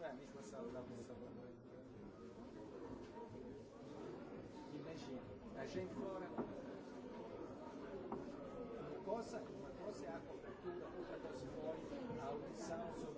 Imagina, a gente mora. Uma coisa, uma coisa é a cultura, outra coisa foi a audição sobre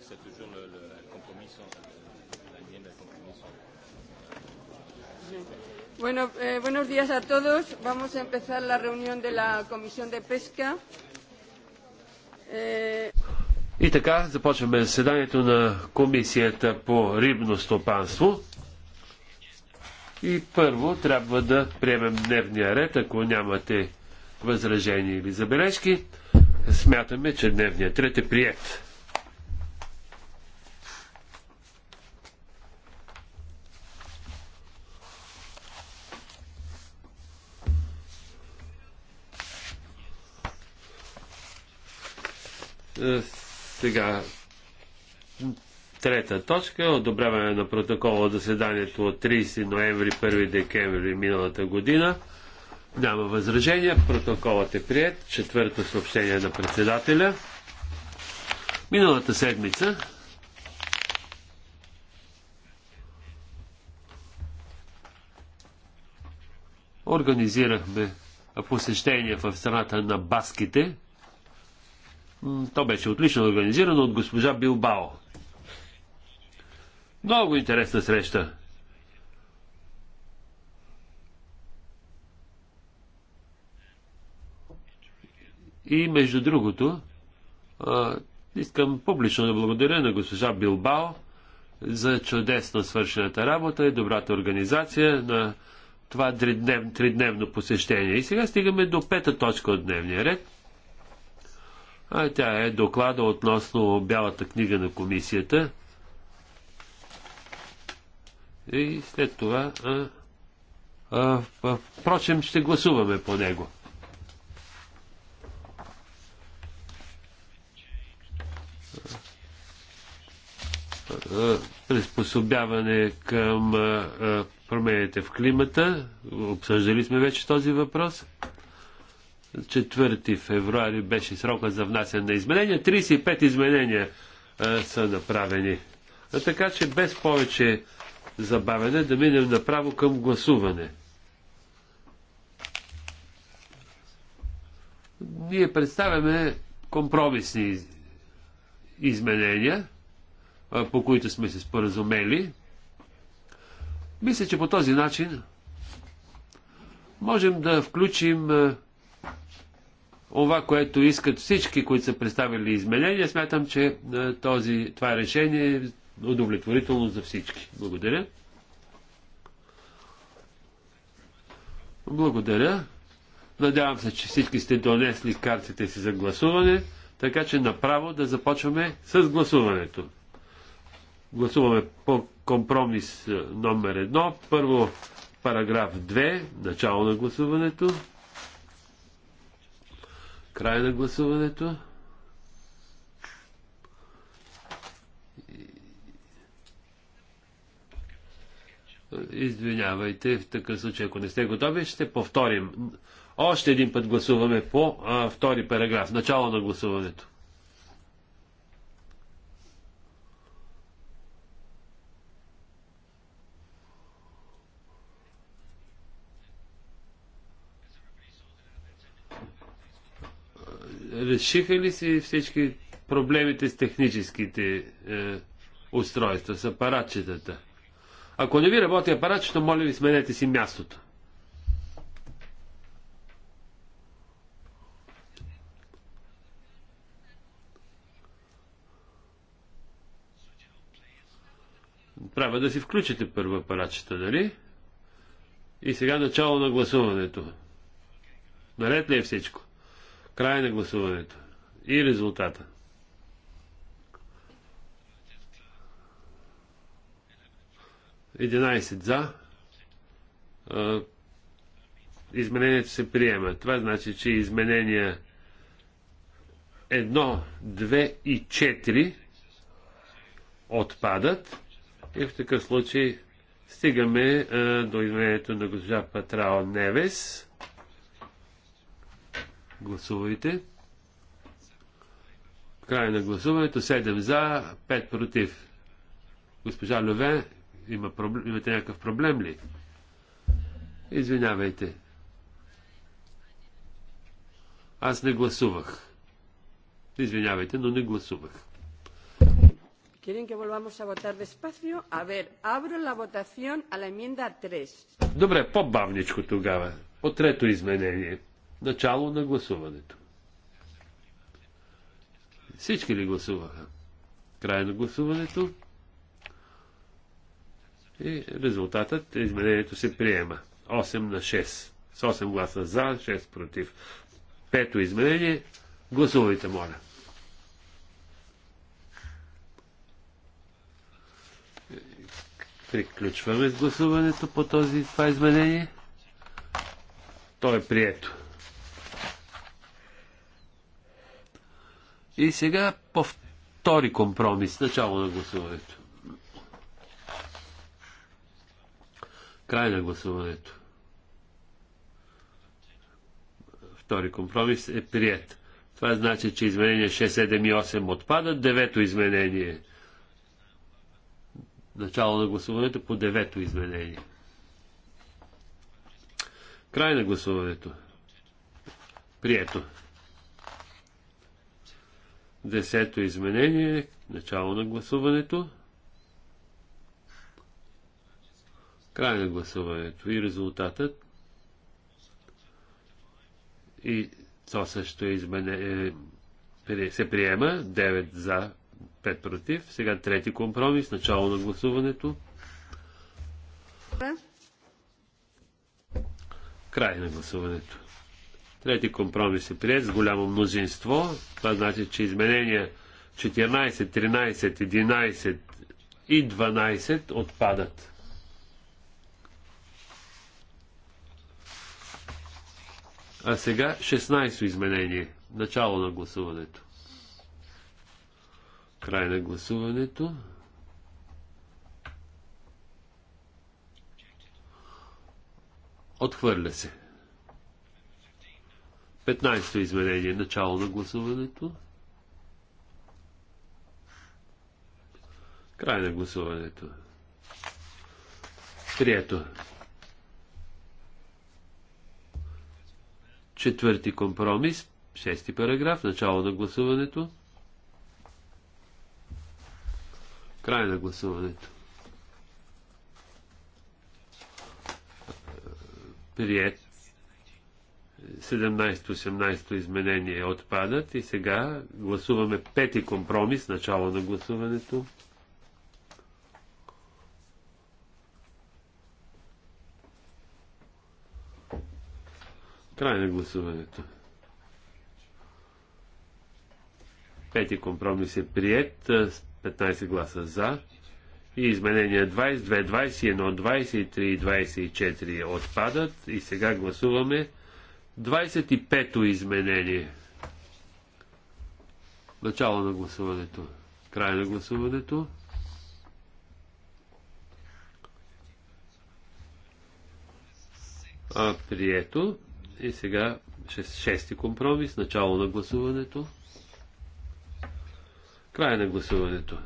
c'est toujours le, le compromis, la enmienda de compromiso. Bueno, eh, buenos días a todos. Vamos a empezar la reunión de la Comisión de Pesca. Eh... И така, започваме заседанието на Комисията по рибно стопанство. И първо трябва да приемем дневния ред, ако нямате възражения или забележки. Смятаме, че дневният ред е прият. Сега, трета точка е одобряване на протокола от заседанието от 30 ноември, 1 декември миналата година. Няма възражения. Протоколът е прият. Четвърто съобщение на председателя. Миналата седмица организирахме посещение в страната на баските, то беше отлично организирано от госпожа Билбао. Много интересна среща. И между другото, искам публично да благодаря на госпожа Билбао за чудесно свършената работа и добрата организация на това тридневно посещение. И сега стигаме до пета точка от дневния ред – а тя е доклада относно Бялата книга на комисията. И след това, а, а, а, впрочем, ще гласуваме по него. приспособяване към промените в климата. Обсъждали сме вече този въпрос. 4 февруари беше срока за внасяне на изменения. 35 изменения а, са направени. А така че без повече забавяне да минем направо към гласуване. Ние представяме компромисни изменения, а, по които сме се споразумели. Мисля, че по този начин можем да включим това, което искат всички, които са представили изменения, смятам, че е, този, това решение е удовлетворително за всички. Благодаря. Благодаря. Надявам се, че всички сте донесли картите си за гласуване, така че направо да започваме с гласуването. Гласуваме по компромис е, номер едно. Първо параграф 2, начало на гласуването. Край на гласуването. Извинявайте, в такъв случай, ако не сте готови, ще повторим. Още един път гласуваме по а, втори параграф. Начало на гласуването. Решиха ли си всички проблемите с техническите е, устройства, с апаратчетата? Ако не ви работи апаратчето, моля ви сменете си мястото. Трябва да си включите първо апаратчета, нали? И сега начало на гласуването. Наред ли е всичко? Край на гласуването. И резултата. Единайсет за. Изменението се приема. Това значи, че изменения 1, 2 и 4 отпадат. И в такъв случай стигаме а, до изменението на госпожа Патрао Невес. Гласувайте. Край на гласуването. 7 за, 5 против. Госпожа Льове, има проблем, имате някакъв проблем ли? Извинявайте. Аз не гласувах. Извинявайте, но не гласувах. Добре, по-бавничко тогава. По трето изменение. Начало на гласуването. Всички ли гласуваха? Край на гласуването. И резултатът, изменението се приема. 8 на 6. С 8 гласа за, 6 против. Пето изменение. Гласувайте, моля. Приключваме с гласуването по този, това изменение. То е прието. И сега по втори компромис, начало на гласуването. Край на гласуването. Втори компромис е прият. Това значи, че изменение 6, 7 и 8 отпадат. Девето изменение. Начало на гласуването по девето изменение. Край на гласуването. Прието. Десето изменение, начало на гласуването. Край на гласуването и резултатът. И то също е измене, е, се приема. 9 за, 5 против. Сега трети компромис, начало на гласуването. Край на гласуването. Трети компромис е прият с голямо мнозинство. Това значи, че изменения 14, 13, 11 и 12 отпадат. А сега 16 изменение. Начало на гласуването. Край на гласуването. Отхвърля се. 15-то изменение. Начало на гласуването. Край на гласуването. Прието. Четвърти компромис. Шести параграф. Начало на гласуването. Край на гласуването. Прието. 17-18 изменение отпадат и сега гласуваме пети компромис, начало на гласуването. Край на гласуването. Пети компромис е прият с 15 гласа за и изменения 22, 21, 23 и 24 отпадат и сега гласуваме 25-то изменение. Начало на гласуването. Край на гласуването. А, прието. И сега шести компромис. Начало на гласуването. Край на гласуването.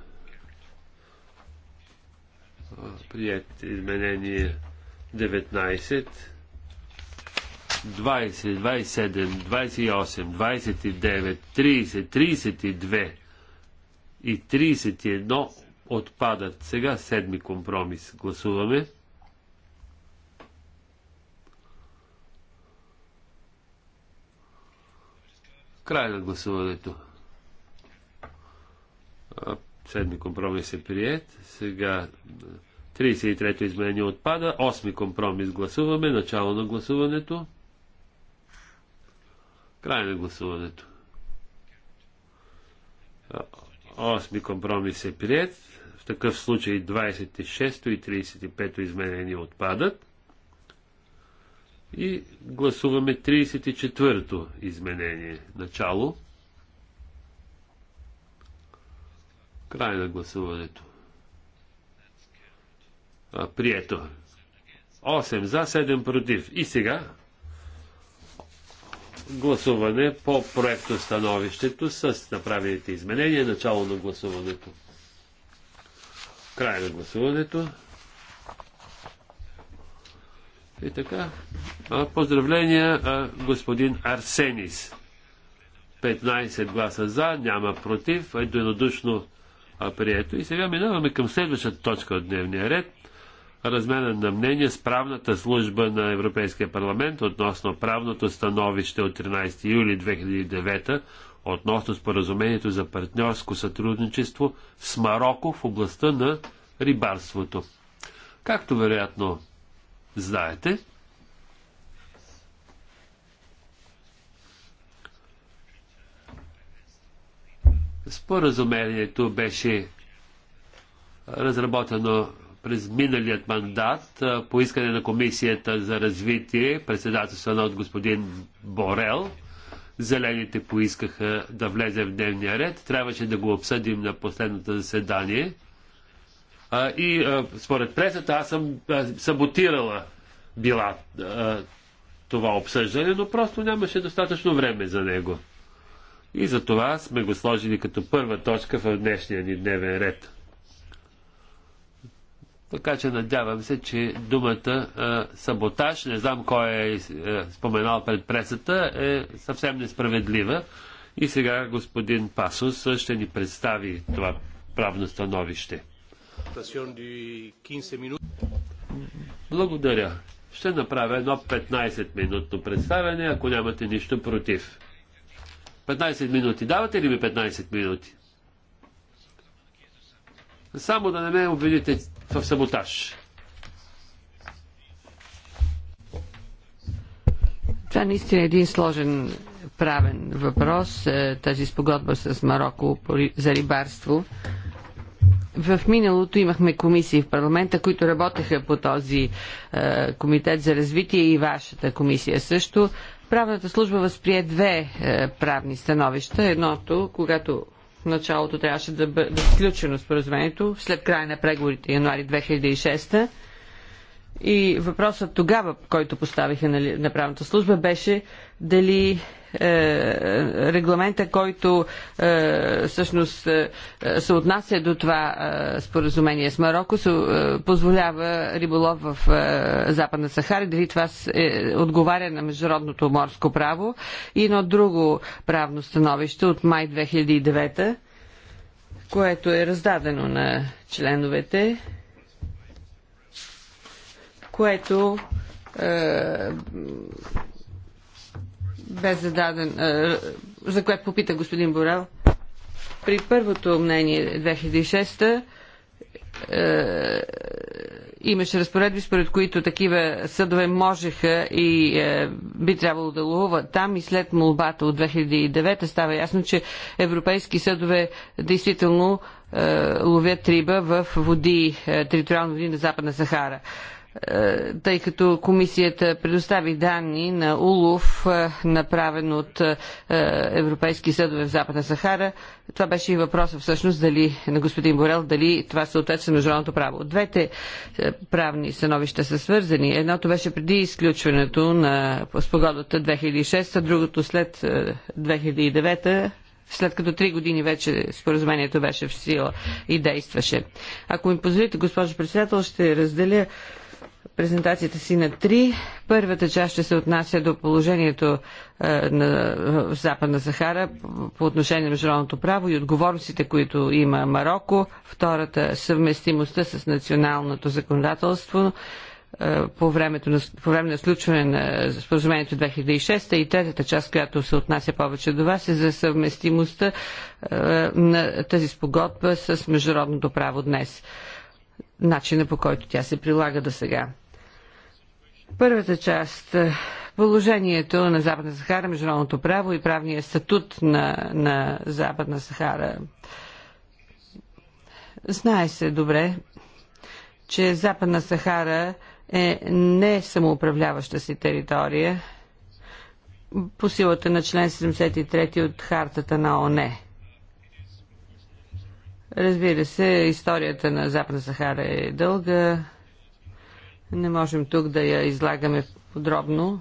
А, прият изменение 19. 20, 27, 28, 29, 30, 32 и 31 отпадат. Сега седми компромис. Гласуваме. Край на гласуването. Седми компромис е прият. Сега 33-то изменение отпада. Осми компромис гласуваме. Начало на гласуването. Край на гласуването. Осми компромис е прият. В такъв случай 26 и 35 изменения отпадат. И гласуваме 34-то изменение. Начало. Край на гласуването. А, прието. 8 за, 7 против. И сега гласуване по проекто становището с направените изменения. Начало на гласуването. Край на гласуването. И така. Поздравления, господин Арсенис. 15 гласа за, няма против, единодушно прието. И сега минаваме към следващата точка от дневния ред размена на мнение с правната служба на Европейския парламент относно правното становище от 13 юли 2009 относно споразумението за партньорско сътрудничество с Марокко в областта на рибарството. Както вероятно знаете, споразумението беше разработено през миналият мандат по искане на Комисията за развитие, на от господин Борел, зелените поискаха да влезе в дневния ред. Трябваше да го обсъдим на последното заседание. и според пресата аз съм саботирала била това обсъждане, но просто нямаше достатъчно време за него. И за това сме го сложили като първа точка в днешния ни дневен ред. Така че надявам се, че думата а, саботаж, не знам кой е, е споменал пред пресата, е съвсем несправедлива. И сега господин Пасос ще ни представи това правно становище. Благодаря. Ще направя едно 15-минутно представяне, ако нямате нищо против. 15 минути. Давате ли ми 15 минути? Само да не ме обвините, в саботаж. Това наистина е един сложен правен въпрос, е, тази спогодба с Марокко за рибарство. В миналото имахме комисии в парламента, които работеха по този е, комитет за развитие и вашата комисия също. Правната служба възприе две е, правни становища. Едното, когато в началото трябваше да бъде сключено споразумението след края на преговорите януари 2006 и въпросът тогава, който поставиха на, нали, на правната служба, беше дали е, регламента, който е, всъщност е, се отнася до това споразумение с Марокко, се позволява риболов в Западна Сахара, дали това отговаря на международното морско право и едно друго правно становище от май 2009 което е раздадено на членовете, което е, бе зададен, за което попита господин Борел. При първото мнение 2006 та имаше разпоредби, според които такива съдове можеха и е, би трябвало да ловуват там и след молбата от 2009 става ясно, че европейски съдове действително е, ловят риба в води, е, териториални води на Западна Сахара. Е, е, тъй като комисията предостави данни на улов, е, направен от е, Европейски съдове в Западна Сахара. Това беше и въпроса всъщност дали, на господин Борел дали това съответства на международното право. Двете правни становища са свързани. Едното беше преди изключването на спогодата 2006, другото след 2009 след като три години вече споразумението беше в сила и действаше. Ако ми позволите, госпожо председател, ще разделя презентацията си на три. Първата част ще се отнася до положението е, на Западна Сахара по отношение на международното право и отговорностите, които има Марокко. Втората съвместимостта с националното законодателство е, по, времето на, по време на случване на споразумението 2006 и третата част, която се отнася повече до вас е за съвместимостта е, на тази спогодба с международното право днес начина по който тя се прилага до сега. Първата част е положението на Западна Сахара, международното право и правния статут на, на Западна Сахара. Знае се добре, че Западна Сахара е не самоуправляваща си територия по силата на член 73 от хартата на ОНЕ. Разбира се, историята на Западна Сахара е дълга. Не можем тук да я излагаме подробно.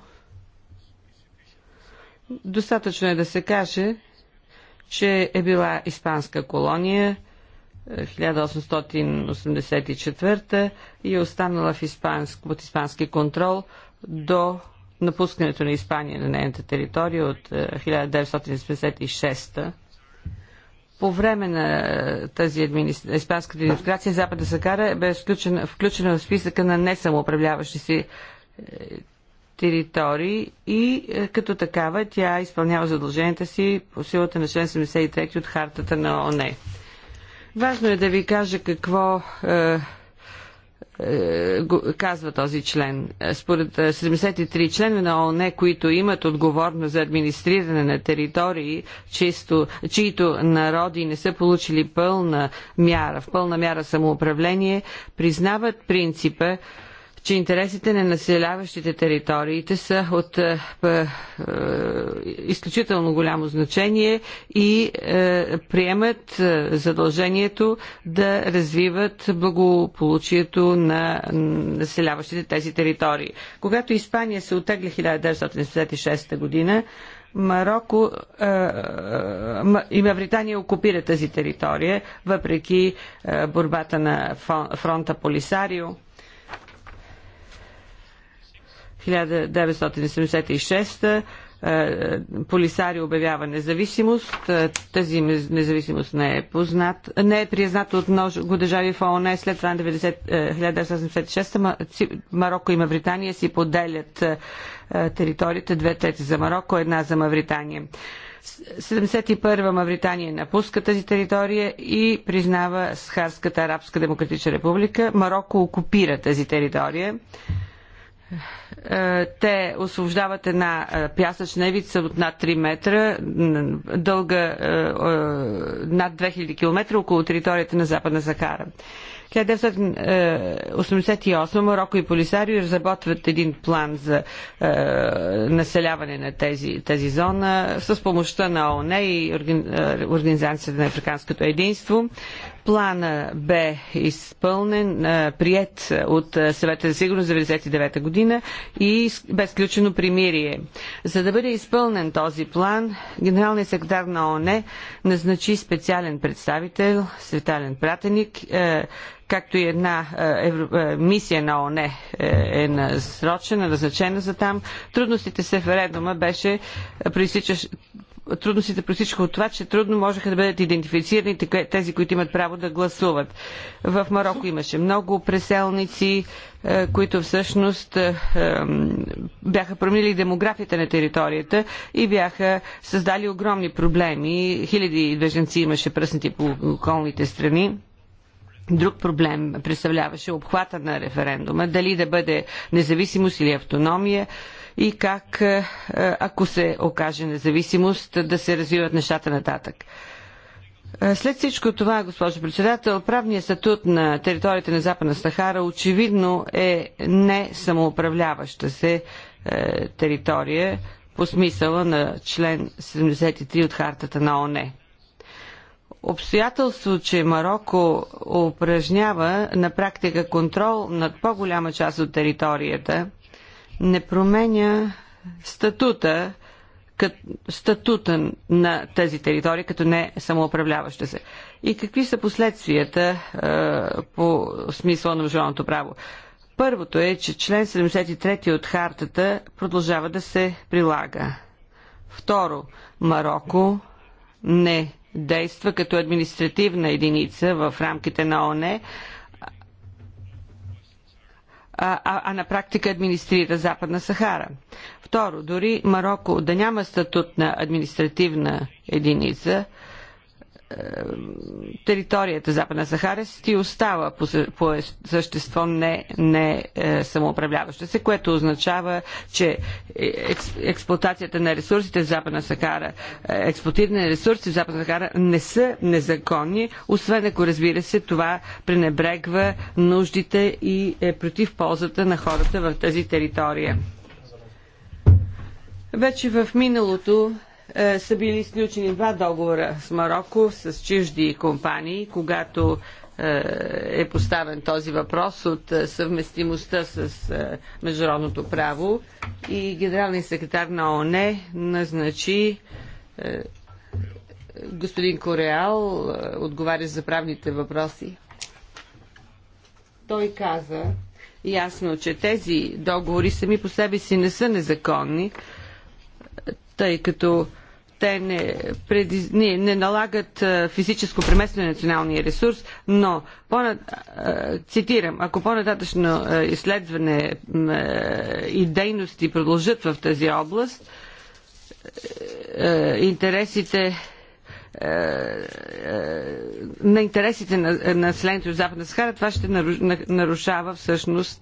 Достатъчно е да се каже, че е била испанска колония 1884 е, и е останала в испанск, от испански контрол до напускането на Испания на нейната територия от 1976 е, по време на е, тази администра... испанската демокрация Западна Сакара бе включена, включена в списъка на не самоуправляващи си е, територии и е, като такава тя изпълнява задълженията си по силата на член 73 от хартата на ОНЕ. Важно е да ви кажа какво е, е, казва този член. Според 73 е, члена на ООН, които имат отговорност за администриране на територии, чисто, чието народи не са получили пълна мяра, в пълна мяра самоуправление, признават принципа, че интересите на населяващите териториите са от е, е, изключително голямо значение и е, приемат е, задължението да развиват благополучието на населяващите тези територии. Когато Испания се отегли 1976 година, Марокко е, е, и Мавритания окупира тази територия, въпреки борбата на фронта Полисарио 1976 е, е, Полисари обявява независимост. Е, тази независимост не е, познат, не е призната от много държави в ООН. След това 1976 Марокко и Мавритания си поделят териториите. две трети за Марокко, една за Мавритания. 71 Мавритания напуска тази територия и признава Схарската арабска демократична република. Марокко окупира тази територия. Е, те освобождават една е, пясъчна ивица от над 3 метра, дълга е, над 2000 км около територията на Западна Сахара. 1988 Марокко и Полисарио разработват един план за е, населяване на тези, тази зона с помощта на ООН и Организацията на Африканското единство. Плана бе изпълнен, прият от съвета за сигурност за 1999 година и бе сключено примирие. За да бъде изпълнен този план, генералният секретар на ОНЕ назначи специален представител, светален пратеник, както и една мисия на ОНЕ е насрочена, назначена за там. Трудностите с референдума беше трудностите при всичко от това, че трудно можеха да бъдат идентифицирани тези, които имат право да гласуват. В Марокко имаше много преселници, е, които всъщност е, бяха променили демографията на територията и бяха създали огромни проблеми. Хиляди беженци имаше пръснати по околните страни. Друг проблем представляваше обхвата на референдума, дали да бъде независимост или автономия и как, е, е, ако се окаже независимост, да се развиват нещата нататък. Е, след всичко това, госпожо председател, правният статут на територията на Западна Сахара очевидно е не самоуправляваща се територия по смисъла на член 73 от хартата на ОНЕ. Обстоятелство, че Марокко упражнява на практика контрол над по-голяма част от територията, не променя статута кът, статута на тези територии като не самоуправляваща се. И какви са последствията е, по смисъла на международното право? Първото е, че член 73 от хартата продължава да се прилага. Второ, Марокко не действа като административна единица в рамките на ОНЕ, а, а на практика администрира Западна Сахара. Второ, дори Марокко да няма статут на административна единица, е, територията Западна Сахара си остава по, по същество не, не е, самоуправляваща се, което означава, че екс, експлуатацията на ресурсите в Западна Сахара, е, експлуатирани ресурси в Западна Сахара не са незаконни, освен ако разбира се това пренебрегва нуждите и е против ползата на хората в тази територия. Вече в миналото е, са били изключени два договора с Марокко, с чужди компании, когато е, е поставен този въпрос от е, съвместимостта с международното право и генералният секретар на ООН назначи господин Кореал, отговаря за правните въпроси. Той каза ясно, че тези договори сами по себе си не са незаконни, тъй като те не, преди, не, не налагат физическо преместване на националния ресурс, но понад, цитирам, ако по-нататъчно изследване и дейности продължат в тази област, интересите на интересите на, на населението от Западна Сахара, това ще нарушава всъщност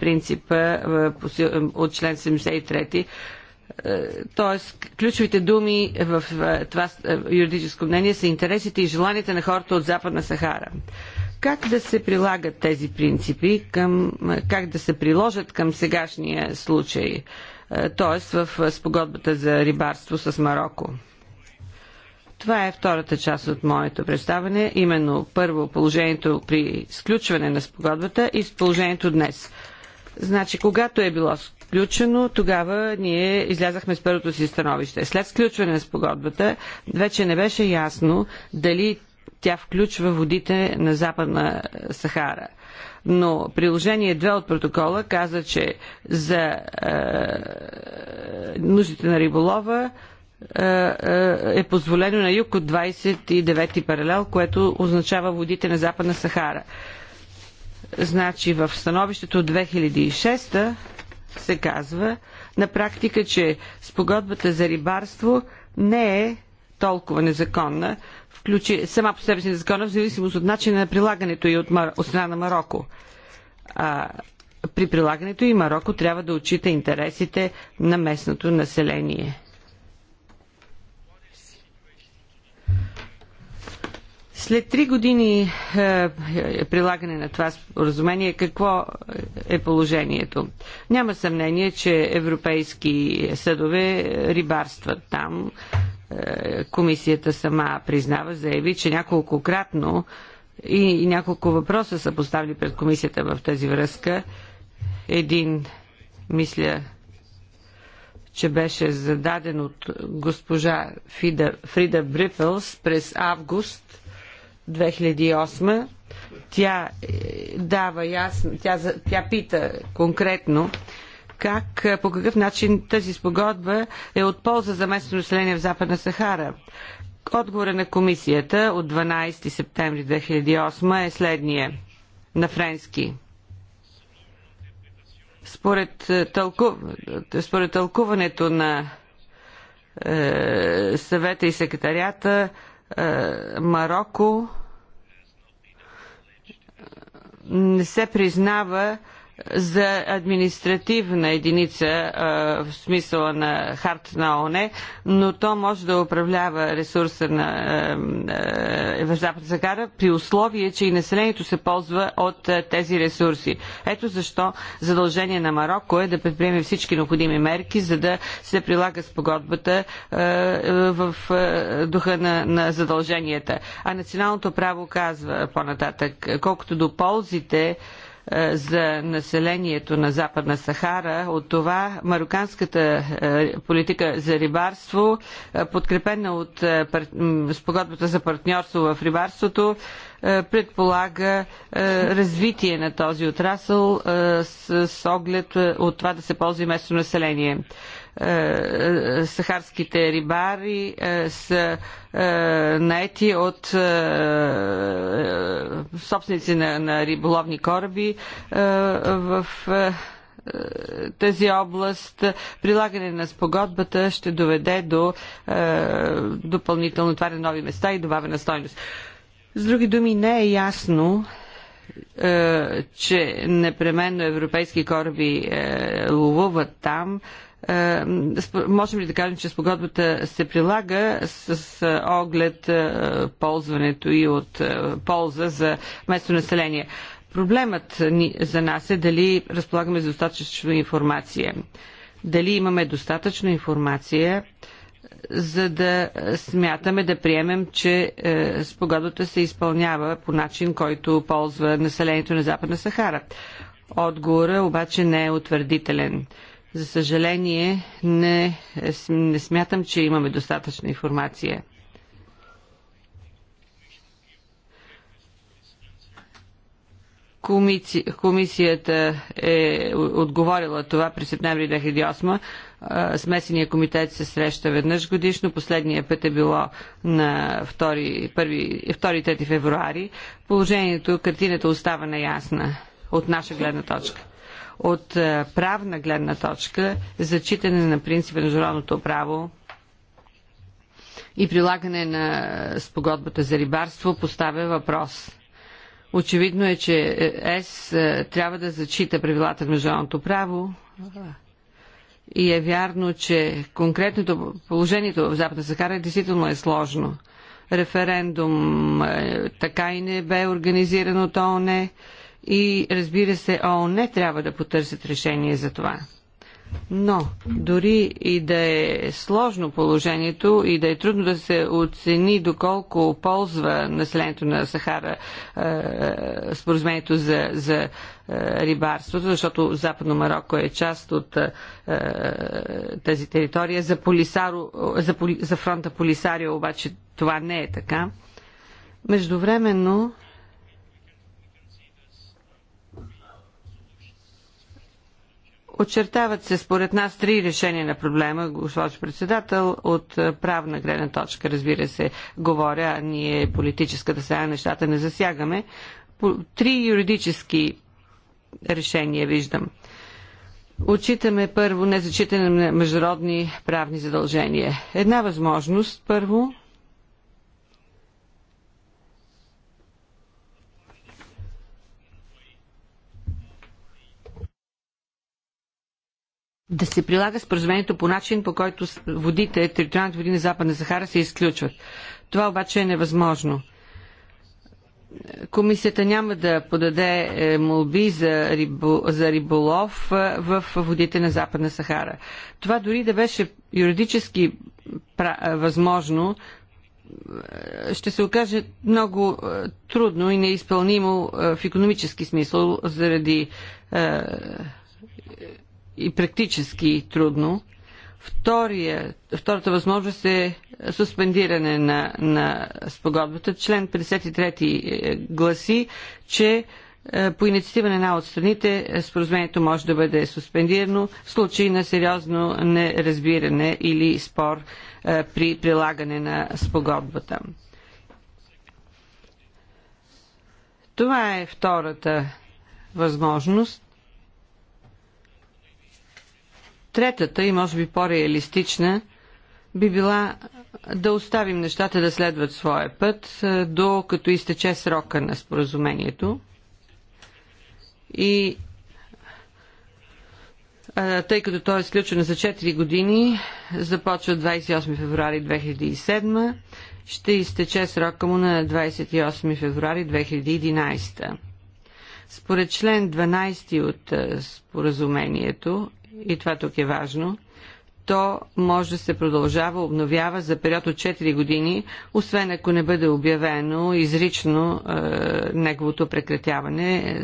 принципа от член 73 Тоест, ключовите думи в това юридическо мнение са интересите и желанията на хората от Западна Сахара. Как да се прилагат тези принципи, към, как да се приложат към сегашния случай, т.е. в спогодбата за рибарство с Марокко? Това е втората част от моето представане, именно първо положението при сключване на спогодбата и положението днес. Значи, когато е било сключено, тогава ние излязахме с първото си становище. След сключване на спогодбата, вече не беше ясно дали тя включва водите на Западна е, Сахара. Но приложение 2 от протокола каза, че за е, нуждите на риболова е, е, е позволено на юг от 29-ти паралел, което означава водите на Западна Сахара. Значи в становището от 2006 се казва на практика, че спогодбата за рибарство не е толкова незаконна, включи, сама по себе си незаконна, в зависимост от начина на прилагането и от, Мар... от страна на Марокко. А, при прилагането и Марокко трябва да отчита интересите на местното население. След три години е, е, прилагане на това споразумение, какво е положението? Няма съмнение, че европейски съдове рибарстват там. Е, комисията сама признава, заяви, че няколкократно и, и няколко въпроса са поставили пред комисията в тази връзка. Един, мисля, че беше зададен от госпожа Фрида Брифелс през август 2008 тя е, дава ясно, тя, тя пита конкретно как, е, по какъв начин тази спогодба е от полза за местното население в Западна Сахара. Отговора на комисията от 12 септември 2008 е следния на френски. Според, е, тълку... Според тълкуването на е, съвета и секретарията, е, Марокко не се признава за административна единица а, в смисъла на харта на ОНЕ, но то може да управлява ресурса на а, а, е, Западна при условие, че и населението се ползва от а, тези ресурси. Ето защо задължение на Марокко е да предприеме всички необходими мерки, за да се прилага спогодбата а, в а, духа на, на задълженията. А националното право казва по-нататък, колкото до ползите, е, за населението на Западна Сахара. От това мароканската е, политика за рибарство, е, подкрепена от спогодбата за партньорство в рибарството, предполага развитие на този отрасъл с оглед от това да се ползва и местно население. Е, е, сахарските рибари е, са наети от собственици на, на риболовни кораби в тази област, прилагане на спогодбата ще доведе до е, допълнително на нови места и добавена стойност. С други думи, не е ясно е, че непременно европейски кораби е, ловуват там. Е, е, можем ли да кажем, че спогодбата се прилага с е, оглед е, ползването и от полза за местно население? Проблемът ни, за нас е дали разполагаме с достатъчно информация. Дали имаме достатъчно информация, за да смятаме да приемем, че е, спогодбата се изпълнява по начин, който ползва населението на Западна Сахара. Отговора обаче не е утвърдителен. Е, за съжаление, не, не смятам, че имаме достатъчна информация. Комиси, комисията е отговорила това през септември 2008. Смесения комитет се среща веднъж годишно. Последния път е било на 2-3 февруари. Положението, картината остава неясна от наша гледна точка от е, правна гледна точка, зачитане на принципа на международното право и прилагане на спогодбата за рибарство поставя въпрос. Очевидно е, че е, ЕС е, трябва да зачита правилата на международното право и е вярно, че конкретното положението в Западна Сахара действително е сложно. Референдум така и не бе организиран от не, и разбира се ООН трябва да потърсят решение за това. Но дори и да е сложно положението и да е трудно да се оцени доколко ползва населението на Сахара е, споразумението за, за е, рибарството, защото Западно Марокко е част от е, тази територия. За, полисаро, за, за фронта Полисарио обаче това не е така. Междувременно Очертават се според нас три решения на проблема, госпожо председател, от правна гледна точка, разбира се, говоря, а ние политическата сега нещата не засягаме. Три юридически решения виждам. Отчитаме първо незачитане на международни правни задължения. Една възможност първо да се прилага споразумението по начин, по който водите, териториалните води на Западна Сахара се изключват. Това обаче е невъзможно. Комисията няма да подаде е, молби за, рибо, за риболов е, в водите на Западна Сахара. Това дори да беше юридически е, възможно, ще се окаже много трудно и неизпълнимо в економически смисъл заради и практически трудно. Втория, втората възможност е суспендиране на, на спогодбата. Член 53 е, гласи, че е, по инициатива на една от страните е, споразумението може да бъде суспендирано в случай на сериозно неразбиране или спор при прилагане на спогодбата. Това е втората възможност. Третата и може би по-реалистична би била да оставим нещата да следват своя път, е, докато изтече срока на споразумението. И е, тъй като то е сключено за 4 години, започва 28 февруари 2007, ще изтече срока му на 28 февруари 2011. Според член 12 от е, споразумението, и това тук е важно, то може да се продължава, обновява за период от 4 години, освен ако не бъде обявено изрично е, неговото прекратяване е,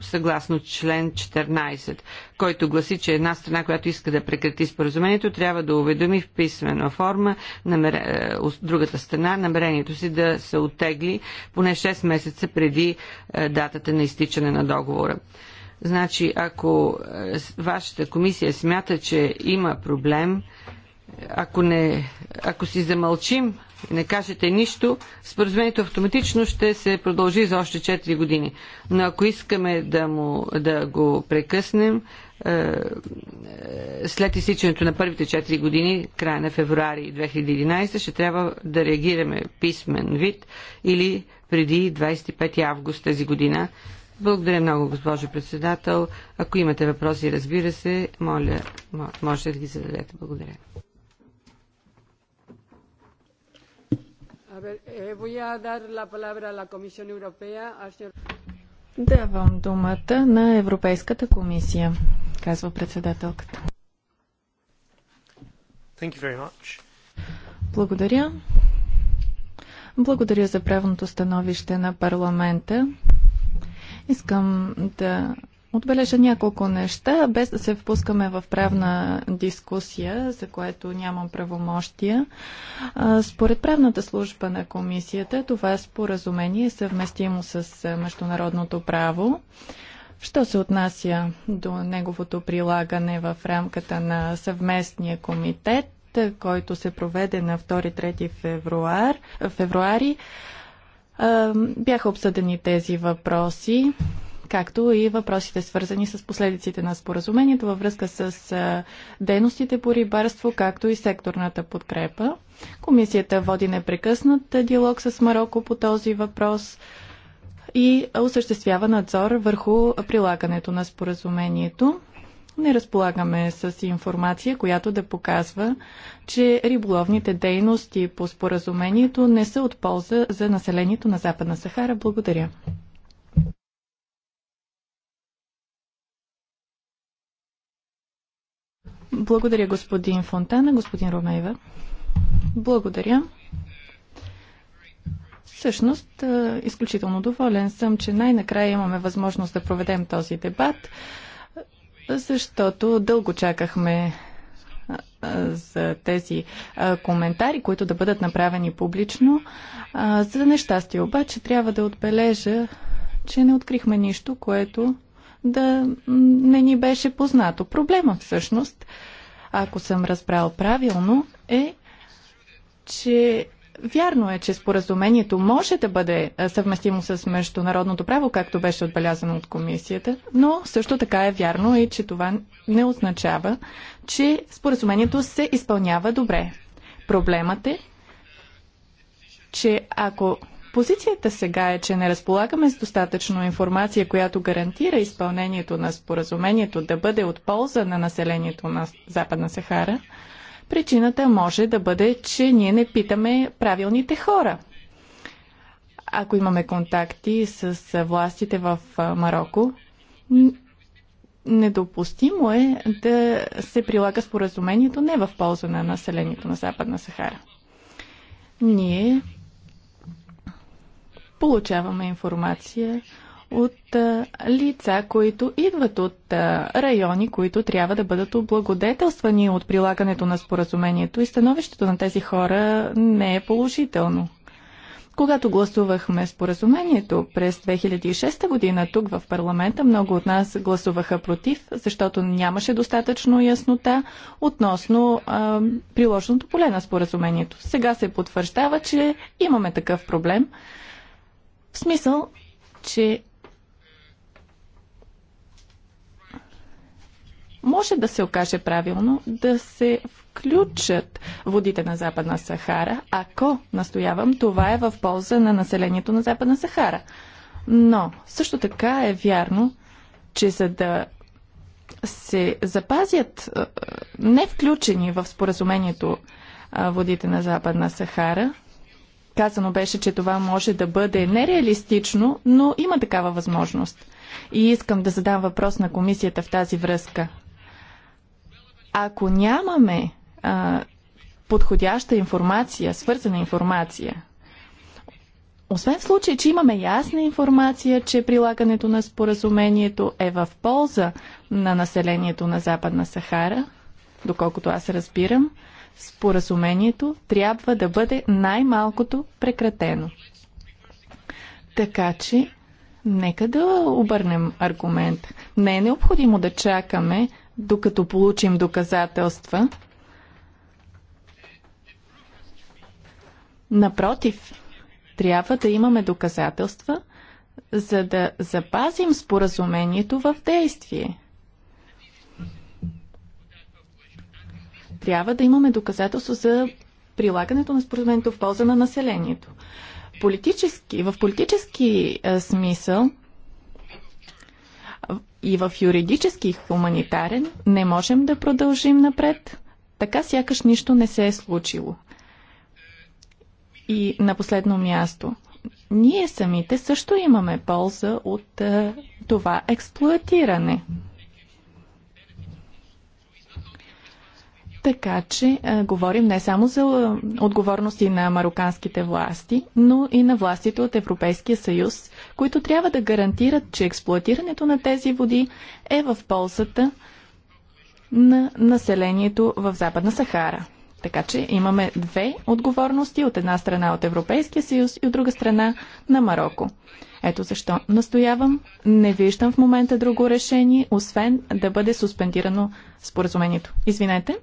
съгласно член 14, който гласи, че една страна, която иска да прекрати споразумението, трябва да уведоми в писмена форма намер... Е, другата страна намерението си да се оттегли поне 6 месеца преди е, датата на изтичане на договора. Значи, ако е, вашата комисия смята, че има проблем, ако, не, ако си замълчим, не кажете нищо, споразумението автоматично ще се продължи за още 4 години. Но ако искаме да, му, да го прекъснем, е, е, след изсичането на първите 4 години, края на февруари 2011, ще трябва да реагираме писмен вид или преди 25 август тази година, благодаря много, госпожо председател. Ако имате въпроси, разбира се, моля, можете да ги зададете. Благодаря. Eh, Давам думата на Европейската комисия, казва председателката. Благодаря. Благодаря за правното становище на парламента Искам да отбележа няколко неща, без да се впускаме в правна дискусия, за което нямам правомощия. Според правната служба на комисията, това споразумение е съвместимо с международното право. Що се отнася до неговото прилагане в рамката на съвместния комитет, който се проведе на 2-3 февруар, февруари, бяха обсъдени тези въпроси, както и въпросите свързани с последиците на споразумението във връзка с дейностите по рибарство, както и секторната подкрепа. Комисията води непрекъснат диалог с Марокко по този въпрос и осъществява надзор върху прилагането на споразумението не разполагаме с информация, която да показва, че риболовните дейности по споразумението не са от полза за населението на Западна Сахара. Благодаря. Благодаря, господин Фонтана. Господин Ромеева. Благодаря. Всъщност, изключително доволен съм, че най-накрая имаме възможност да проведем този дебат защото дълго чакахме за тези коментари, които да бъдат направени публично. За нещастие обаче трябва да отбележа, че не открихме нищо, което да не ни беше познато. Проблема всъщност, ако съм разбрал правилно, е, че Вярно е, че споразумението може да бъде съвместимо с международното право, както беше отбелязано от комисията, но също така е вярно и, че това не означава, че споразумението се изпълнява добре. Проблемът е, че ако позицията сега е, че не разполагаме с достатъчно информация, която гарантира изпълнението на споразумението да бъде от полза на населението на Западна Сахара, Причината може да бъде, че ние не питаме правилните хора. Ако имаме контакти с властите в Марокко, недопустимо е да се прилага споразумението не в полза на населението на Западна Сахара. Ние получаваме информация от а, лица, които идват от а, райони, които трябва да бъдат облагодетелствани от прилагането на споразумението и становището на тези хора не е положително. Когато гласувахме споразумението през 2006 година тук в парламента, много от нас гласуваха против, защото нямаше достатъчно яснота относно а, приложното поле на споразумението. Сега се потвърждава, че имаме такъв проблем. В смисъл, че може да се окаже правилно да се включат водите на Западна Сахара, ако, настоявам, това е в полза на населението на Западна Сахара. Но също така е вярно, че за да се запазят не включени в споразумението водите на Западна Сахара, Казано беше, че това може да бъде нереалистично, но има такава възможност. И искам да задам въпрос на комисията в тази връзка. Ако нямаме а, подходяща информация, свързана информация, освен в случай, че имаме ясна информация, че прилагането на споразумението е в полза на населението на Западна Сахара, доколкото аз разбирам, споразумението трябва да бъде най-малкото прекратено. Така че, нека да обърнем аргумент. Не е необходимо да чакаме докато получим доказателства. Напротив, трябва да имаме доказателства, за да запазим споразумението в действие. Трябва да имаме доказателство за прилагането на споразумението в полза на населението. Политически, в политически а, е, смисъл и в юридически и хуманитарен не можем да продължим напред. Така сякаш нищо не се е случило. И на последно място, ние самите също имаме полза от а, е, това експлуатиране. Така че а, е, говорим не само за е, отговорности на мароканските власти, но и на властите от Европейския съюз които трябва да гарантират, че експлуатирането на тези води е в ползата на населението в Западна Сахара. Така че имаме две отговорности, от една страна от Европейския съюз и от друга страна на Марокко. Ето защо настоявам. Не виждам в момента друго решение, освен да бъде суспендирано споразумението. Извинете.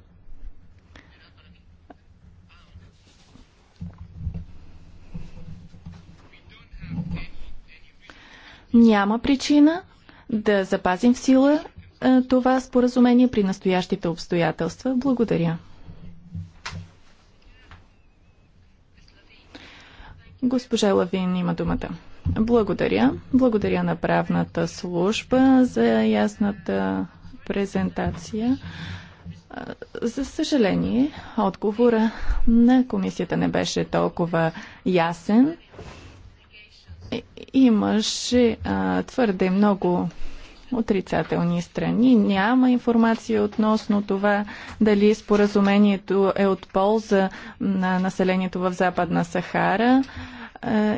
Няма причина да запазим в сила е, това споразумение при настоящите обстоятелства. Благодаря. Госпожа Лавин има думата. Благодаря. Благодаря на правната служба за ясната презентация. За съжаление, отговора на комисията не беше толкова ясен имаше а, твърде много отрицателни страни. Няма информация относно това дали споразумението е от полза на населението в Западна Сахара. А,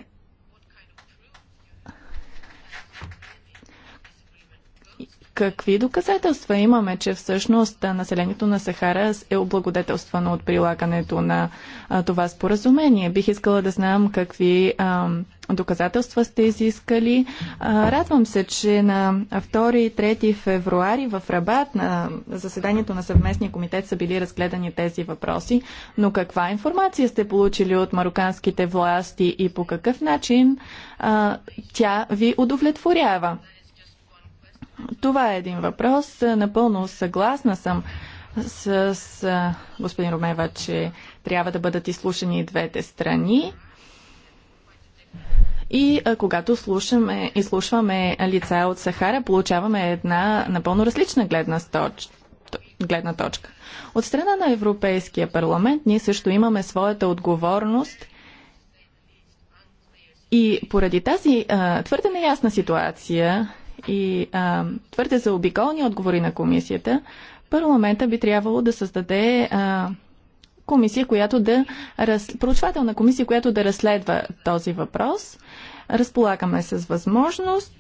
Какви доказателства имаме, че всъщност населението на Сахара е облагодетелствано от прилагането на а, това споразумение? Бих искала да знам какви а, доказателства сте изискали. А, радвам се, че на 2 и 3 февруари в Рабат на заседанието на съвместния комитет са били разгледани тези въпроси, но каква информация сте получили от мароканските власти и по какъв начин а, тя ви удовлетворява? Това е един въпрос. Напълно съгласна съм с, с господин Ромева, че трябва да бъдат изслушани и двете страни. И а, когато слушаме, изслушваме лица от Сахара, получаваме една напълно различна гледна, точ, гледна точка. От страна на Европейския парламент ние също имаме своята отговорност и поради тази а, твърде неясна ситуация и а, твърде заобиколни отговори на комисията, парламента би трябвало да създаде а, комисия, която да раз... проучвателна комисия, която да разследва този въпрос. Разполагаме с възможност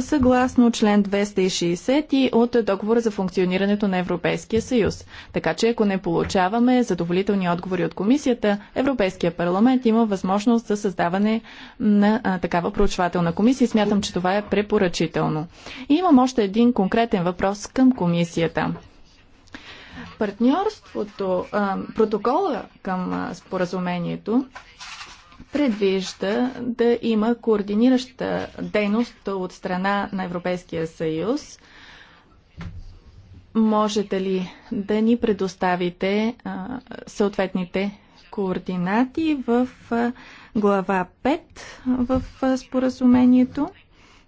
съгласно член 260 от договора за функционирането на Европейския съюз. Така че ако не получаваме задоволителни отговори от комисията, Европейския парламент има възможност за създаване на а, такава проучвателна комисия. Смятам, че това е препоръчително. И имам още един конкретен въпрос към комисията. Партньорството, а, протокола към а, споразумението предвижда да има координираща дейност от страна на Европейския съюз. Можете ли да ни предоставите а, съответните координати в а, глава 5 в а, споразумението?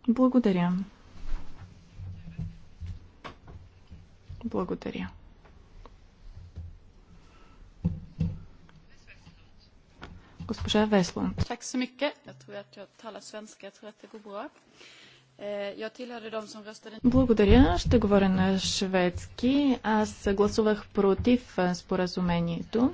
Благодаря. Благодаря. Госпожа Весла. Так се мике. Благодаря. Ще говоря на шведски. Аз гласувах против споразумението.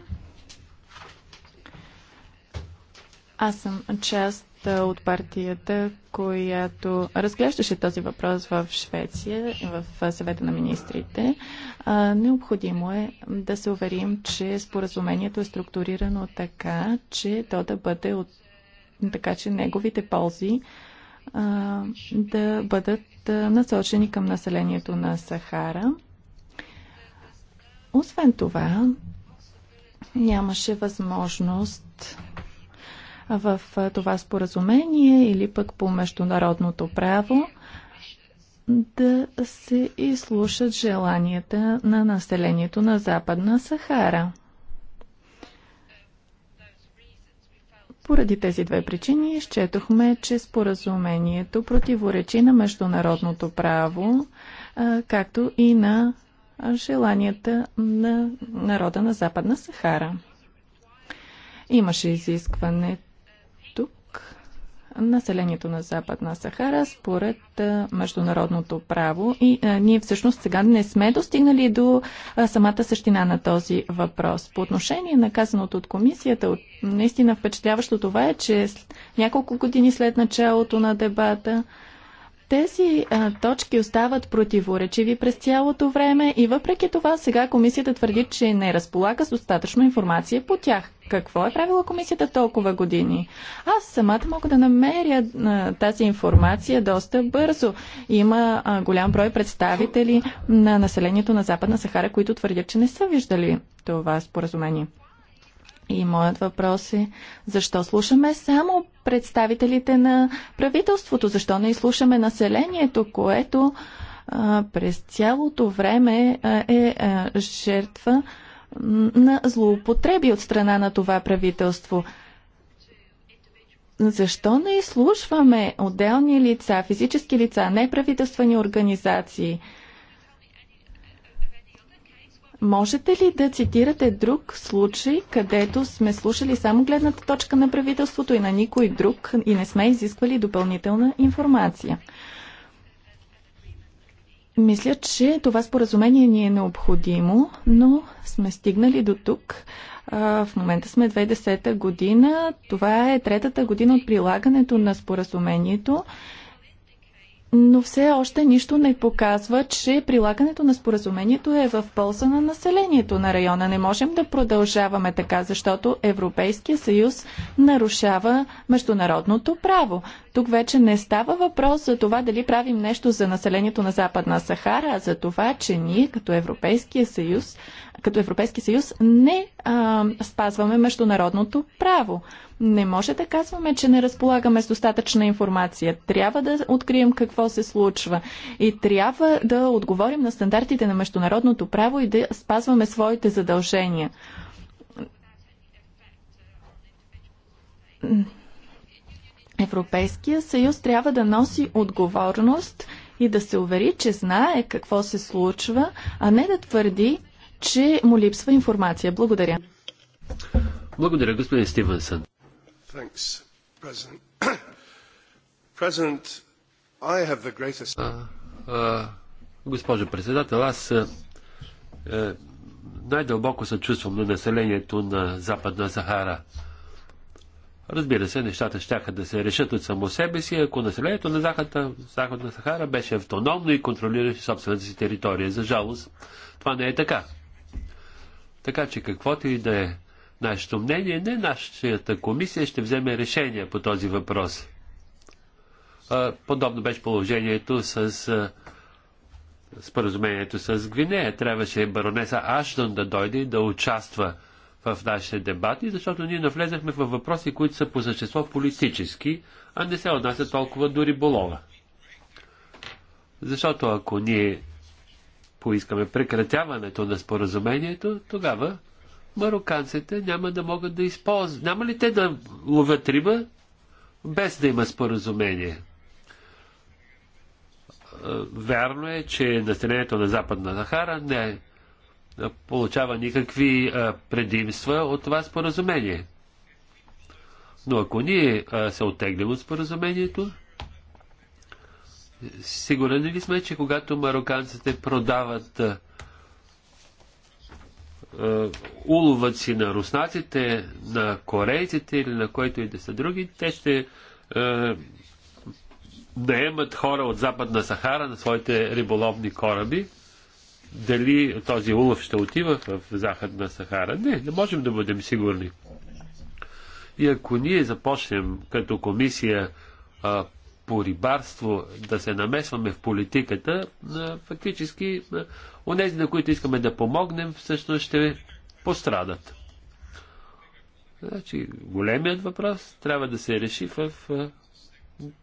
Аз съм част депутат от партията, която разглеждаше този въпрос в Швеция, в съвета на министрите. Необходимо е да се уверим, че споразумението е структурирано така, че то да бъде от... така, че неговите ползи да бъдат насочени към населението на Сахара. Освен това, нямаше възможност в това споразумение или пък по международното право да се изслушат желанията на населението на Западна Сахара. Поради тези две причини изчетохме, че споразумението противоречи на международното право, както и на желанията на народа на Западна Сахара. Имаше изискване населението на Западна Сахара според международното право. И а, ние всъщност сега не сме достигнали до а, самата същина на този въпрос. По отношение на казаното от комисията, от, наистина впечатляващо това е, че няколко години след началото на дебата, тези а, точки остават противоречиви през цялото време и въпреки това сега комисията твърди, че не разполага с достатъчно информация по тях. Какво е правила комисията толкова години? Аз самата мога да намеря а, тази информация доста бързо. Има а, голям брой представители на населението на Западна Сахара, които твърдят, че не са виждали това споразумение. И моят въпрос е, защо слушаме само представителите на правителството? Защо не изслушаме населението, което а, през цялото време а, е а, жертва а, на злоупотреби от страна на това правителство. Защо не изслушваме отделни лица, физически лица, неправителствени организации? Можете ли да цитирате друг случай, където сме слушали само гледната точка на правителството и на никой друг и не сме изисквали допълнителна информация? Мисля, че това споразумение ни е необходимо, но сме стигнали до тук. В момента сме 2010 година. Това е третата година от прилагането на споразумението. Но все още нищо не показва, че прилагането на споразумението е в полза на населението на района. Не можем да продължаваме така, защото Европейския съюз нарушава международното право. Тук вече не става въпрос за това дали правим нещо за населението на Западна Сахара, а за това, че ние като Европейския съюз, като Европейски съюз не а, спазваме международното право. Не може да казваме, че не разполагаме с достатъчна информация. Трябва да открием какво се случва и трябва да отговорим на стандартите на международното право и да спазваме своите задължения. Европейския съюз трябва да носи отговорност и да се увери, че знае какво се случва, а не да твърди, че му липсва информация. Благодаря. Благодаря, господин Стивенсън. Thanks, President. President, I have the greatest... а, а, госпожо председател, аз е, най-дълбоко съчувствам на населението на Западна Сахара. Разбира се, нещата щяха да се решат от само себе си, ако населението на Захата, Захарна Сахара беше автономно и контролираше собствената си територия. За жалост, това не е така. Така че каквото и да е нашето мнение, не нашата комисия ще вземе решение по този въпрос. Подобно беше положението с споразумението с Гвинея. Трябваше баронеса Аштон да дойде и да участва в нашите дебати, защото ние навлезахме в въпроси, които са по същество политически, а не се отнасят толкова до риболова. Защото ако ние поискаме прекратяването на споразумението, тогава мароканците няма да могат да използват. Няма ли те да ловят риба без да има споразумение? Вярно е, че населението на Западна Захара не е получава никакви предимства от това споразумение. Но ако ние се оттеглим от споразумението, сигурен ли сме, че когато мароканците продават уловът си на руснаците, на корейците или на който и да са други, те ще наемат хора от Западна Сахара на своите риболовни кораби дали този улов ще отива в Западна Сахара. Не, не можем да бъдем сигурни. И ако ние започнем като комисия а, по рибарство да се намесваме в политиката, а, фактически а, онези, на които искаме да помогнем, всъщност ще пострадат. Значи, големият въпрос трябва да се реши в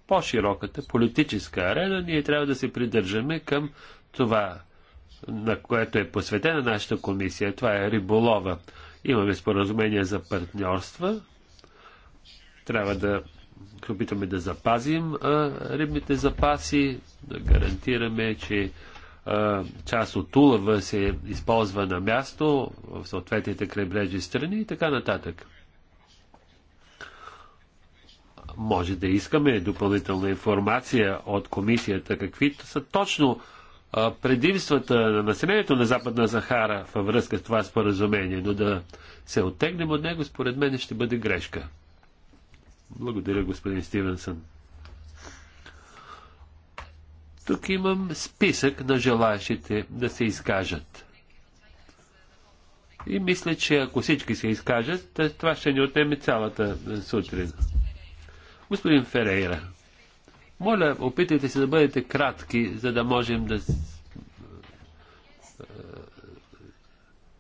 по-широката политическа арена. Ние трябва да се придържаме към това на което е посветена нашата комисия. Това е риболова. Имаме споразумение за партньорства. Трябва да се опитаме да запазим а, рибните запаси, да гарантираме, че а, част от улова се използва на място в съответните крайбрежни страни и така нататък. Може да искаме допълнителна информация от комисията, каквито са точно предимствата на населението на Западна Захара във връзка с това споразумение, но да се оттегнем от него, според мен ще бъде грешка. Благодаря, господин Стивенсън. Тук имам списък на желаящите да се изкажат. И мисля, че ако всички се изкажат, това ще ни отнеме цялата сутрин. Господин Ферейра. Моля, опитайте се да бъдете кратки, за да можем да е,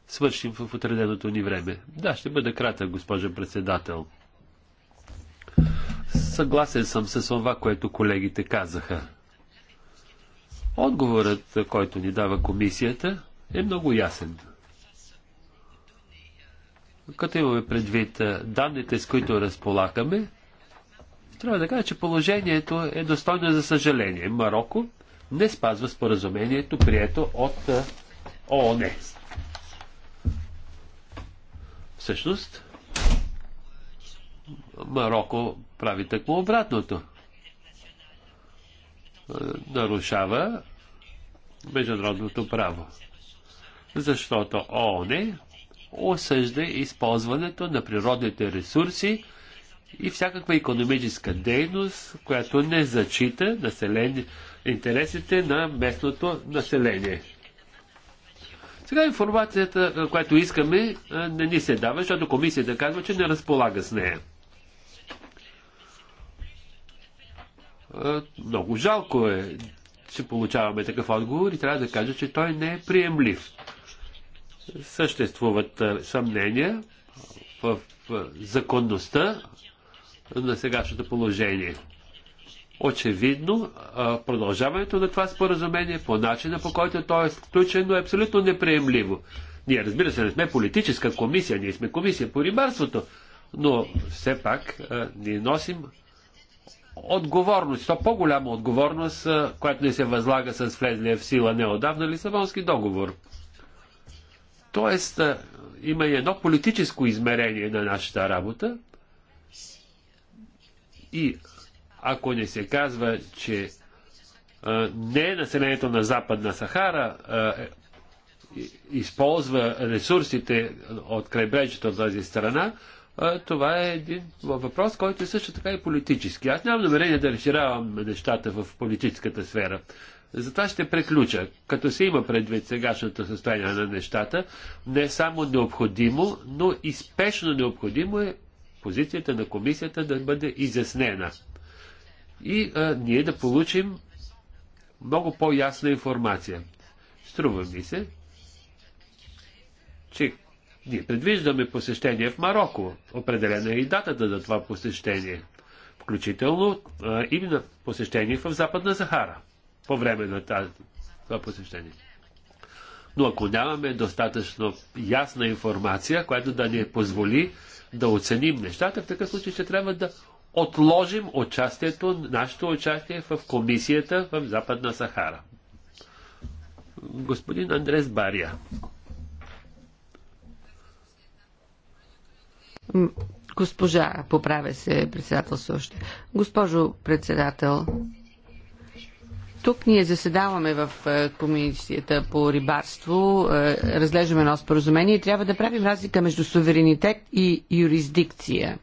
свършим в отреденото ни време. Да, ще бъда кратък, госпожа председател. Съгласен съм с това, което колегите казаха. Отговорът, който ни дава комисията, е много ясен. Като имаме предвид е, данните, с които разполагаме, трябва да кажа, че положението е достойно за съжаление. Марокко не спазва споразумението, прието от е, ООН. Всъщност, Марокко прави такво обратното. Е, нарушава международното право. Защото ООН осъжда използването на природните ресурси и всякаква економическа дейност, която не зачита населен... интересите на местното население. Сега информацията, която искаме, не ни се дава, защото комисията казва, че не разполага с нея. Много жалко е, че получаваме такъв отговор и трябва да кажа, че той не е приемлив. Съществуват съмнения в законността на сегашното положение. Очевидно, продължаването на това споразумение по начина по който то е сключено е абсолютно неприемливо. Ние, разбира се, не сме политическа комисия, ние сме комисия по рибарството, но все пак ние носим отговорност, то по-голяма отговорност, която не се възлага с влезлия в сила неодавна Лисабонски договор. Тоест, има и едно политическо измерение на нашата работа, и ако не се казва, че а, не населението на Западна Сахара а, е, използва ресурсите от крайбрежието от тази страна, а, това е един въпрос, който е също така и политически. Аз нямам намерение да разширявам нещата в политическата сфера. Затова ще преключа, като се има предвид сегашното състояние на нещата, не е само необходимо, но и спешно необходимо е позицията на комисията да бъде изяснена и а, ние да получим много по-ясна информация. Струва ми се, че ние предвиждаме посещение в Марокко. Определена е и датата за това посещение. Включително а, и на посещение в Западна Сахара по време на тази, това посещение. Но ако нямаме достатъчно ясна информация, която да ни позволи да оценим нещата, в такъв случай ще трябва да отложим участието, нашето участие в комисията в Западна Сахара. Господин Андрес Бария. Госпожа, поправя се председател също. Госпожо председател, тук ние заседаваме в е, Комисията по рибарство, е, разглеждаме едно споразумение и трябва да правим разлика между суверенитет и юрисдикция.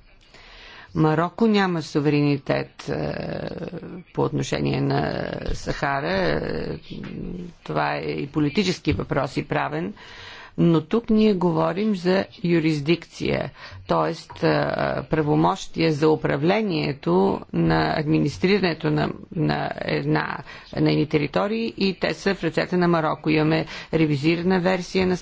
Марокко няма суверенитет е, по отношение на Сахара. това е и политически въпрос и правен. Но тук ние говорим за юрисдикция, т.е. правомощия за управлението на администрирането на, на, една, на едни територии и те са в ръцете на Марокко. Имаме ревизирана версия на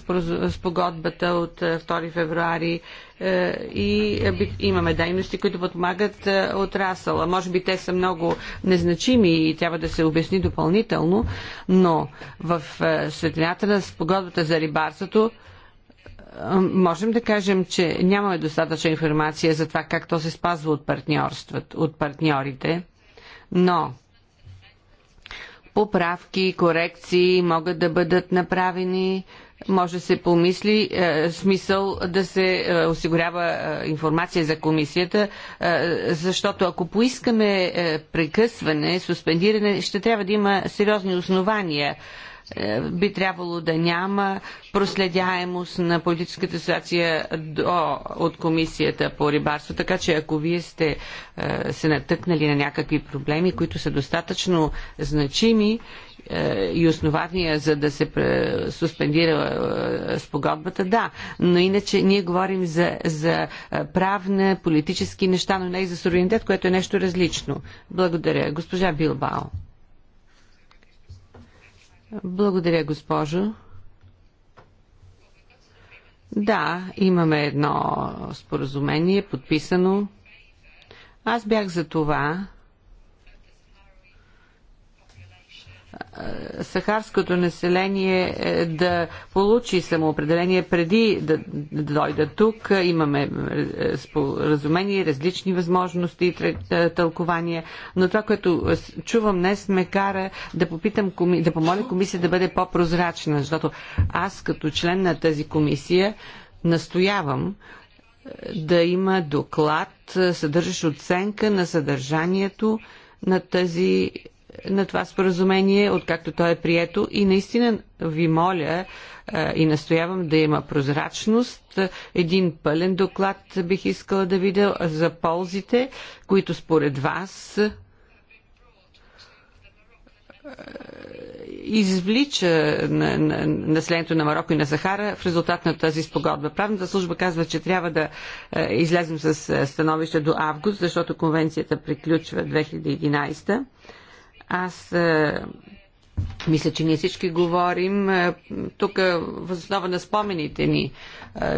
спогодбата от 2 февруари е, и е, имаме дейности, които подмагат е, отрасъла. Може би те са много незначими и трябва да се обясни допълнително, но в светлината на спогодбата за рибарството можем да кажем, че нямаме достатъчна информация за това как то се спазва от, от партньорите, но поправки, корекции могат да бъдат направени може да се помисли е, смисъл да се е, осигурява е, информация за комисията, е, защото ако поискаме е, прекъсване, суспендиране, ще трябва да има сериозни основания е, би трябвало да няма проследяемост на политическата ситуация до, от комисията по рибарство. Така че ако вие сте е, се натъкнали на някакви проблеми, които са достатъчно значими, е, и основания за да се суспендира е, спогодбата, да. Но иначе ние говорим за, за е, правна, политически неща, но не и за суверенитет, което е нещо различно. Благодаря. Госпожа Билбао. Благодаря, госпожо. Да, имаме едно споразумение, подписано. Аз бях за това сахарското население е, да получи самоопределение преди да, да дойда тук. Имаме е, споразумение, различни възможности и е, тълкования, но това, което чувам днес, ме кара да попитам, да помоля комисия да бъде по-прозрачна, защото аз като член на тази комисия настоявам да има доклад, съдържащ оценка на съдържанието на тази на това споразумение, откакто то е прието и наистина ви моля и настоявам да има прозрачност. Един пълен доклад бих искала да видя за ползите, които според вас извлича населението на, на, на Марокко и на Сахара в резултат на тази спогодба. Правната служба казва, че трябва да е, излезем с становище до август, защото конвенцията приключва 2011. Аз е, мисля, че ние всички говорим е, тук е, възоснова на спомените ни.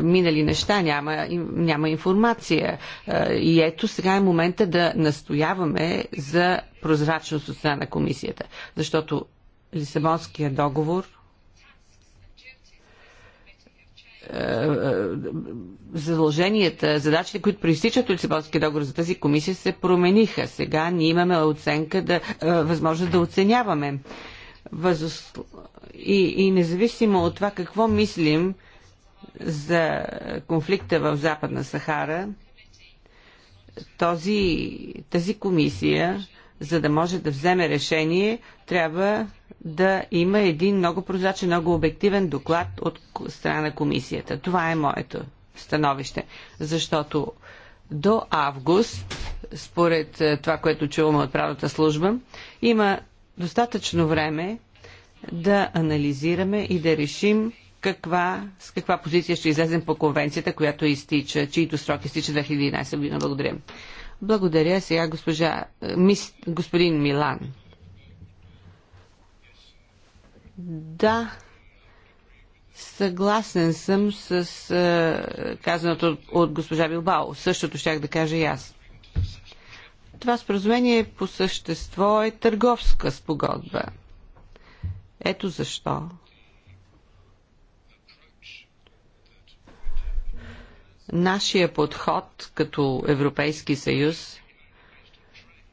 Минали неща, няма, няма информация. И ето сега е момента да настояваме за прозрачност от страна на комисията. Защото Лисабонския договор – Е, е, задълженията, задачите, които проистичат от Лисабонския договор за тази комисия се промениха. Сега ние имаме оценка да, е, възможност да оценяваме. И, и независимо от това какво мислим за конфликта в Западна Сахара, този, тази комисия за да може да вземе решение, трябва да има един много прозрачен, много обективен доклад от страна на комисията. Това е моето становище. Защото до август, според е, това, което чуваме от правната служба, има достатъчно време да анализираме и да решим каква, с каква позиция ще излезем по конвенцията, която изтича, чието срок изтича 2011 година. Благодаря. Благодаря сега госпожа, е, мис, господин Милан. Да, съгласен съм с е, казаното от, от госпожа Билбао. Същото щях да кажа и аз. Това споразумение е по същество е търговска спогодба. Ето защо нашия подход като Европейски съюз,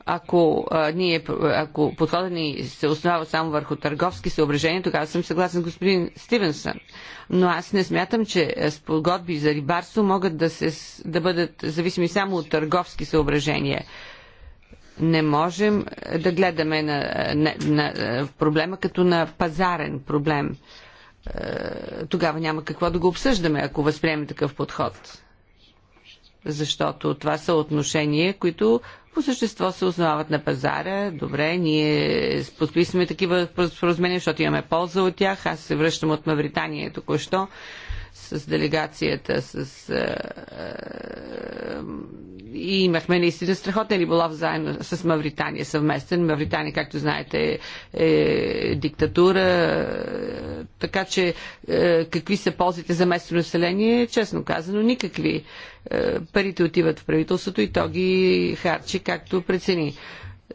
ако, а, ние, ако подходът ни се основава само върху търговски съображения, тогава съм съгласен с господин Стивенсън. Но аз не смятам, че спогодби за рибарство могат да, се, да бъдат зависими само от търговски съображения не можем да гледаме на, на, на, на проблема като на пазарен проблем. Е, тогава няма какво да го обсъждаме, ако възприемем такъв подход защото това са отношения, които по същество се основават на пазара. Добре, ние подписваме такива споразумения, защото имаме полза от тях. Аз се връщам от Мавритания току-що с делегацията, с... и имахме наистина страхотен риболов заедно с Мавритания съвместен. Мавритания, както знаете, е, е диктатура, така че е, какви са ползите за местно население, честно казано, никакви. Е, парите отиват в правителството и то ги харчи както прецени.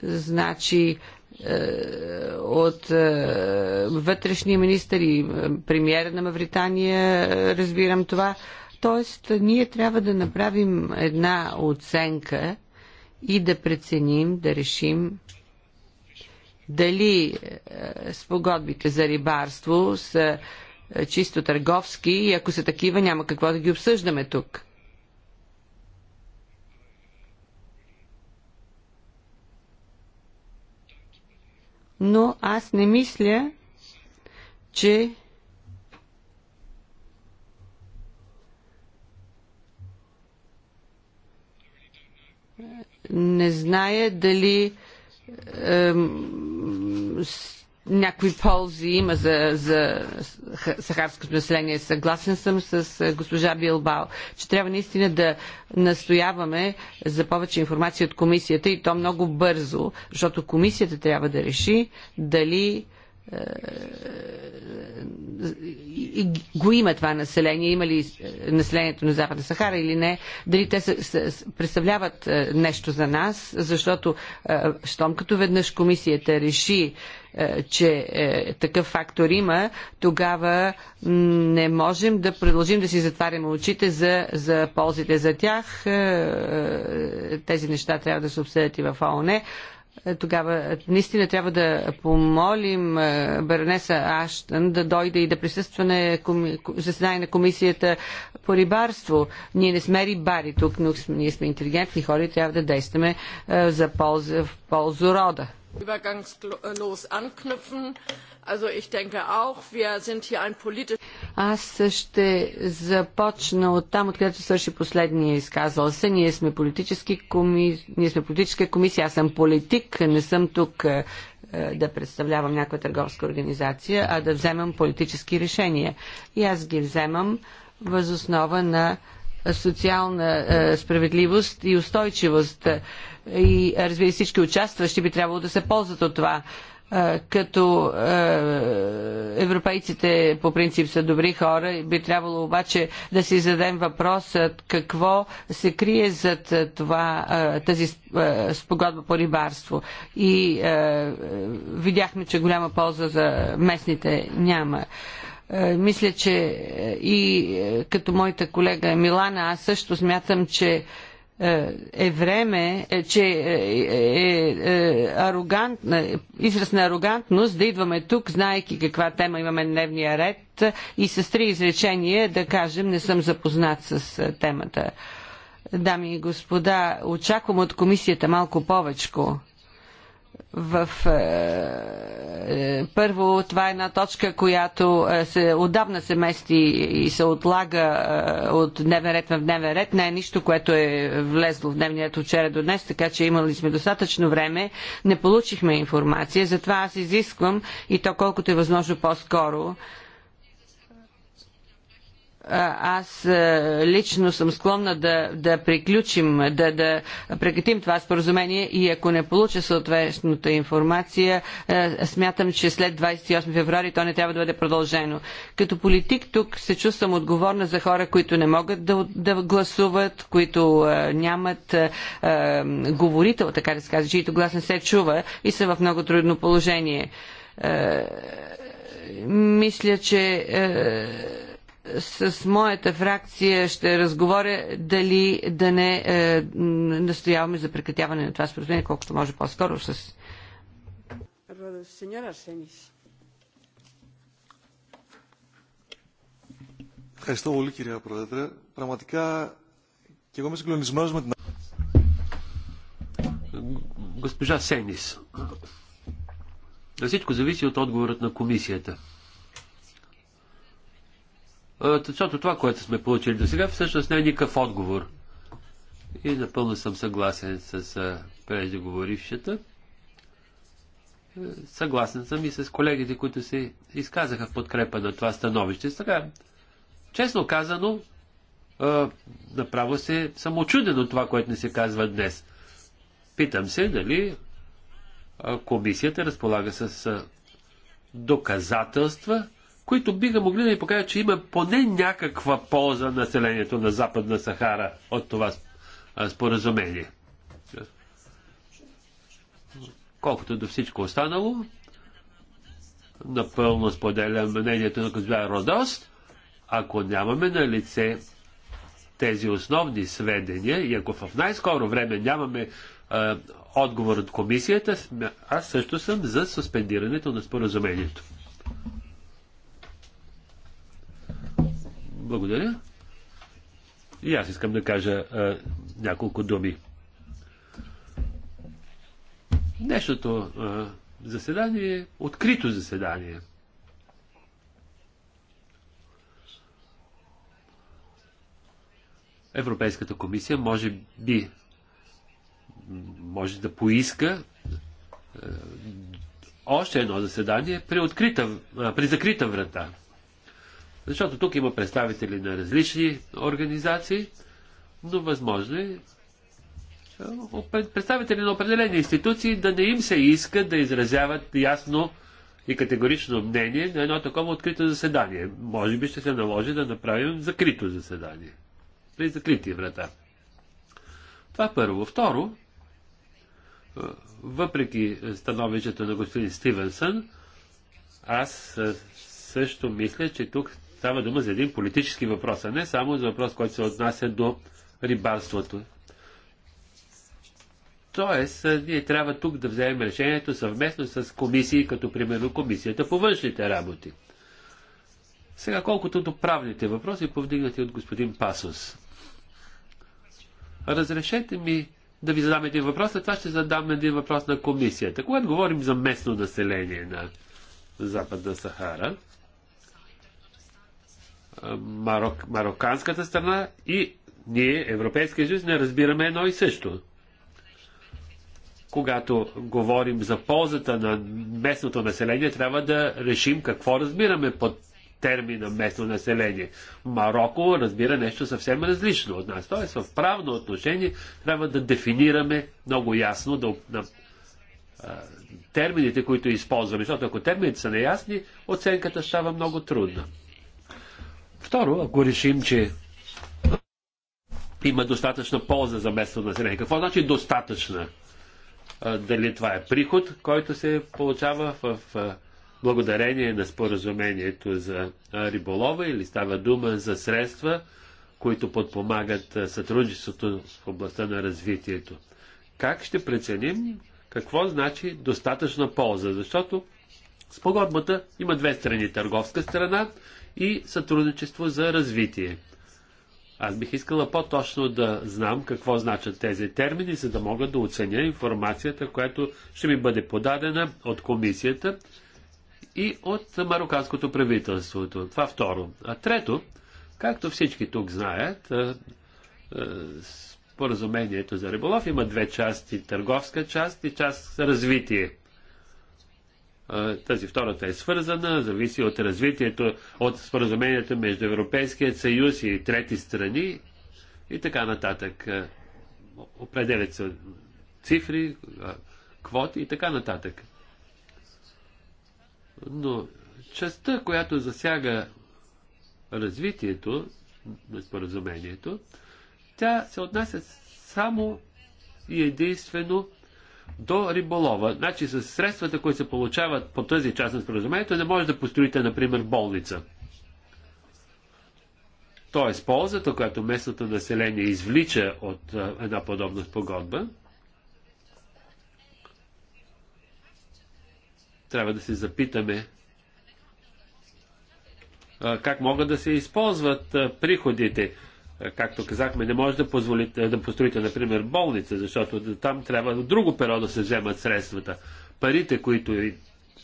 Значи, е, от е, вътрешния министр и е, премиера на Мавритания, разбирам това. Тоест, ние трябва да направим една оценка и да преценим, да решим дали спогодбите за рибарство са чисто търговски и ако са такива, няма какво да ги обсъждаме тук. но аз не мисля, че не зная дали някои ползи има за, за сахарското население. Съгласен съм с госпожа Билбао, че трябва наистина да настояваме за повече информация от комисията и то много бързо, защото комисията трябва да реши дали и го има това население, има ли населението на Западна Сахара или не, дали те са, са, представляват нещо за нас, защото щом като веднъж комисията реши е, че е, такъв фактор има, тогава не можем да продължим да си затваряме очите за, за ползите за тях. Е, тези неща трябва да се обсъдят и в ООН тогава наистина трябва да помолим Бернеса Аштън да дойде и да присъства на коми... заседание на комисията по рибарство. Ние не сме рибари тук, но ние сме интелигентни хора и трябва да действаме за полза, в ползу рода. Аз ще започна от там, откъдето свърши последния изказал се. Ние сме, политически коми... Ние сме политическа комисия, аз съм политик, не съм тук е, е, да представлявам някаква търговска организация, а да вземам политически решения. И аз ги вземам възоснова на социална е, справедливост и устойчивост. Е, и разбира всички участващи би трябвало да се ползват от това е, като европейците по принцип са добри хора, би трябвало обаче да си зададем въпрос какво се крие зад това, тази спогодба по рибарство. И видяхме, че голяма полза за местните няма. Е, мисля, че е, и е, като моята колега Милана, аз също смятам, че е време, че е арогант, израз на арогантност да идваме тук, знаеки каква тема имаме дневния ред и с три изречения да кажем не съм запознат с темата. Дами и господа, очаквам от комисията малко повечко в е, първо това е една точка, която е, се, отдавна се мести и се отлага е, от дневен ред в дневен ред. Не е нищо, което е влезло в дневния ред вчера до днес, така че имали сме достатъчно време. Не получихме информация, затова аз изисквам и то колкото е възможно по-скоро аз лично съм склонна да, да приключим, да, да прекратим това споразумение и ако не получа съответната информация, смятам, че след 28 феврари то не трябва да бъде продължено. Като политик тук се чувствам отговорна за хора, които не могат да, да гласуват, които нямат а, говорител, така да се каже, чието глас не се чува и са в много трудно положение. А, мисля, че А, с моята фракция ще разговоря дали да не е, настояваме за прекратяване на това споразумение, колкото може по-скоро с... Ευχαριστώ πολύ κυρία Πρόεδρε. Πραγματικά και εγώ είμαι με την... Госпожа Сенис, всичко зависи от отговорът на комисията. Е, защото това, което сме получили до сега, всъщност не е никакъв отговор. И напълно съм съгласен с е, преждеговорившата. Е, съгласен съм и с колегите, които се изказаха в подкрепа на това становище. Сега, честно казано, направо се съм очуден от това, което ни се казва днес. Питам се дали комисията разполага с доказателства, които биха могли да ни покажат, че има поне някаква полза населението на Западна Сахара от това споразумение. Колкото до всичко останало, напълно споделям мнението на Козбя Родост, ако нямаме на лице тези основни сведения и ако в най-скоро време нямаме е, отговор от комисията, аз също съм за суспендирането на споразумението. Благодаря. И аз искам да кажа а, няколко думи. Днешното а, заседание е открито заседание. Европейската комисия може би може да поиска а, още едно заседание при, открита, а, при закрита врата. Защото тук има представители на различни организации, но възможно е представители на определени институции да не им се иска да изразяват ясно и категорично мнение на едно такова открито заседание. Може би ще се наложи да направим закрито заседание. При закрити врата. Това първо. Второ, въпреки становището на господин Стивенсън, аз също мисля, че тук Става дума за един политически въпрос, а не само за въпрос, който се отнася до рибарството. Тоест, ние трябва тук да вземем решението съвместно с комисии, като примерно комисията по външните работи. Сега колкото до правните въпроси, повдигнати от господин Пасос. Разрешете ми да ви задам един въпрос, а това ще задам един въпрос на комисията. Когато говорим за местно население на Западна Сахара, марок, мароканската страна и ние, Европейския съюз, не разбираме едно и също. Когато говорим за ползата на местното население, трябва да решим какво разбираме под термина местно население. Марокко разбира нещо съвсем различно от нас. Тоест, в правно отношение трябва да дефинираме много ясно да, на, термините, които използваме. Защото ако термините са неясни, оценката става много трудна. Второ, ако решим, че има достатъчна полза за местното население. Какво значи достатъчна? Дали това е приход, който се получава в благодарение на споразумението за риболова или става дума за средства, които подпомагат сътрудничеството в областта на развитието. Как ще преценим какво значи достатъчна полза? Защото спогодбата има две страни. Търговска страна и сътрудничество за развитие. Аз бих искала по-точно да знам какво значат тези термини, за да мога да оценя информацията, която ще ми бъде подадена от комисията и от марокканското правителството. Това второ. А трето, както всички тук знаят, споразумението за риболов има две части търговска част и част за развитие. Тази втората е свързана, зависи от развитието, от споразумението между Европейския съюз и трети страни и така нататък. Определят се цифри, квоти и така нататък. Но частта, която засяга развитието на споразумението, тя се отнася само и единствено до риболова. Значи с средствата, които се получават по тази част на споразумението, не може да построите, например, болница. Тоест, ползата, която местното население извлича от една подобна спогодба, трябва да се запитаме как могат да се използват приходите. Е, както казахме, не може да, позволите, е, да построите, например, болница, защото там трябва от друго перо да се вземат средствата. Парите, които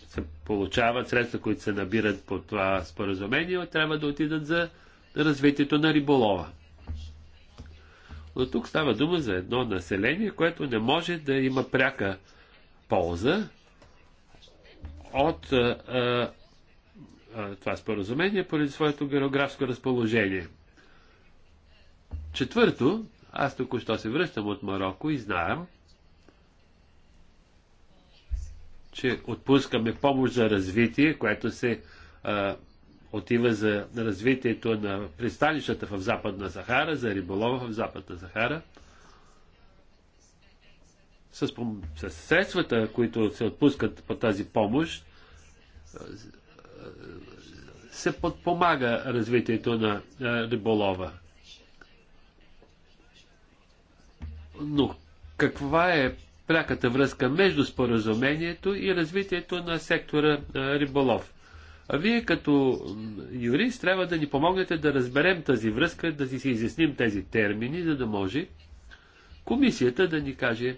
се получават, средства, които се набират по това споразумение, трябва да отидат за развитието на риболова. Но тук става дума за едно население, което не може да има пряка полза от а, е, а, това споразумение поради своето географско разположение. Четвърто, аз току-що се връщам от Марокко и знам, че отпускаме помощ за развитие, което се а, отива за развитието на пристанищата в Западна Сахара, за риболова в Западна Сахара. С, с средствата, които се отпускат по тази помощ, се подпомага развитието на риболова. Но каква е пряката връзка между споразумението и развитието на сектора риболов? А вие като юрист трябва да ни помогнете да разберем тази връзка, да си изясним тези термини, за да може комисията да ни каже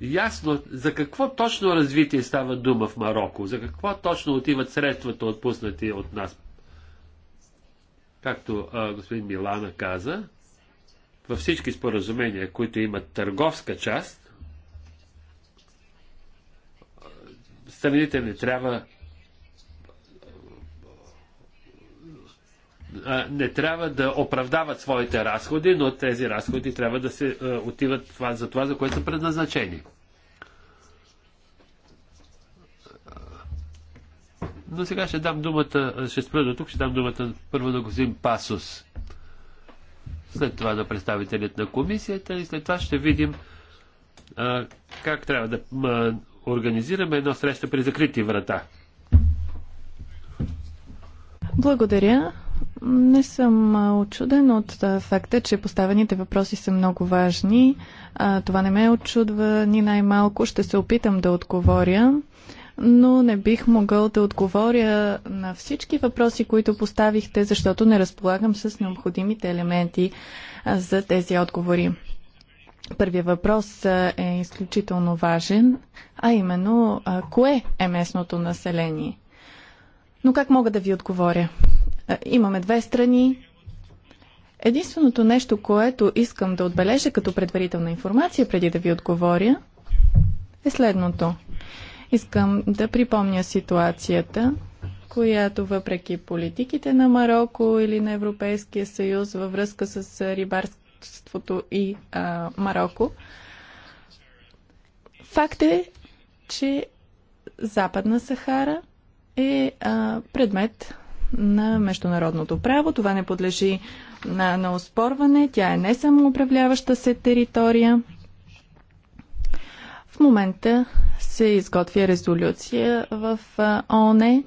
ясно за какво точно развитие става дума в Марокко, за какво точно отиват средствата отпуснати от нас. Както а, господин Милана каза, във всички споразумения, които имат търговска част, страните не трябва не трябва да оправдават своите разходи, но тези разходи трябва да се отиват за това, за което са предназначени. Но сега ще дам думата, ще спра до тук, ще дам думата първо на господин Пасос след това на представителят на комисията и след това ще видим а, как трябва да а, организираме едно среща при закрити врата. Благодаря. Не съм очуден от факта, че поставените въпроси са много важни. Това не ме очудва ни най-малко. Ще се опитам да отговоря но не бих могъл да отговоря на всички въпроси, които поставихте, защото не разполагам с необходимите елементи за тези отговори. Първият въпрос е изключително важен, а именно кое е местното население? Но как мога да ви отговоря? Имаме две страни. Единственото нещо, което искам да отбележа като предварителна информация, преди да ви отговоря, е следното – Искам да припомня ситуацията, която въпреки политиките на Марокко или на Европейския съюз във връзка с рибарството и а, Марокко, факт е, че Западна Сахара е а, предмет на международното право. Това не подлежи на, на оспорване. Тя е не само управляваща се територия. В момента се изготвя резолюция в ООН.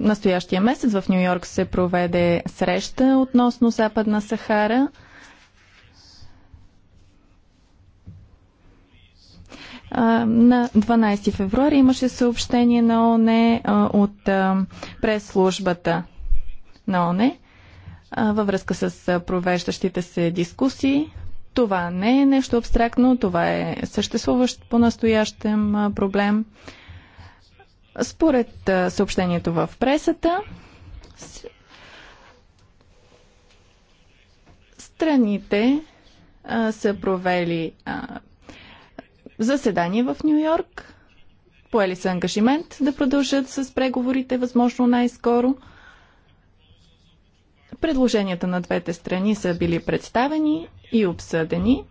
Настоящия месец в Нью Йорк се проведе среща относно Западна Сахара. На 12 февруари имаше съобщение на ОНЕ от прес-службата на ОНЕ във връзка с провеждащите се дискусии това не е нещо абстрактно, това е съществуващ по-настоящем проблем. Според съобщението в пресата, страните са провели заседание в Нью Йорк, поели са ангажимент да продължат с преговорите възможно най-скоро. Предложенията на двете страни са били представени и обсъдени,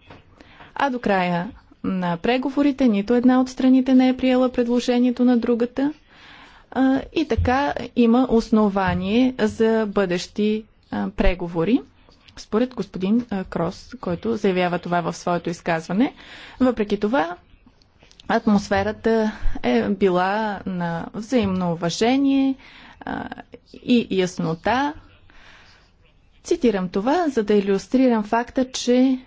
а до края на преговорите нито една от страните не е приела предложението на другата. И така има основание за бъдещи преговори според господин Крос, който заявява това в своето изказване. Въпреки това, атмосферата е била на взаимно уважение и яснота Цитирам това, за да иллюстрирам факта, че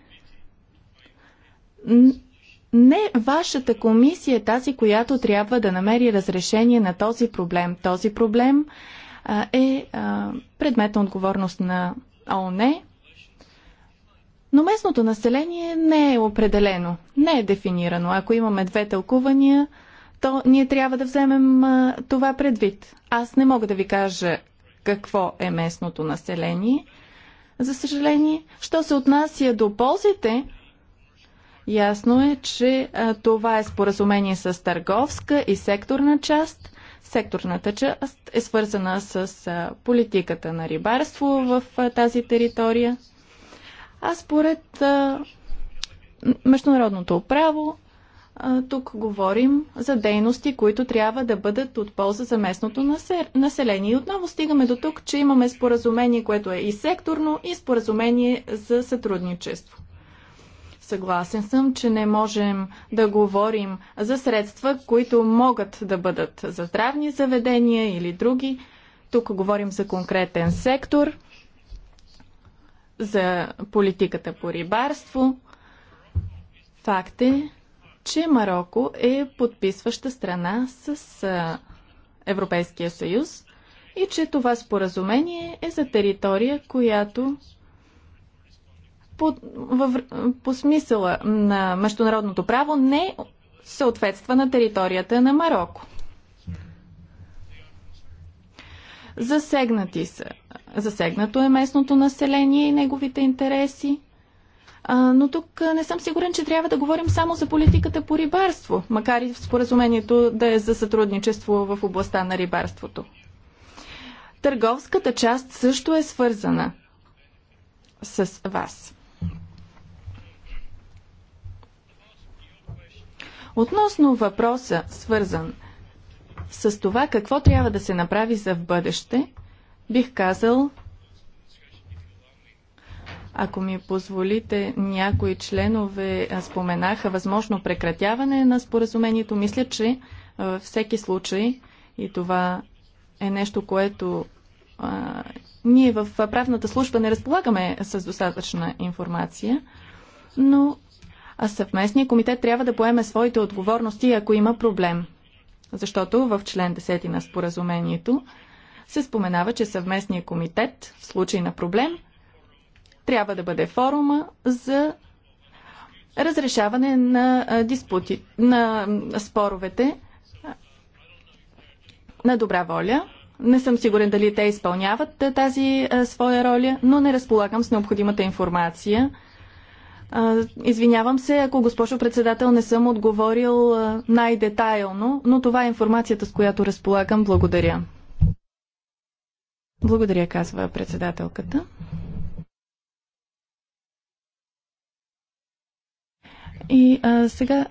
не вашата комисия е тази, която трябва да намери разрешение на този проблем. Този проблем а, е а, предмет на отговорност на ООН, но местното население не е определено, не е дефинирано. Ако имаме две тълкувания, то ние трябва да вземем а, това предвид. Аз не мога да ви кажа какво е местното население – за съжаление. Що се отнася до ползите, ясно е, че а, това е споразумение с търговска и секторна част. Секторната част е свързана с а, политиката на рибарство в а, тази територия. А според международното право тук говорим за дейности, които трябва да бъдат от полза за местното население. И отново стигаме до тук, че имаме споразумение, което е и секторно, и споразумение за сътрудничество. Съгласен съм, че не можем да говорим за средства, които могат да бъдат за здравни заведения или други. Тук говорим за конкретен сектор, за политиката по рибарство. Факт е, че Марокко е подписваща страна с Европейския съюз и че това споразумение е за територия, която по, във, по смисъла на международното право не съответства на територията на Марокко. Засегнати са. Засегнато е местното население и неговите интереси но тук не съм сигурен, че трябва да говорим само за политиката по рибарство, макар и в споразумението да е за сътрудничество в областта на рибарството. Търговската част също е свързана с вас. Относно въпроса, свързан с това какво трябва да се направи за в бъдеще, бих казал ако ми позволите, някои членове споменаха възможно прекратяване на споразумението. Мисля, че във всеки случай, и това е нещо, което а, ние в правната служба не разполагаме с достатъчна информация, но а съвместния комитет трябва да поеме своите отговорности, ако има проблем. Защото в член 10 на споразумението се споменава, че съвместния комитет в случай на проблем трябва да бъде форума за разрешаване на диспути, на споровете на добра воля. Не съм сигурен дали те изпълняват тази своя роля, но не разполагам с необходимата информация. Извинявам се, ако госпожо председател не съм отговорил най-детайлно, но това е информацията, с която разполагам. Благодаря. Благодаря, казва председателката. И а, сега,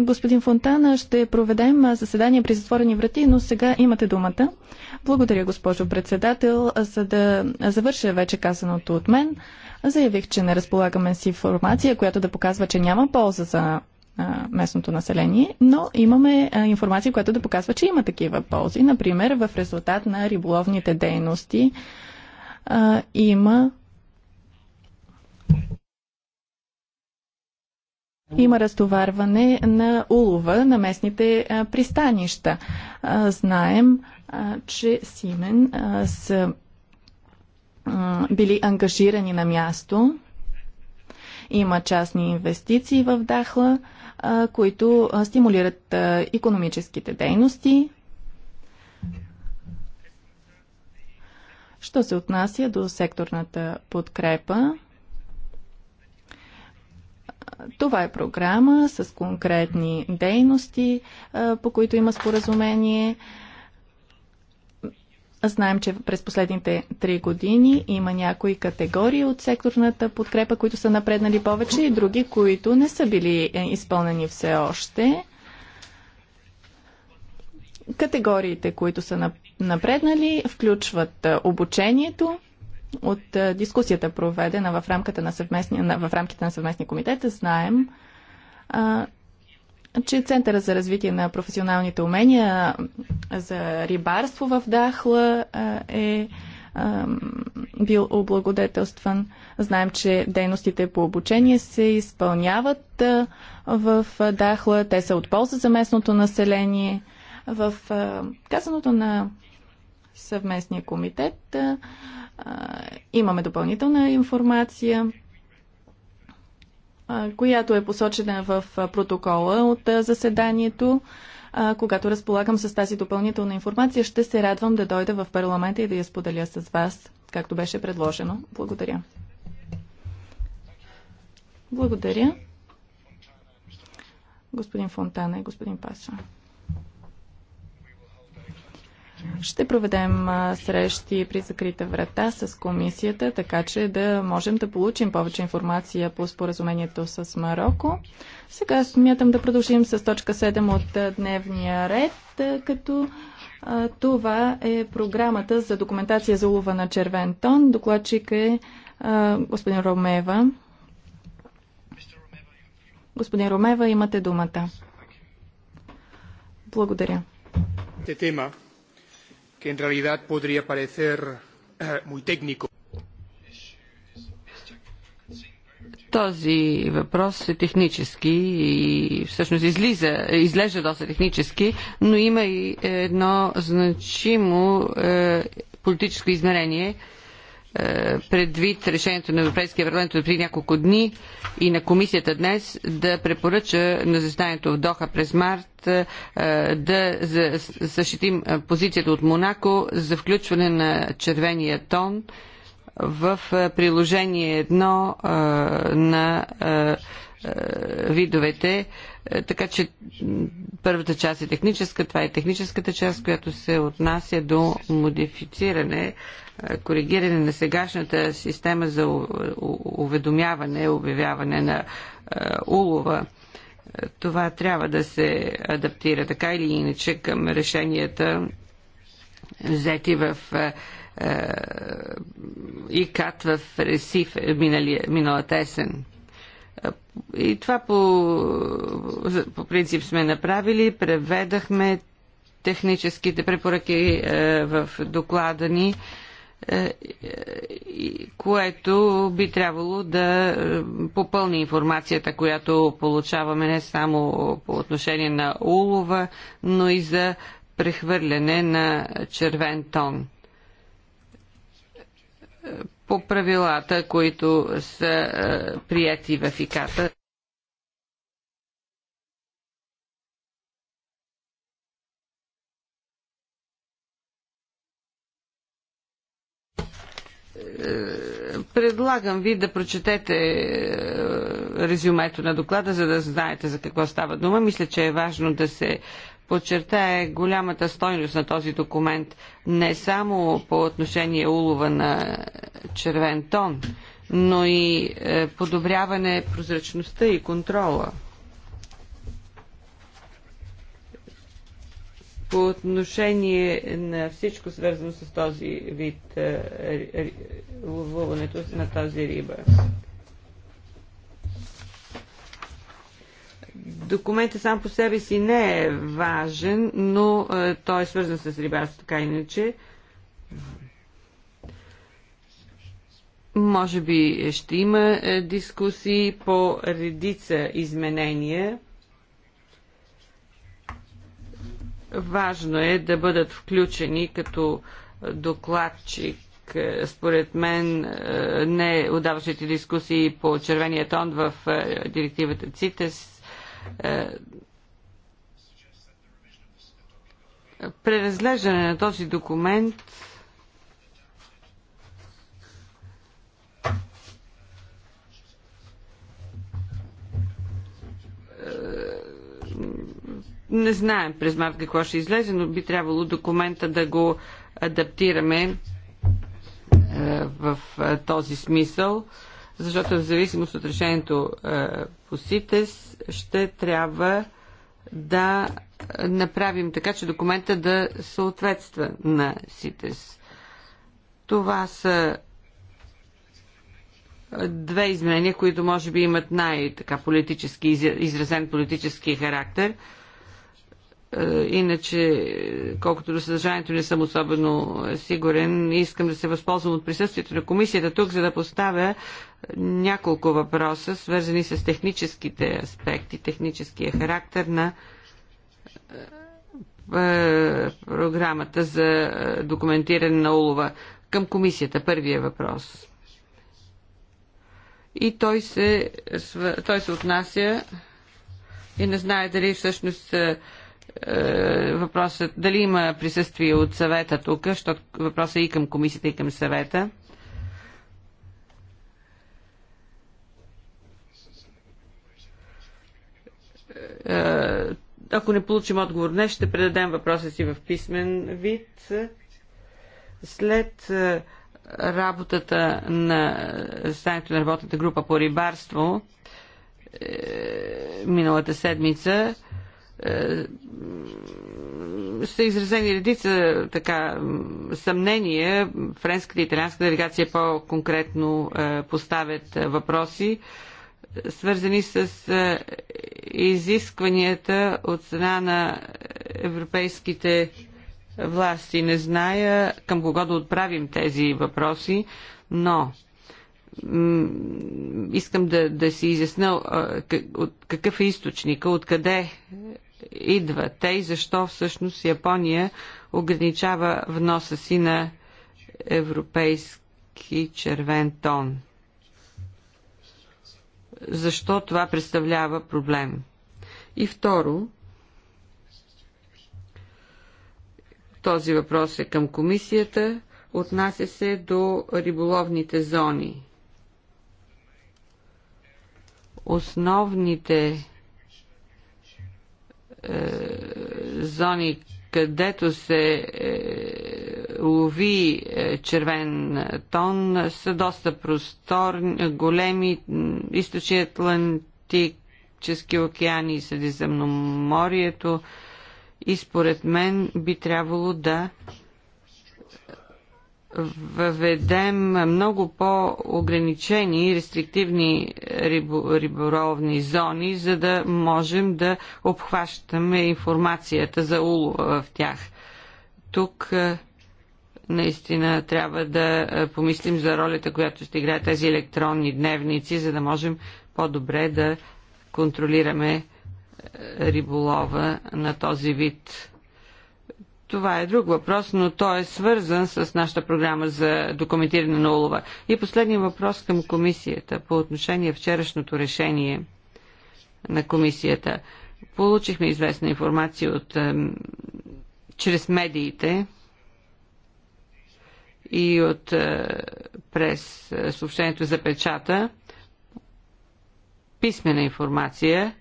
господин Фонтана, ще проведем заседание при затворени врати, но сега имате думата. Благодаря, госпожо председател, за да завърша вече казаното от мен. Заявих, че не разполагаме с информация, която да показва, че няма полза за местното население, но имаме информация, която да показва, че има такива ползи. Например, в резултат на риболовните дейности а, има има разтоварване на улова на местните пристанища. Знаем, че Симен са били ангажирани на място. Има частни инвестиции в Дахла, които стимулират економическите дейности. Що се отнася до секторната подкрепа, това е програма с конкретни дейности, по които има споразумение. Знаем, че през последните три години има някои категории от секторната подкрепа, които са напреднали повече и други, които не са били е, изпълнени все още. Категориите, които са напреднали, включват обучението, от е, дискусията, проведена в, рамката на съвместния, в рамките на съвместния комитет, знаем, а, че Центъра за развитие на професионалните умения за рибарство в Дахла е бил облагодетелстван. Знаем, че дейностите по обучение се изпълняват в Дахла. Те са от полза за местното население. В казаното на съвместния комитет. Имаме допълнителна информация, която е посочена в протокола от заседанието. Когато разполагам с тази допълнителна информация, ще се радвам да дойда в парламента и да я споделя с вас, както беше предложено. Благодаря. Благодаря. Господин Фонтана и господин Паша. Ще проведем срещи при закрита врата с комисията, така че да можем да получим повече информация по споразумението с Марокко. Сега смятам да продължим с точка 7 от дневния ред, като това е програмата за документация за улова на червен тон. Докладчик е господин Ромева. Господин Ромева, имате думата. Благодаря. Тема que en realidad podría parecer eh, muy técnico. Този въпрос е технически и всъщност излиза, излежа доста технически, но има и едно значимо е, политическо измерение, е, е, предвид решението на Европейския парламент от преди няколко дни и на комисията днес да препоръча на заседанието в Доха през март е, да защитим е, позицията от Монако за включване на червения тон в приложение едно на видовете е, така че първата част е техническа, това е техническата част, която се отнася до модифициране, е, коригиране на сегашната система за уведомяване, обявяване на е, улова. Това трябва да се адаптира така или иначе към решенията взети в ИКАТ в Ресиф миналата есен. И това по, по принцип сме направили. Преведахме техническите препоръки е, в доклада ни е, което би трябвало да е, попълни информацията, която получаваме не само по отношение на улова, но и за прехвърляне на червен тон по правилата, които са е, прияти в ИКАТА. Е, предлагам ви да прочетете е, резюмето на доклада, за да знаете за какво става дума. Мисля, че е важно да се подчертае голямата стойност на този документ не само по отношение улова на червен тон, но и е, подобряване прозрачността и контрола. По отношение на всичко свързано с този вид е, е, ловуването на тази риба. документът сам по себе си не е важен, но е, той е свързан с рибарството, така иначе. Може би ще има е, дискусии по редица изменения. Важно е да бъдат включени като докладчик е, според мен е, не отдаващите дискусии по червения тон в е, директивата ЦИТЕС е, преразглеждане на този документ е, не знаем през март какво ще излезе, но би трябвало документа да го адаптираме е, в този смисъл, защото в зависимост от решението по СИТЕС ще трябва да направим така, че документа да съответства на СИТЕС. Това са две изменения, които може би имат най-политически, изразен политически характер – е, иначе, колкото до съдържанието не съм особено е, сигурен, искам да се възползвам от присъствието на комисията тук, за да поставя няколко въпроса, свързани с техническите аспекти, техническия характер на е, програмата за документиране на улова. Към комисията първия въпрос. И той се, той се отнася и не знае дали всъщност е, въпросът дали има присъствие от съвета тук, защото въпросът е и към комисията, и към съвета. Е, ако не получим отговор днес, ще предадем въпроса си в писмен вид. След е, работата на станието на работната група по рибарство миналата седмица, е, са изразени редица така съмнения. Френската и италианска делегация по-конкретно е, поставят въпроси, свързани с е, изискванията от страна на европейските власти. Не зная към кого да отправим тези въпроси, но искам да, да си изясня какъв е източника, откъде идва те и защо всъщност Япония ограничава вноса си на европейски червен тон. Защо това представлява проблем? И второ, този въпрос е към комисията, отнася се до риболовните зони. Основните е, зони, където се е, лови е, червен тон, са доста просторни, големи, източни Атлантически океани и Средиземноморието. И според мен би трябвало да въведем много по-ограничени и рестриктивни риболовни зони, за да можем да обхващаме информацията за улова в тях. Тук е, наистина трябва да е, помислим за ролята, която ще играят тези електронни дневници, за да можем по-добре да контролираме е, риболова на този вид това е друг въпрос, но той е свързан с нашата програма за документиране на улова. И последния въпрос към комисията по отношение вчерашното решение на комисията. Получихме известна информация от, чрез медиите и от е, през е, съобщението за печата. Писмена информация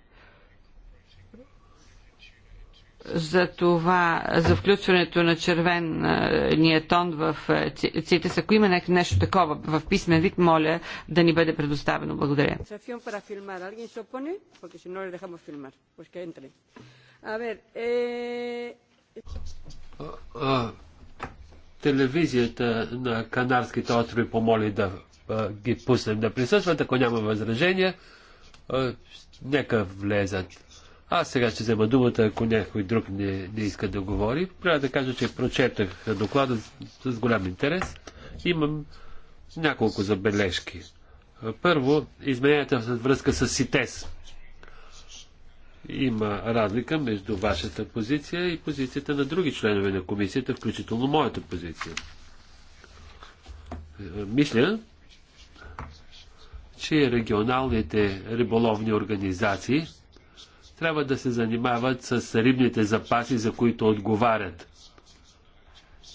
за това, за включването на червения тон в е, ЦИТЕС. Ако има нещо такова в писмен вид, моля да ни бъде предоставено. Благодаря. Е, телевизията на Канарските острови помоли да ги пуснем да присъстват. Ако няма възражения, нека влезат. Аз сега ще взема думата, ако някой друг не, не иска да говори. Трябва да кажа, че прочетах доклада с, с голям интерес. Имам няколко забележки. Първо, измененията с връзка с СИТЕС. Има разлика между вашата позиция и позицията на други членове на комисията, включително моята позиция. Мисля, че регионалните риболовни организации – трябва да се занимават с рибните запаси, за които отговарят.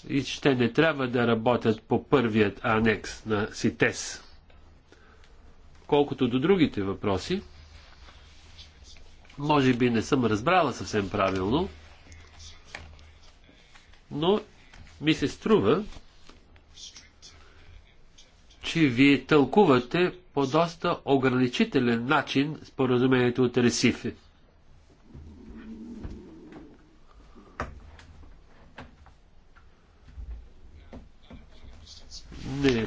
И ще не трябва да работят по първият анекс на СИТЕС. Колкото до другите въпроси, може би не съм разбрала съвсем правилно, но ми се струва, че вие тълкувате по доста ограничителен начин споразумението от Ресифи. не е,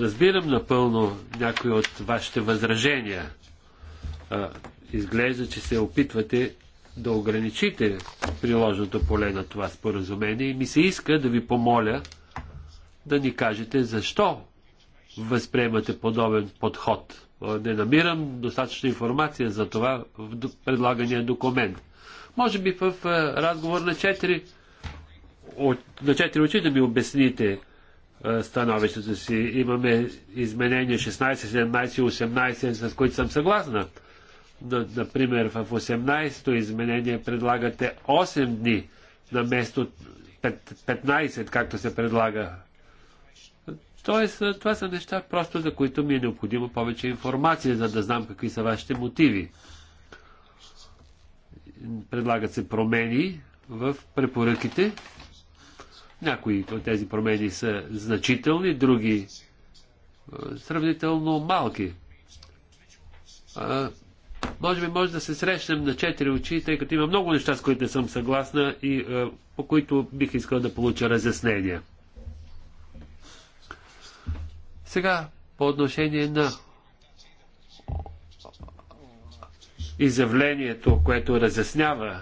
разбирам напълно някои от вашите възражения. Изглежда, че се опитвате да ограничите приложното поле на това споразумение и ми се иска да ви помоля да ни кажете защо възприемате подобен подход. Не намирам достатъчно информация за това в предлагания документ. Може би в разговор на четири, на четири очи да ми обясните е, становището си. Имаме изменения 16, 17 и 18, с които съм съгласна. Но, например, в 18-то изменение предлагате 8 дни на место 15, както се предлага. Тоест, е, това са неща, просто за които ми е необходимо повече информация, за да знам какви са вашите мотиви. Предлагат се промени в препоръките, някои от тези промени са значителни, други е, сравнително малки. А, може би може да се срещнем на четири очи, тъй като има много неща, с които не съм съгласна и а, е, по които бих искал да получа разяснения. Сега, по отношение на изявлението, което разяснява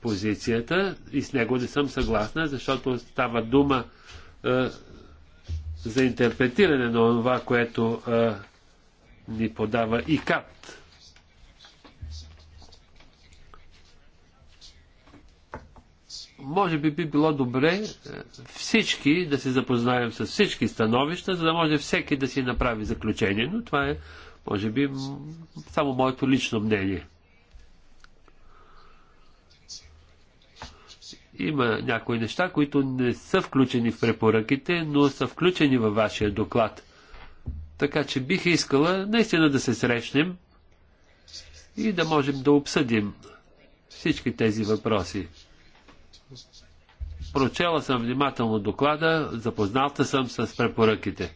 позицията и с него не съм съгласна, защото става дума е, за интерпретиране на това, което е, ни подава и КАТ. Може би би било добре е, всички да се запознаем с всички становища, за да може всеки да си направи заключение, но това е, може би, само моето лично мнение. Има някои неща, които не са включени в препоръките, но са включени във вашия доклад. Така че бих искала наистина да се срещнем и да можем да обсъдим всички тези въпроси. Прочела съм внимателно доклада, запозналта съм с препоръките.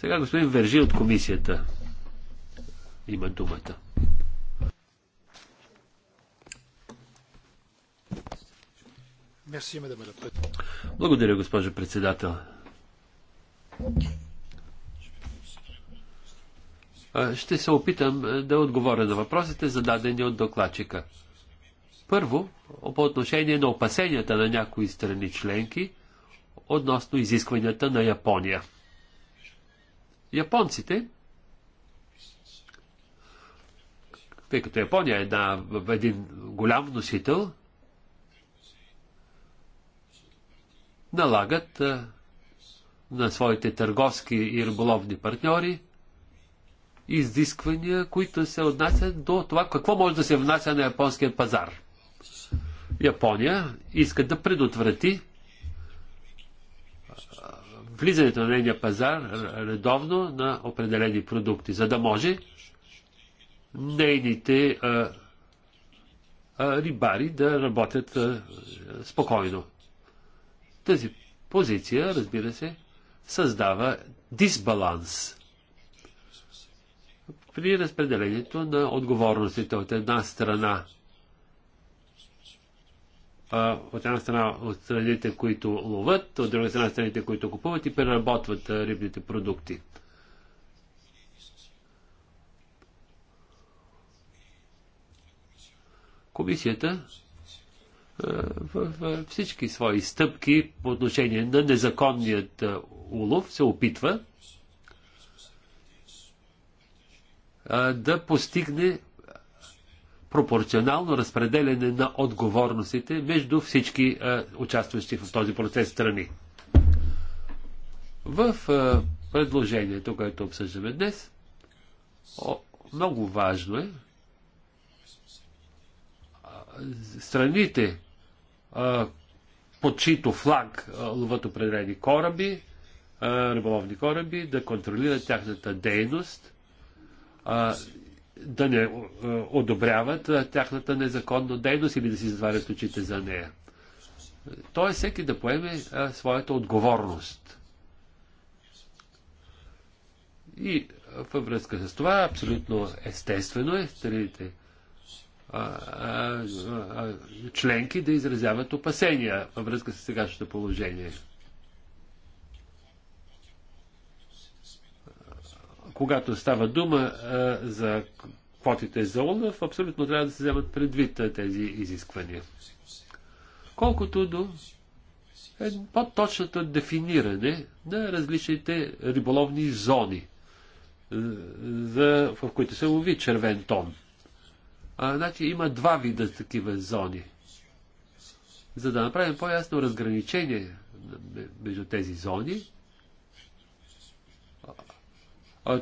Сега господин Вержи от комисията има думата. Благодаря, госпожо председател. Ще се опитам да отговоря на въпросите, зададени от докладчика. Първо, по отношение на опасенията на някои страни членки относно изискванията на Япония. Японците, тъй като Япония е една, един голям носител налагат на своите търговски и риболовни партньори изисквания, които се отнасят до това какво може да се внася на японския пазар. Япония иска да предотврати влизането на нейния пазар редовно на определени продукти, за да може нейните а, а, рибари да работят а, спокойно. Тази позиция, разбира се, създава дисбаланс при разпределението на отговорностите от една страна. А, от една страна от страните, които ловат, от друга страна страните, които купуват и преработват рибните продукти. Комисията е, в всички свои стъпки по отношение на незаконният е, улов се опитва е, да постигне пропорционално разпределене на отговорностите между всички участващи в този процес страни. В предложението, което обсъждаме днес, много важно е страните, под чийто флаг ловат определени кораби, риболовни кораби, да контролират тяхната дейност, да не одобряват тяхната незаконна дейност или да си затварят очите за нея. Тоест всеки да поеме своята отговорност. И във връзка с това абсолютно естествено е страните членки да изразяват опасения във връзка с сегашното положение. Когато става дума за квотите за улов, абсолютно трябва да се вземат предвид тези изисквания. Колкото до е по-точното дефиниране на различните риболовни зони, е, в които се лови червен тон. А, значи има два вида такива зони. За да направим по-ясно разграничение между тези зони,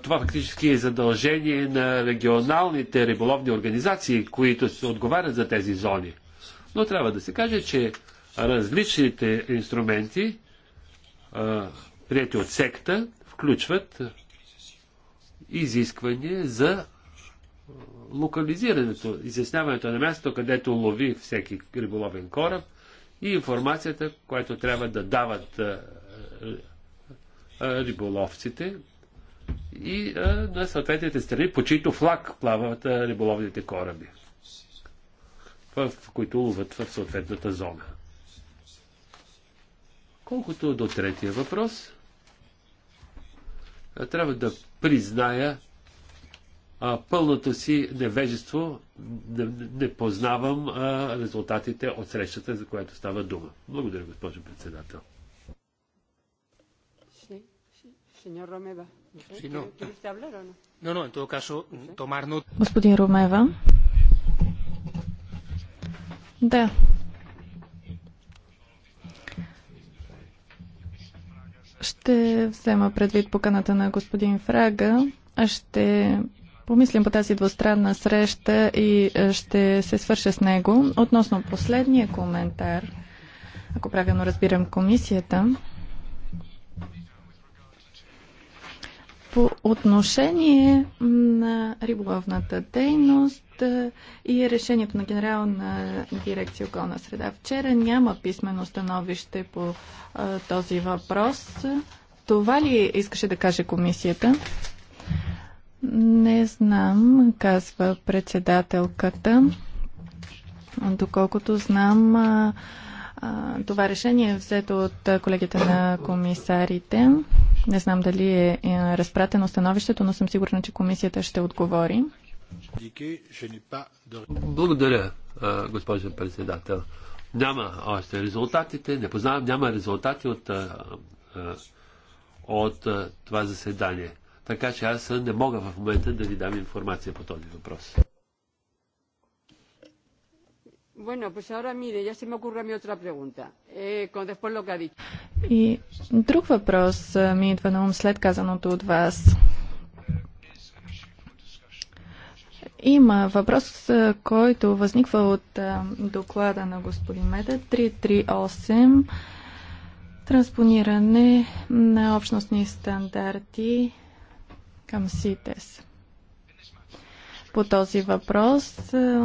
това фактически е задължение на регионалните риболовни организации, които се отговарят за тези зони. Но трябва да се каже, че различните инструменти, прияти от секта, включват изискване за локализирането, изясняването на място, където лови всеки риболовен кораб и информацията, която трябва да дават а, а, риболовците и а, на съответните страни, по чието флаг плават а, риболовните кораби, в, в които ловят в съответната зона. Колкото до третия въпрос, трябва да призная, а, пълното си невежество не, не познавам а, резултатите от срещата, за която става дума. Благодаря, госпожо председател. Е. Господин Ромева. Да. Ще взема предвид поканата на господин Фрага. Ще помислим по тази двустранна среща и е, ще се свърша с него. Относно последния коментар, ако правилно разбирам комисията, по отношение на риболовната дейност е, и решението на генерална дирекция околна среда. Вчера няма писмено становище по а, е, този въпрос. Това ли искаше да каже комисията? Не знам, казва председателката. Доколкото знам, това решение е взето от колегите на комисарите. Не знам дали е, е разпратено становището, но съм сигурна, че комисията ще отговори. Благодаря, госпожа председател. Няма още резултатите, не познавам, няма резултати от, от това заседание. Така че аз не мога в момента да ви дам информация по този въпрос. Bueno, pues ahora mire, ya se me ocurre a mí otra pregunta, eh, con después lo que ha dicho. И друг въпрос ми идва на ум след казаното от вас. Има въпрос, който възниква от доклада на господин Меда 338 транспониране на общностни стандарти към СИТЕС. По този въпрос е,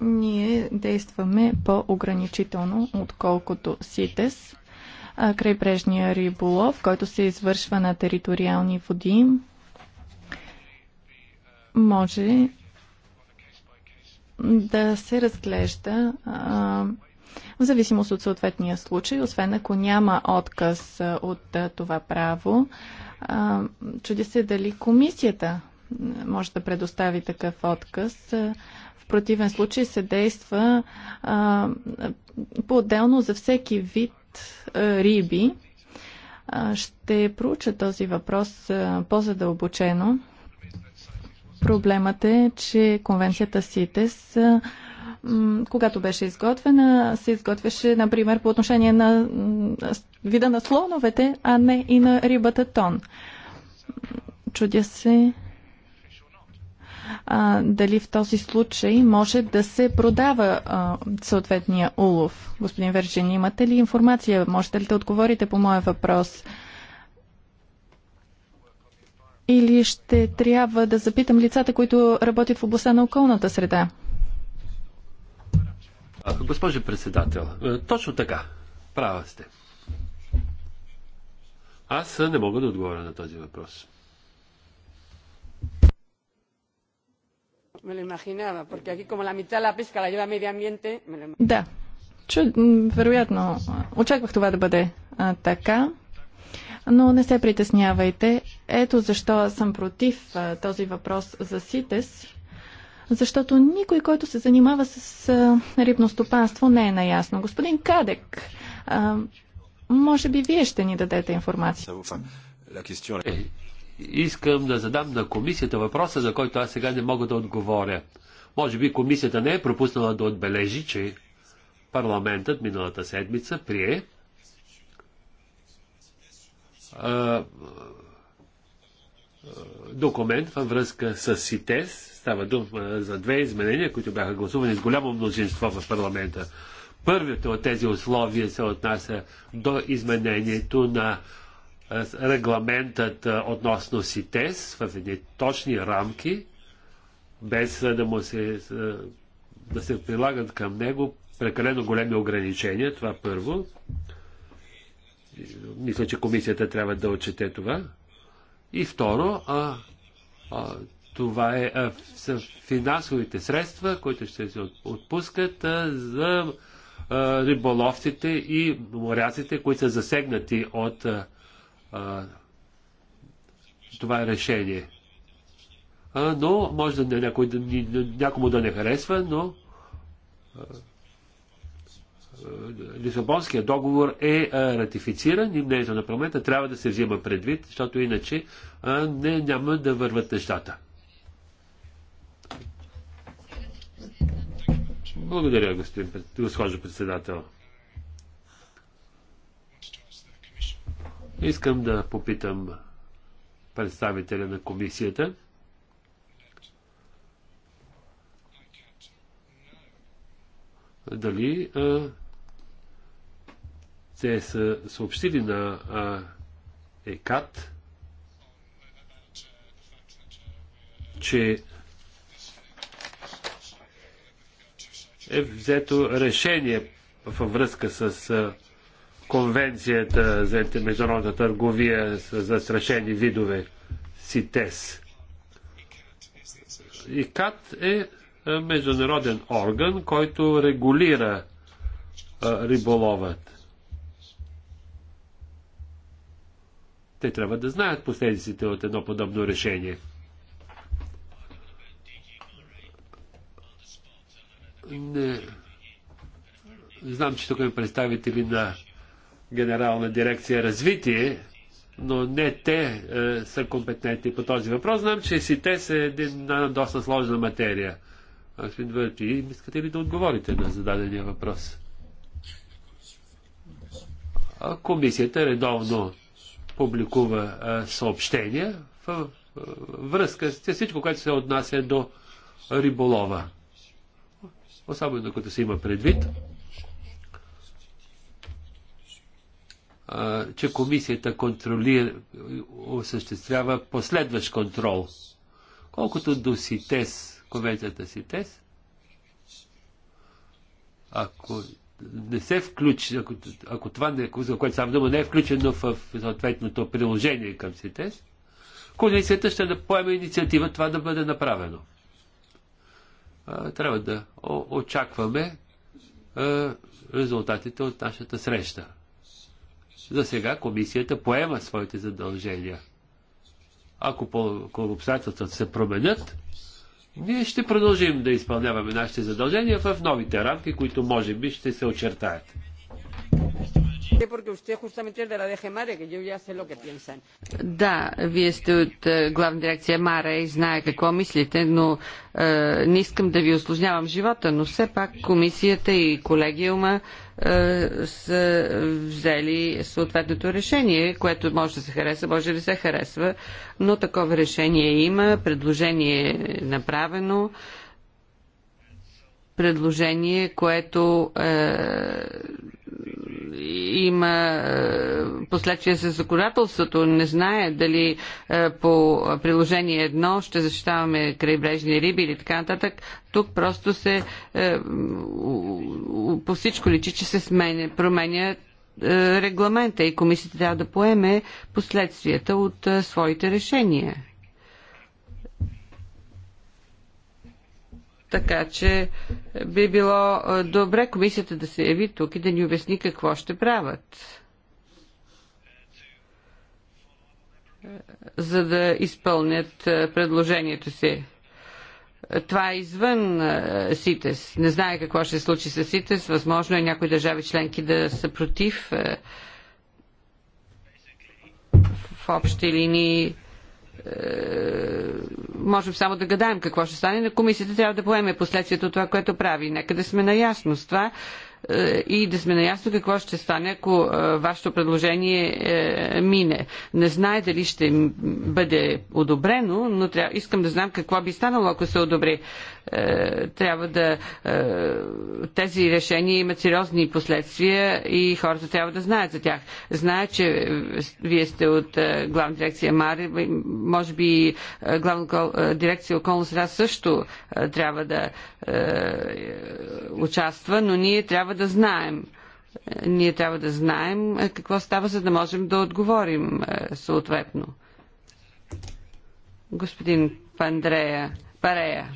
ние действаме по-ограничително, отколкото СИТЕС. Крайбрежния риболов, който се извършва на териториални води, може да се разглежда в зависимост от съответния случай, освен ако няма отказ от това право. Чуди се дали комисията може да предостави такъв отказ. В противен случай се действа по-отделно за всеки вид риби. Ще проуча този въпрос по-задълбочено. Проблемът е, че конвенцията СИТЕС когато беше изготвена, се изготвяше, например, по отношение на вида на слоновете, а не и на рибата тон. Чудя се а, дали в този случай може да се продава а, съответния улов. Господин Вержин, имате ли информация? Можете ли да отговорите по моя въпрос? Или ще трябва да запитам лицата, които работят в областта на околната среда? Госпожо председател, е, точно така. Права сте. Аз не мога да отговоря на този въпрос. Да. Вероятно, очаквах това да бъде а, така, но не се притеснявайте. Ето защо съм против а, този въпрос за СИТЕС защото никой, който се занимава с рибно стопанство, не е наясно. Господин Кадек, може би вие ще ни дадете информация. Е, искам да задам на комисията въпроса, за който аз сега не мога да отговоря. Може би комисията не е пропуснала да отбележи, че парламентът миналата седмица прие документ във връзка с СИТЕС, Става дума за две изменения, които бяха гласувани с голямо мнозинство в парламента. Първото от тези условия се отнася до изменението на регламентът относно СИТЕС в едни точни рамки, без да му се, да се прилагат към него прекалено големи ограничения. Това първо. Мисля, че комисията трябва да отчете това. И второ, а, а, това е, а, са финансовите средства, които ще се отпускат а, за а, риболовците и моряците, които са засегнати от а, а, това решение. А, но може да някой, някому да не харесва, но а, Лисабонския договор е а, ратифициран и мнението на парламента трябва да се взима предвид, защото иначе а, не, няма да върват нещата. Благодаря, господин, госпожо председател. Искам да попитам представителя на комисията. Дали а, те са съобщили на а, ЕКАТ, че е взето решение във връзка с конвенцията за международната търговия с застрашени видове СИТЕС. ИКАТ е международен орган, който регулира риболовът. Те трябва да знаят последиците от едно подобно решение. Не. Знам, че тук има представители на Генерална дирекция развитие, но не те е, са компетентни по този въпрос. Знам, че си те са една доста сложна материя. Господин Върчи, искате ли да отговорите на зададения въпрос? комисията редовно публикува е, съобщения в, в, в връзка с всичко, което се отнася до риболова особено като се има предвид, че комисията контролира, осъществява последващ контрол. Колкото до СИТЕС, конвенцията СИТЕС, ако не се включи, ако, ако това, не, за което става дума, не е включено в съответното приложение към СИТЕС, комисията ще поеме инициатива това да бъде направено трябва да очакваме резултатите от нашата среща. За сега комисията поема своите задължения. Ако, обстоятелствата се променят, ние ще продължим да изпълняваме нашите задължения в новите рамки, които може би ще се очертаят. Да, вие сте от е, главна дирекция Мара и знае какво мислите, но е, не искам да ви осложнявам живота, но все пак комисията и колегиума е, са взели съответното решение, което може да се хареса, може да се харесва, но такова решение има, предложение е направено. Е, предложение, което е, има е, последствия с законодателството. Не знае дали е, по приложение едно ще защитаваме крайбрежни риби или така нататък. Тук просто се е, по всичко личи, че се сменя, променя е, регламента и комисията трябва да поеме последствията от е, своите решения. Така че е, би било е, добре комисията да се яви тук и да ни обясни какво ще правят. Е, за да изпълнят предложението си. Това е извън СИТЕС. Не знае какво ще случи с СИТЕС. Възможно е някои държави членки да са против в общи линии е, можем само да гадаем какво ще стане, но комисията трябва да поеме последствието от това, което прави. Нека да сме наясно с това е, и да сме наясно какво ще стане, ако е, вашето предложение мине. Не знае дали ще бъде одобрено, но трябва, искам да знам какво би станало, ако се одобри. Е, трябва да. Е, тези решения имат сериозни последствия и хората трябва да знаят за тях. Зная, че вие сте от е, главна дирекция Мари, може би главна дирекция околна среда също трябва да участва, но ние трябва да знаем ние трябва да знаем какво става, за да можем да отговорим съответно. Господин Пандрея, Парея.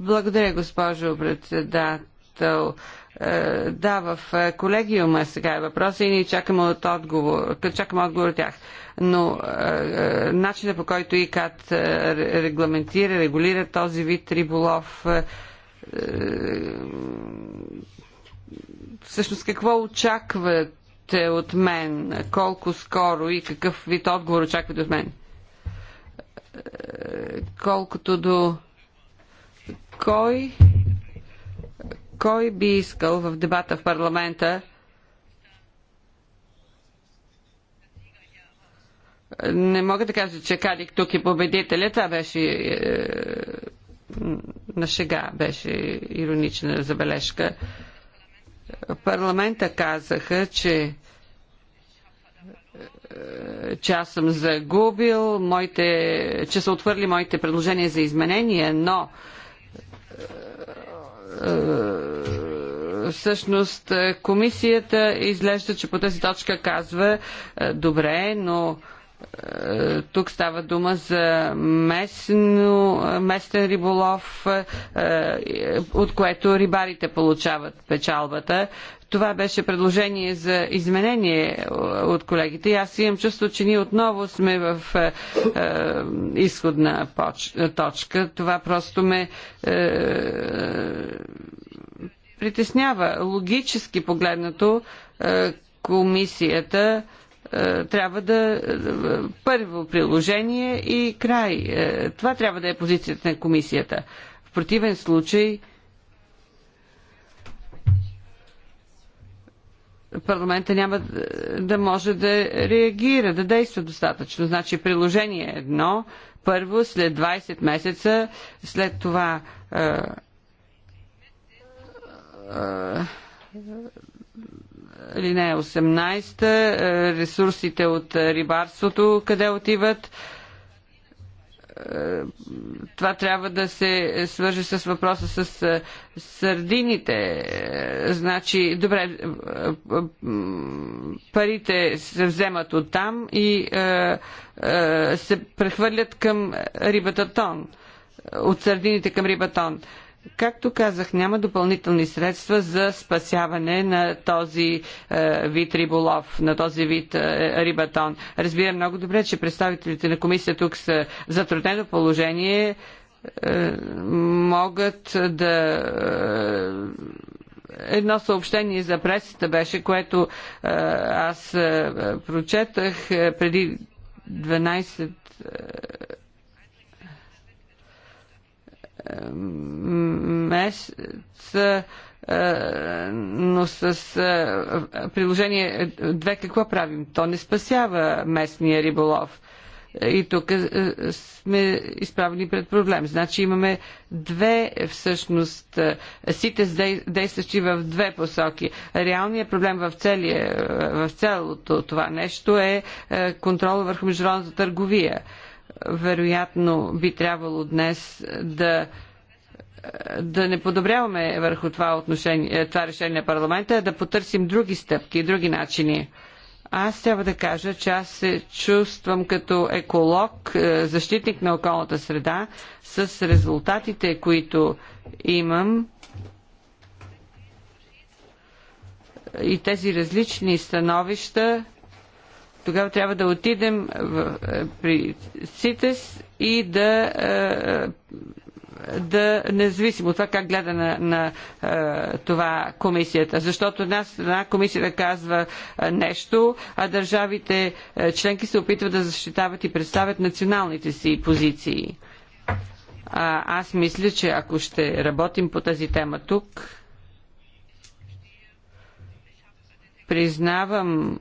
Благодаря, госпожо председател. Е, да, в е, колегиума сега е въпроса и ние чакаме от отговор, чакаме отговор от тях. Но е, начинът по който ИКАТ регламентира, регулира този вид риболов, всъщност какво очаквате от мен, колко скоро и какъв вид отговор очаквате от мен? Колкото до кой, кой би искал в дебата в парламента не мога да кажа, че Кадик тук е победителя. Това беше е, на шега, беше иронична забележка. Парламента казаха, че е, че аз съм загубил, моите, че са отвърли моите предложения за изменения, но е, е, всъщност е, комисията изглежда, че по тази точка казва е, добре, но тук става дума за местно, местен риболов, е, е, от което рибарите получават печалбата. Това беше предложение за изменение е, от колегите и аз имам чувство, че ние отново сме в е, изходна поч, точка. Това просто ме е, притеснява. Логически погледнато, е, комисията е, е, трябва да. Е, първо приложение и край. Е, това трябва да е позицията на комисията. В противен случай. парламента няма да може да реагира, да действа достатъчно. Значи приложение едно, първо след 20 месеца, след това линия 18, е, ресурсите от рибарството, къде отиват. Е, това трябва да се свържи с въпроса с е, сърдините. Значи, добре, парите се вземат от там и се прехвърлят към рибата тон. От сърдините към рибатон. тон Както казах, няма допълнителни средства за спасяване на този е, вид риболов, на този вид е, рибатон. Разбира много добре, че представителите на комисията тук са в затруднено положение, е, могат да. Е, едно съобщение за пресата беше, което е, аз е, прочетах е, преди 12. Е, месеца, е, но с е, приложение две, какво правим? То не спасява местния риболов. И тук е, сме изправени пред проблем. Значи имаме две всъщност сите действащи в две посоки. Реалният проблем в, целия, в цялото това нещо е контрол върху международната търговия вероятно би трябвало днес да да не подобряваме върху това, отношение, това решение на парламента, а да потърсим други стъпки, други начини. Аз трябва да кажа, че аз се чувствам като еколог, е, защитник на околната среда, с резултатите, които имам и тези различни становища тогава трябва да отидем в, е, при СИТЕС и да е, да, независимо от това как гледа на, на е, това комисията. Защото една страна комисията казва нещо, а държавите членки се опитват да защитават и представят националните си позиции. А, аз мисля, че ако ще работим по тази тема тук, признавам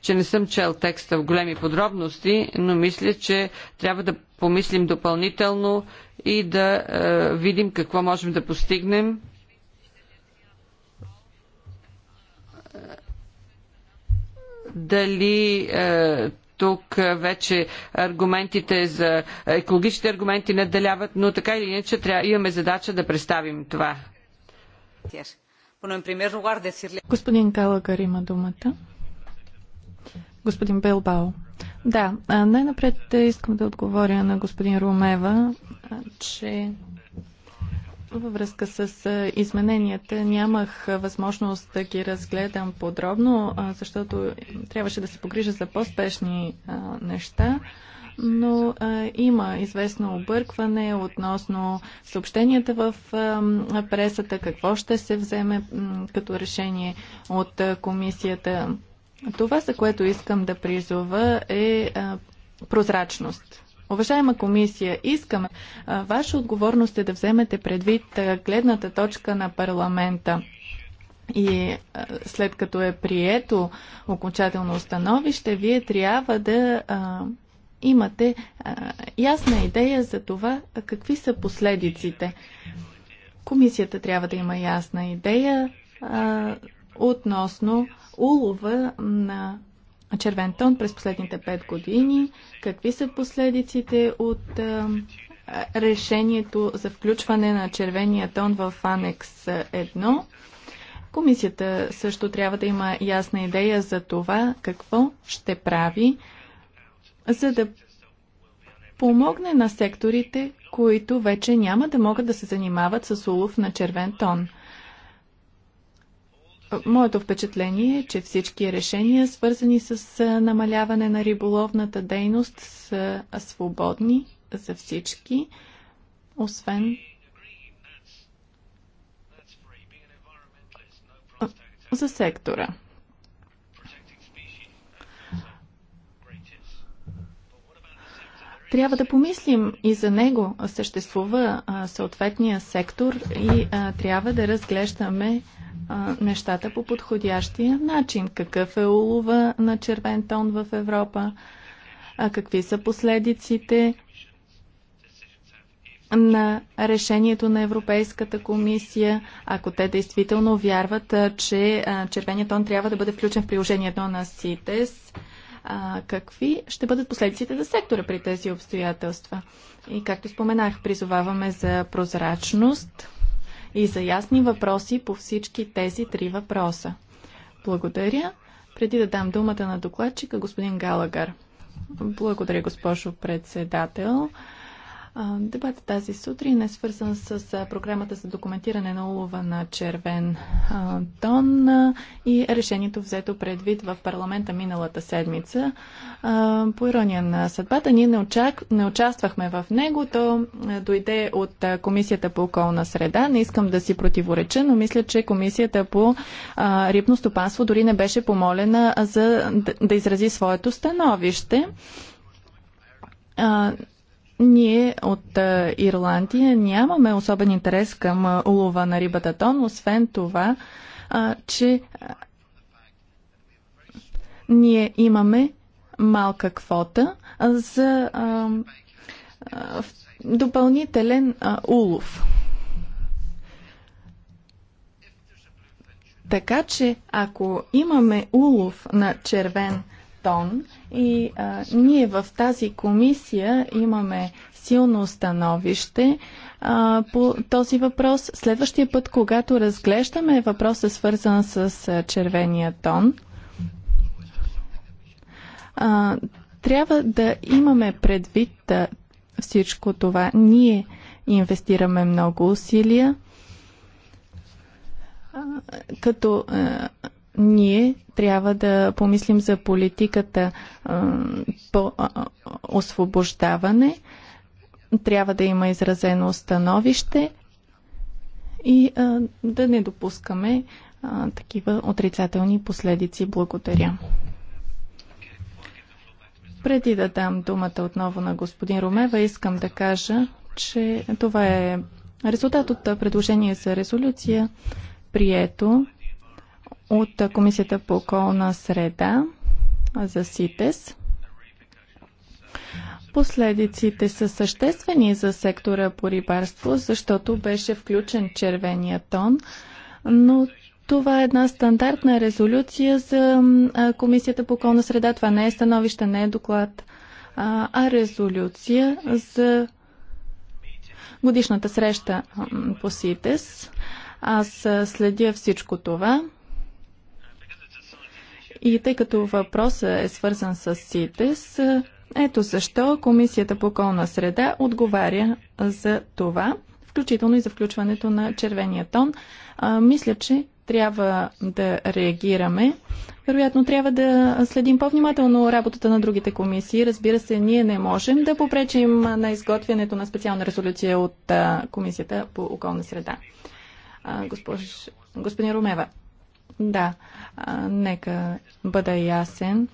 че не съм чел текста в големи подробности, но мисля, че трябва да помислим допълнително и да е, видим какво можем да постигнем. Дали е, тук вече аргументите за е, екологичните аргументи надделяват, но така или иначе трябва, имаме задача да представим това. Господин Калагар има думата. Господин Белбао. Да, най-напред искам да отговоря на господин Румева, че във връзка с измененията нямах възможност да ги разгледам подробно, защото трябваше да се погрижа за по-спешни неща, но има известно объркване относно съобщенията в пресата, какво ще се вземе като решение от комисията това, за което искам да призова е а, прозрачност. Уважаема комисия, искаме. А, ваша отговорност е да вземете предвид а, гледната точка на парламента. И а, след като е прието окончателно установище, вие трябва да а, имате а, ясна идея за това а, какви са последиците. Комисията трябва да има ясна идея а, относно улова на червен тон през последните 5 години, какви са последиците от решението за включване на червения тон в анекс 1. Комисията също трябва да има ясна идея за това какво ще прави, за да помогне на секторите, които вече няма да могат да се занимават с улов на червен тон. Моето впечатление е, че всички решения, свързани с намаляване на риболовната дейност, са свободни за всички, освен за сектора. Трябва да помислим и за него. Съществува съответния сектор и трябва да разглеждаме а, нещата по подходящия начин. Какъв е улова на червен тон в Европа? А какви са последиците на решението на Европейската комисия, ако те действително вярват, че червеният тон трябва да бъде включен в приложението на СИТЕС? какви ще бъдат последиците за сектора при тези обстоятелства. И както споменах, призоваваме за прозрачност и за ясни въпроси по всички тези три въпроса. Благодаря. Преди да дам думата на докладчика, господин Галагар. Благодаря, госпожо председател. Дебата тази сутрин е свързан с програмата за документиране на улова на червен тон и решението взето предвид в парламента миналата седмица. По ирония на съдбата, ние не, очак... не участвахме в него. То дойде от Комисията по околна среда. Не искам да си противореча, но мисля, че Комисията по рибно стопанство дори не беше помолена за да изрази своето становище ние от Ирландия нямаме особен интерес към улова на рибата тон, освен това, че ние имаме малка квота за допълнителен улов. Така че, ако имаме улов на червен тон и а, ние в тази комисия имаме силно становище а, по този въпрос. Следващия път, когато разглеждаме въпроса свързан с а, червения тон, а, трябва да имаме предвид а, всичко това. Ние инвестираме много усилия, а, като а, ние трябва да помислим за политиката по освобождаване. Трябва да има изразено становище и да не допускаме такива отрицателни последици. Благодаря. Преди да дам думата отново на господин Ромева, искам да кажа, че това е резултат от предложение за резолюция, прието от Комисията по околна среда за СИТЕС. Последиците са съществени за сектора по рибарство, защото беше включен червения тон, но това е една стандартна резолюция за Комисията по околна среда. Това не е становище, не е доклад, а резолюция за годишната среща по СИТЕС. Аз следя всичко това. И тъй като въпросът е свързан с СИТЕС, ето защо Комисията по околна среда отговаря за това, включително и за включването на червения тон. А, мисля, че трябва да реагираме. Вероятно, трябва да следим по-внимателно работата на другите комисии. Разбира се, ние не можем да попречим на изготвянето на специална резолюция от Комисията по околна среда. Госпож... Господин Румева. Да, нека бъда ясен.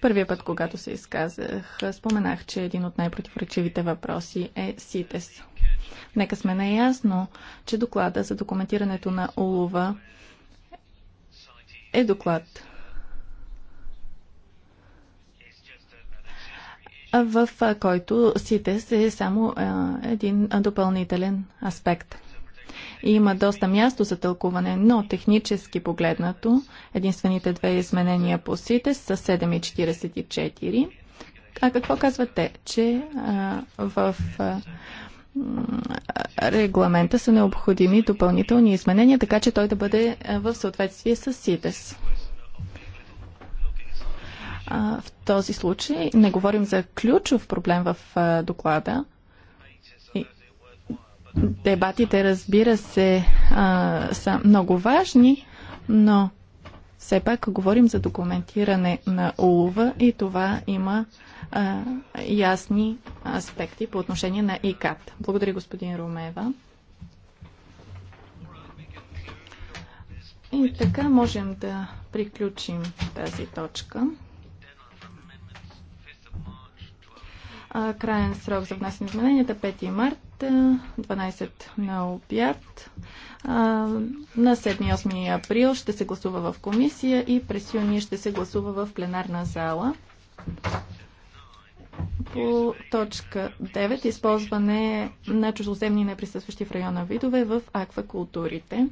Първия път, когато се изказах, споменах, че един от най-противоречивите въпроси е СИТЕС. Нека сме наясно, че доклада за документирането на улова е доклад. в който СИТЕС е само един допълнителен аспект. Има доста място за тълкуване, но технически погледнато, единствените две изменения по СИТЕС са 7,44. А какво казвате, Че а, в а, регламента са необходими допълнителни изменения, така че той да бъде в съответствие с СИТЕС. В този случай не говорим за ключов проблем в доклада, Дебатите, разбира се, а, са много важни, но все пак говорим за документиране на улова и това има а, ясни аспекти по отношение на ИКАТ. Благодаря, господин Румева. И така можем да приключим тази точка. Краен срок за внасяне измененията 5 март. 12 на обяд. На 7-8 април ще се гласува в комисия и през юни ще се гласува в пленарна зала. По точка 9 използване на чужоземни неприсъстващи в района видове в аквакултурите.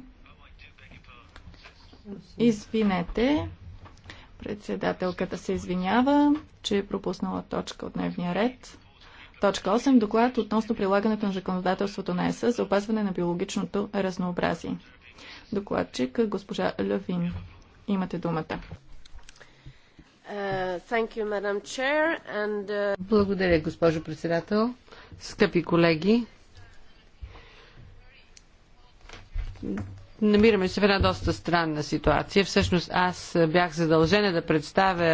Извинете, председателката се извинява, че е пропуснала точка от дневния ред. Точка 8. Доклад относно прилагането на законодателството на ЕС за опазване на биологичното разнообразие. Докладчик госпожа Левин. Имате думата. Uh, you, Chair, and... Uh, Благодаря, госпожо председател. Скъпи колеги, Намираме се в една доста странна ситуация. Всъщност аз бях задължена да представя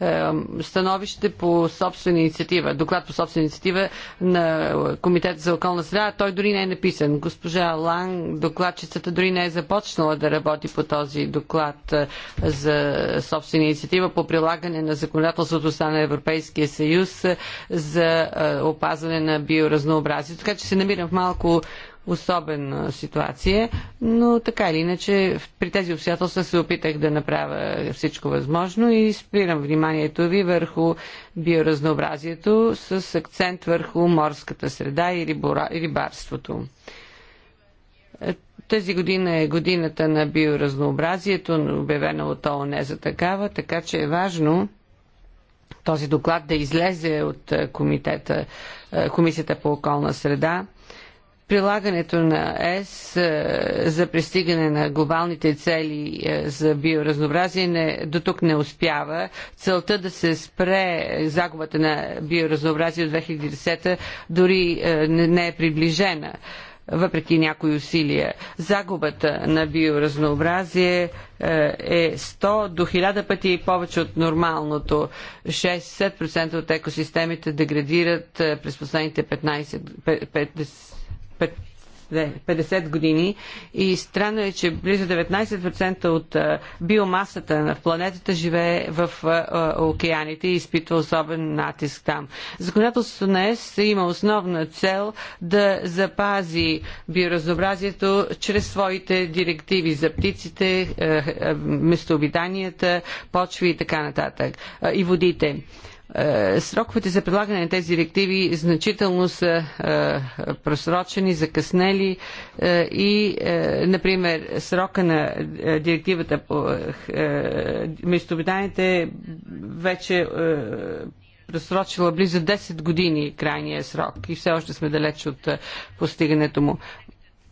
е, становище по собствена инициатива, доклад по собствена инициатива на Комитет за околна среда. Той дори не е написан. Госпожа Лан, докладчицата, дори не е започнала да работи по този доклад е, за собствена инициатива по прилагане на законодателството на Европейския съюз е, за е, опазване на биоразнообразието. Така че се намирам в малко особена ситуация, но така или иначе при тези обстоятелства се опитах да направя всичко възможно и спирам вниманието ви върху биоразнообразието с акцент върху морската среда и рибарството. Тази година е годината на биоразнообразието, обявена от ООН за такава, така че е важно този доклад да излезе от е, комитета, е, Комисията по околна среда прилагането на ЕС е, за пристигане на глобалните цели е, за биоразнообразие не, до тук не успява. Целта да се спре загубата на биоразнообразие от 2010 дори е, не е приближена въпреки някои усилия. Загубата на биоразнообразие е 100 до 1000 пъти и повече от нормалното. 60% от екосистемите деградират през последните 15, 50 50 години и странно е, че близо 19% от биомасата на планетата живее в океаните и изпитва особен натиск там. Законодателството на ЕС има основна цел да запази биоразнообразието чрез своите директиви за птиците, местообитанията, почви и така нататък и водите. Е, сроковете за прилагане на тези директиви значително са е, просрочени, закъснели е, и, например, срока на директивата по местобитаните вече просрочила близо 10 години крайния срок и все още сме далеч от постигането му.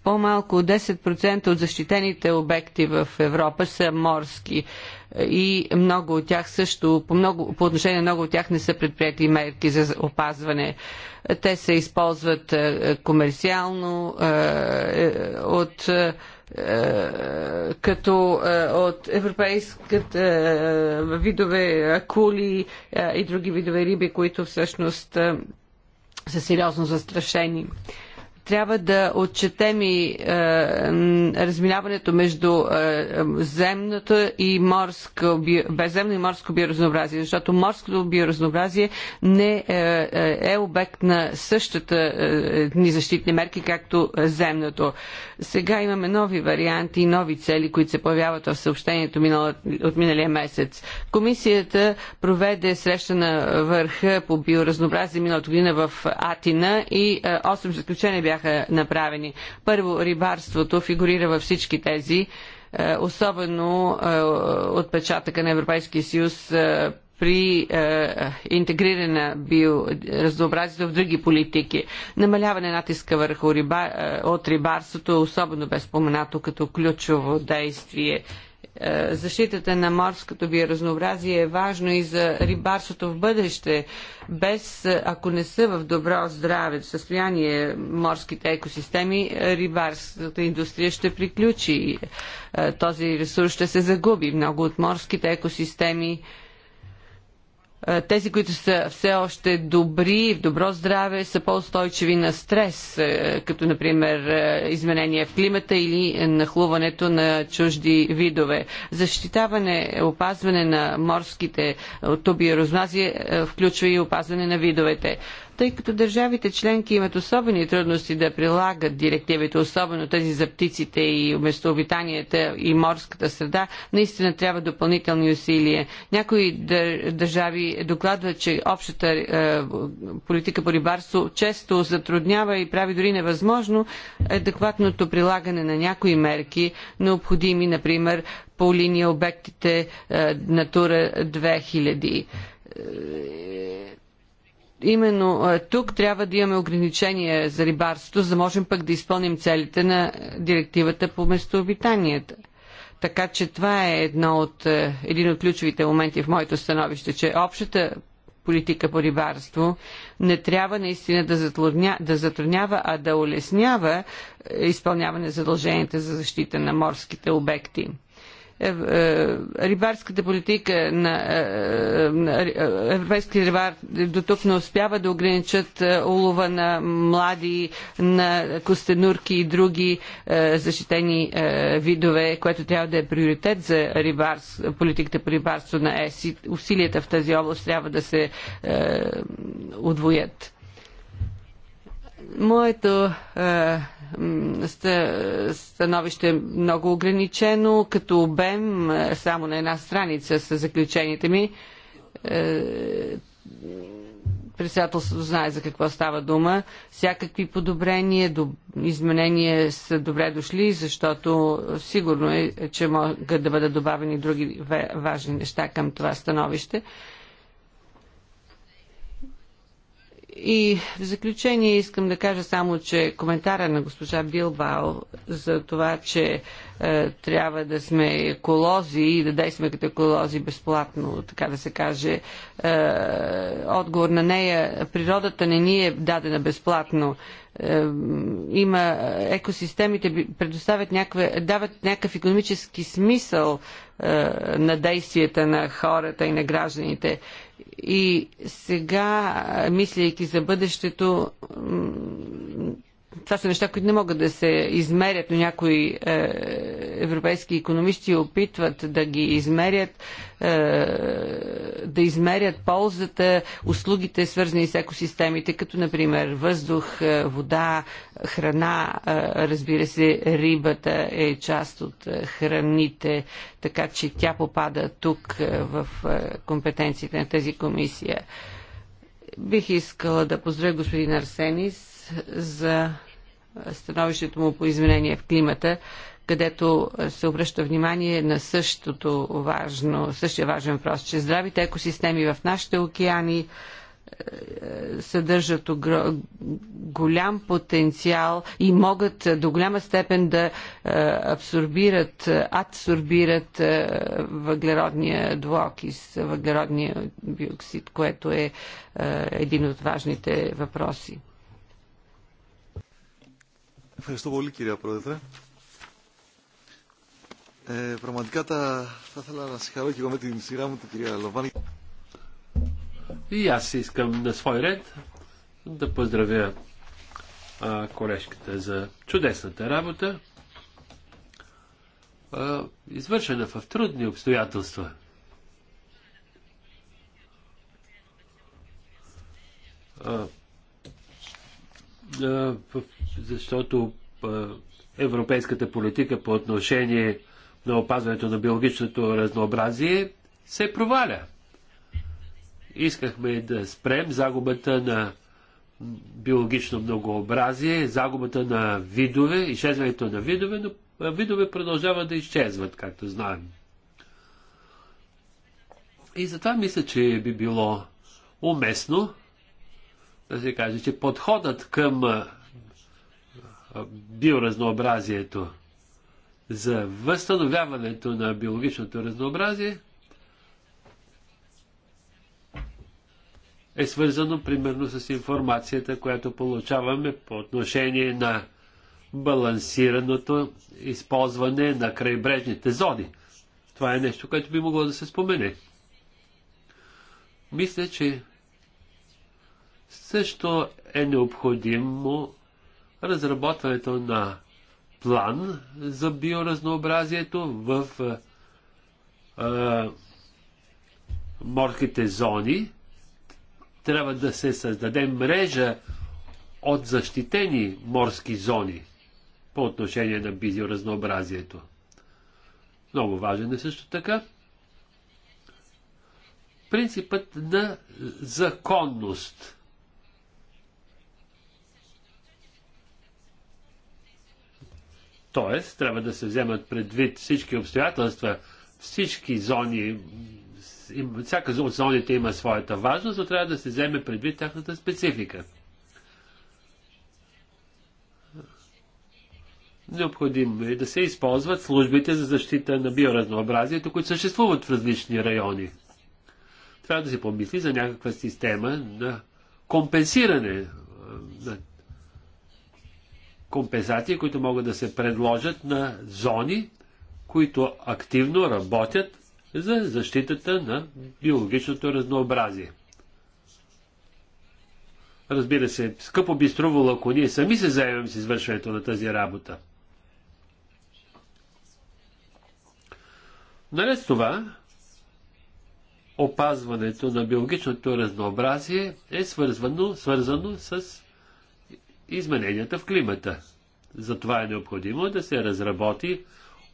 По-малко 10% от защитените обекти в Европа са морски и много от тях също, по, много, по отношение на много от тях не са предприяти мерки за опазване. Те се използват е, комерциално е, е, от като от европейската видове акули и други видове риби, които всъщност са сериозно застрашени трябва да отчетем и е, разминаването между е, земното и морско, безземно и морско биоразнообразие, защото морското биоразнообразие не е, е, е обект на същата е, ни защитни мерки, както земното. Сега имаме нови варианти и нови цели, които се появяват в съобщението минало, от миналия месец. Комисията проведе среща на върха по биоразнообразие миналото година в Атина и 8 е, заключения бяха бяха направени. Първо, рибарството фигурира във всички тези, е, особено е, отпечатъка на Европейския съюз е, при е, интегриране на биоразнообразието в други политики. Намаляване натиска върху риба, от рибарството, особено без споменато като ключово действие е, защитата на морското биоразнообразие е важно и за рибарството в бъдеще. Без, е, ако не са в добро здраве, в състояние морските екосистеми, е, рибарската индустрия ще приключи. Този ресурс ще се загуби. Много от морските екосистеми е, тези, които са все още добри, в добро здраве, са по-устойчиви на стрес, е, като например е, изменения в климата или нахлуването на чужди видове. Защитаване, опазване на морските туби и включва и опазване на видовете. Тъй като държавите членки имат особени трудности да прилагат директивите, особено тези за птиците и местообитанията и морската среда, наистина трябва допълнителни усилия. Някои държави докладват, че общата е, политика по рибарство често затруднява и прави дори невъзможно адекватното прилагане на някои мерки, необходими, например, по линия обектите е, Натура 2000 именно е, тук трябва да имаме ограничения за рибарството, за да можем пък да изпълним целите на директивата по местообитанията. Така че това е едно от, е, един от ключовите моменти в моето становище, че общата политика по рибарство не трябва наистина да, затрудня, да затруднява, а да улеснява е, изпълняване задълженията за защита на морските обекти. Е, е, рибарската политика на е, европейски рибар до тук не успява да ограничат улова на млади, на костенурки и други защитени видове, което трябва да е приоритет за рибарс, политиката по рибарство на ЕС. И усилията в тази област трябва да се удвоят. Моето становище е много ограничено, като обем е, само на една страница с заключенията ми. Е, председателството знае за какво става дума. Всякакви подобрения, изменения са добре дошли, защото сигурно е, че могат да бъдат добавени други важни неща към това становище. И в заключение искам да кажа само, че коментара на госпожа Билбао за това, че е, трябва да сме еколози и да действаме като еколози безплатно, така да се каже, е, отговор на нея, природата не ни е дадена безплатно. Е, има екосистемите предоставят някаква, дават някакъв економически смисъл е, на действията на хората и на гражданите. И сега, мисляйки за бъдещето, това са неща, които не могат да се измерят, но някои е, европейски економисти опитват да ги измерят, е, да измерят ползата, услугите, свързани с екосистемите, като например въздух, е, вода, храна, е, разбира се, рибата е част от е, храните, така че тя попада тук е, в е, компетенциите на тази комисия. Бих искала да поздравя господин Арсенис за становището му по изменение в климата, където се обръща внимание на същото важно, същия важен въпрос, че здравите екосистеми в нашите океани е, съдържат голям потенциал и могат до голяма степен да е, абсорбират, адсорбират е, въглеродния двуокис, въглеродния биоксид, което е един от важните въпроси. Ευχαριστώ πολύ κυρία Πρόεδρε. Ε, πραγματικά τα... θα ήθελα να συγχαρώ και εγώ με την σειρά μου την κυρία Λοβάνη. И аз искам на свой ред да поздравя а, колежката за чудесната работа, а, извършена в трудни обстоятелства. А, в защото европейската политика по отношение на опазването на биологичното разнообразие се проваля. Искахме да спрем загубата на биологично многообразие, загубата на видове, изчезването на видове, но видове продължават да изчезват, както знаем. И затова мисля, че би било уместно да се каже, че подходът към биоразнообразието, за възстановяването на биологичното разнообразие е свързано примерно с информацията, която получаваме по отношение на балансираното използване на крайбрежните зони. Това е нещо, което би могло да се спомене. Мисля, че също е необходимо разработването на план за биоразнообразието в а, морските зони. Трябва да се създаде мрежа от защитени морски зони по отношение на биоразнообразието. Много важен е също така принципът на законност. Тоест, трябва да се вземат предвид всички обстоятелства, всички зони, всяка от зоните има своята важност, но трябва да се вземе предвид тяхната специфика. Необходимо е да се използват службите за защита на биоразнообразието, които съществуват в различни райони. Трябва да се помисли за някаква система на компенсиране на компенсации, които могат да се предложат на зони, които активно работят за защитата на биологичното разнообразие. Разбира се, скъпо би струвало, ако ние сами се заемем с извършването на тази работа. Наред с това, опазването на биологичното разнообразие е свързвано, свързано с измененията в климата. Затова е необходимо да се разработи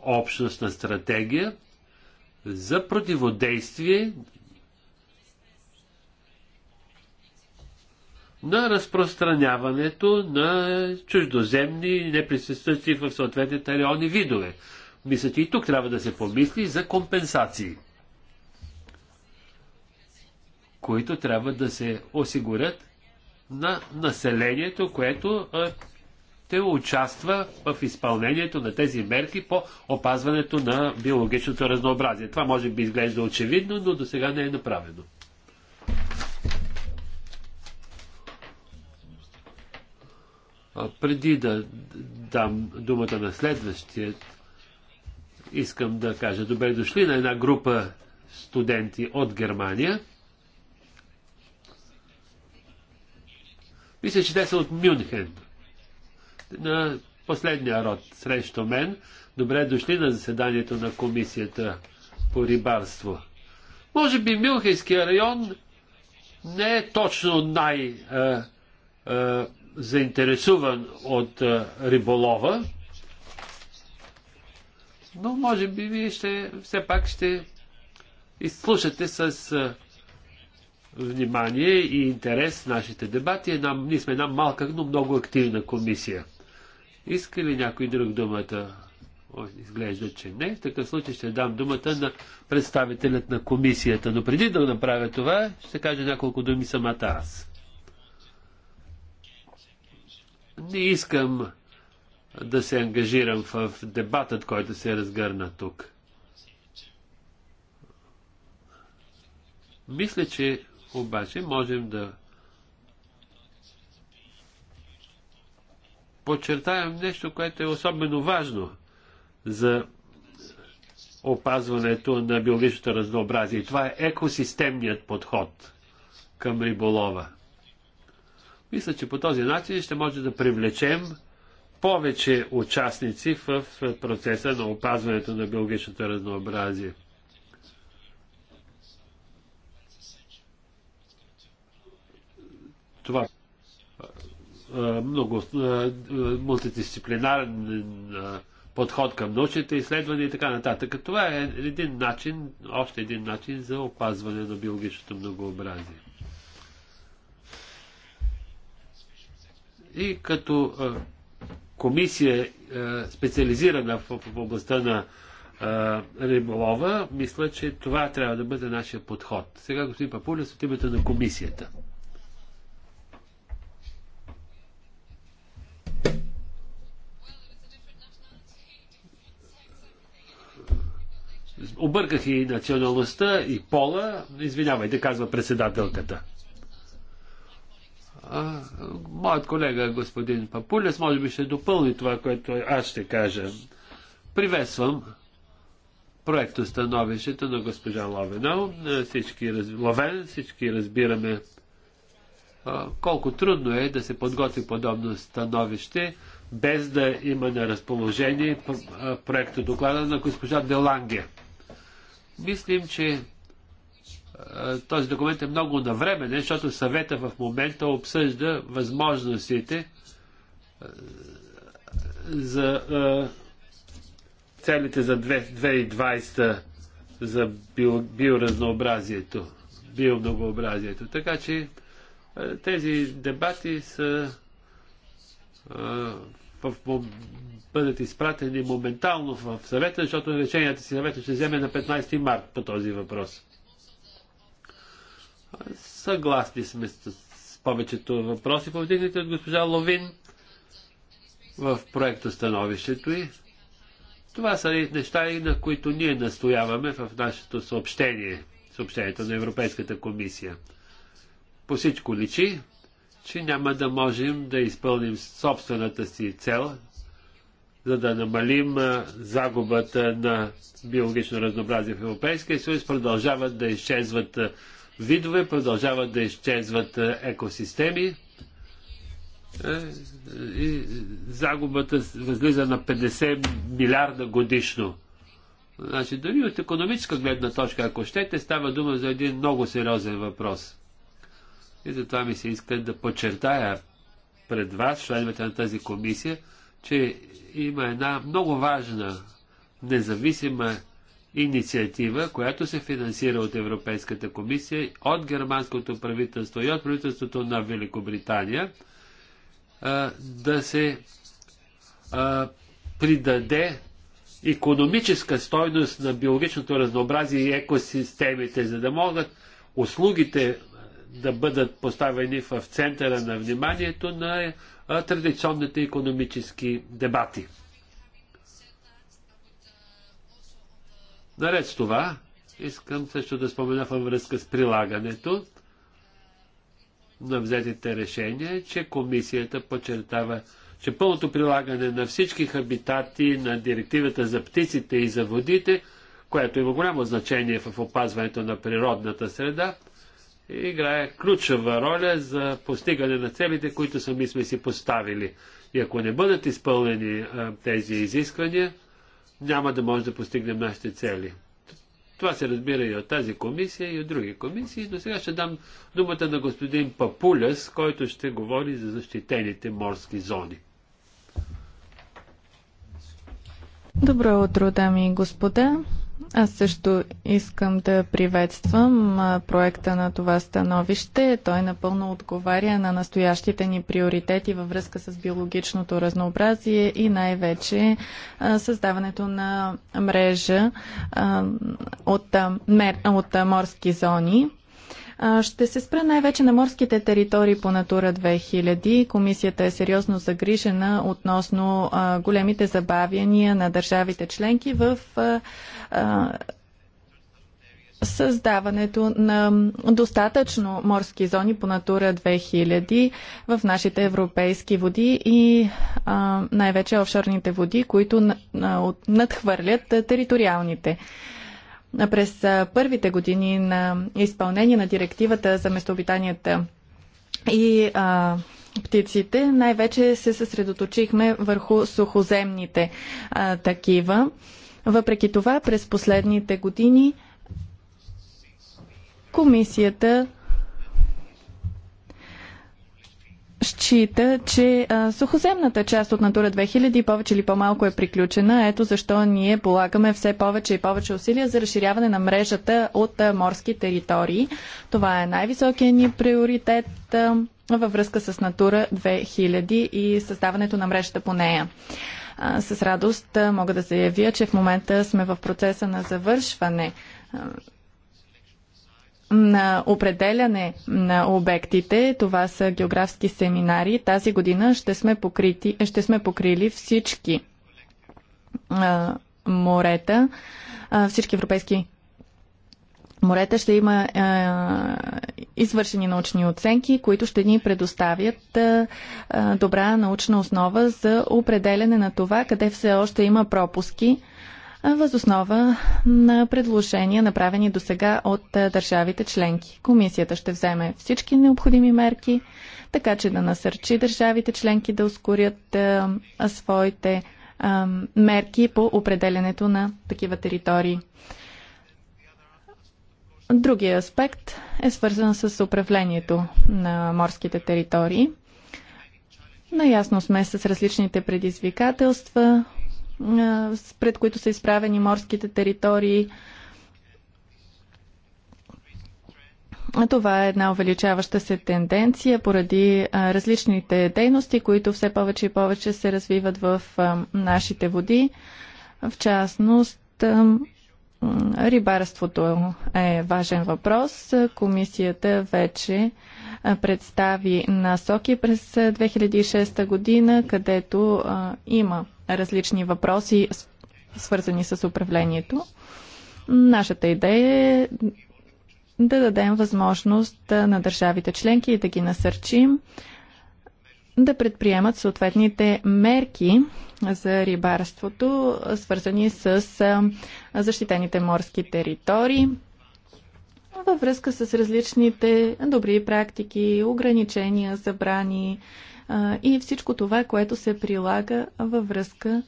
общностна стратегия за противодействие на разпространяването на чуждоземни неприсъстващи в съответните райони видове. Мисля, че и тук трябва да се помисли за компенсации, които трябва да се осигурят на населението, което те участва в изпълнението на тези мерки по опазването на биологичното разнообразие. Това може би изглежда очевидно, но до сега не е направено. А преди да дам думата на следващия, искам да кажа добре дошли на една група студенти от Германия. Мисля, че те са от Мюнхен. На последния род срещу мен. Добре дошли на заседанието на комисията по рибарство. Може би Мюнхенския район не е точно най- а, е, а, е, заинтересуван от а, е, риболова, но може би вие ще, все пак ще изслушате с внимание и интерес в нашите дебати. Е една, ние сме една малка, но много активна комисия. Иска ли някой друг думата? О, изглежда, че не. В такъв случай ще дам думата на представителят на комисията. Но преди да направя това, ще кажа няколко думи самата аз. Не искам да се ангажирам в дебатът, който се разгърна тук. Мисля, че обаче можем да подчертаем нещо, което е особено важно за опазването на биологичното разнообразие. Това е екосистемният подход към риболова. Мисля, че по този начин ще може да привлечем повече участници в процеса на опазването на биологичното разнообразие. много мултидисциплинарен подход към научните изследвания и така нататък. Това е един начин, още един начин за опазване на биологичното многообразие. И като комисия, специализирана в областта на риболова, мисля, че това трябва да бъде нашия подход. Сега господин Папулес от името на комисията. Обърках и националността, и пола. Извинявайте, казва председателката. А, моят колега, господин Папулес, може би ще допълни това, което аз ще кажа. Приветствам проекто становището на госпожа Ловена. Всички, раз... Ловен, всички разбираме а, колко трудно е да се подготви подобно становище, без да има на разположение проекто доклада на госпожа Деланге. Мислим, че този документ е много навременен, защото съвета в момента обсъжда възможностите за целите за 2020 за био, биоразнообразието, биомногообразието. Така че тези дебати са в, бъдат изпратени моментално в съвета, защото решението си съвета ще вземе на 15 март по този въпрос. Съгласни сме с, с повечето въпроси, повдигнати от госпожа Ловин в проекта становището и това са неща, и на които ние настояваме в нашето съобщение, съобщението на Европейската комисия. По всичко личи, че няма да можем да изпълним собствената си цел, за да намалим загубата на биологично разнообразие в Европейския съюз. Продължават да изчезват видове, продължават да изчезват екосистеми. Е, и загубата възлиза на 50 милиарда годишно. Значи, дори от економическа гледна точка, ако щете, става дума за един много сериозен въпрос – и затова ми се иска да подчертая пред вас, членовете на тази комисия, че има една много важна независима инициатива, която се финансира от Европейската комисия, от германското правителство и от правителството на Великобритания, да се придаде економическа стойност на биологичното разнообразие и екосистемите, за да могат услугите да бъдат поставени в центъра на вниманието на традиционните економически дебати. Наред с това, искам също да спомена във връзка с прилагането на взетите решения, че комисията подчертава, че пълното прилагане на всички хабитати на директивата за птиците и за водите, което има голямо значение в опазването на природната среда, играе ключова роля за постигане на целите, които сами сме си поставили. И ако не бъдат изпълнени а, тези изисквания, няма да може да постигнем нашите цели. Това се разбира и от тази комисия, и от други комисии, но сега ще дам думата на господин Папуляс, който ще говори за защитените морски зони. Добро утро, дами и господа. Аз също искам да приветствам проекта на това становище. Той напълно отговаря на настоящите ни приоритети във връзка с биологичното разнообразие и най-вече създаването на мрежа от, морски зони. Ще се спра най-вече на морските територии по Натура 2000. Комисията е сериозно загрижена относно големите забавяния на държавите членки в създаването на достатъчно морски зони по Натура 2000 в нашите европейски води и най-вече офшорните води, които надхвърлят териториалните. През първите години на изпълнение на директивата за местообитанията и а, птиците, най-вече се съсредоточихме върху сухоземните а, такива. Въпреки това, през последните години комисията счита, че а, сухоземната част от Натура 2000 повече или по-малко е приключена. Ето защо ние полагаме все повече и повече усилия за разширяване на мрежата от а, морски територии. Това е най-високият ни приоритет а, във връзка с Натура 2000 и създаването на мрежата по нея. А, с радост а, мога да заявя, че в момента сме в процеса на завършване на определяне на обектите. Това са географски семинари. Тази година ще сме, покрити, ще сме покрили всички а, морета, а, всички европейски морета. Ще има а, извършени научни оценки, които ще ни предоставят а, добра научна основа за определяне на това, къде все още има пропуски възоснова на предложения, направени до сега от държавите членки. Комисията ще вземе всички необходими мерки, така че да насърчи държавите членки да ускорят а, своите а, мерки по определенето на такива територии. Другия аспект е свързан с управлението на морските територии. Наясно сме с различните предизвикателства, пред които са изправени морските територии. Това е една увеличаваща се тенденция поради различните дейности, които все повече и повече се развиват в нашите води. В частност, рибарството е важен въпрос. Комисията вече представи насоки през 2006 година, където има различни въпроси, свързани с управлението. Нашата идея е да дадем възможност на държавите членки и да ги насърчим да предприемат съответните мерки за рибарството, свързани с защитените морски територии, във връзка с различните добри практики, ограничения, забрани а, и всичко това, което се прилага във връзка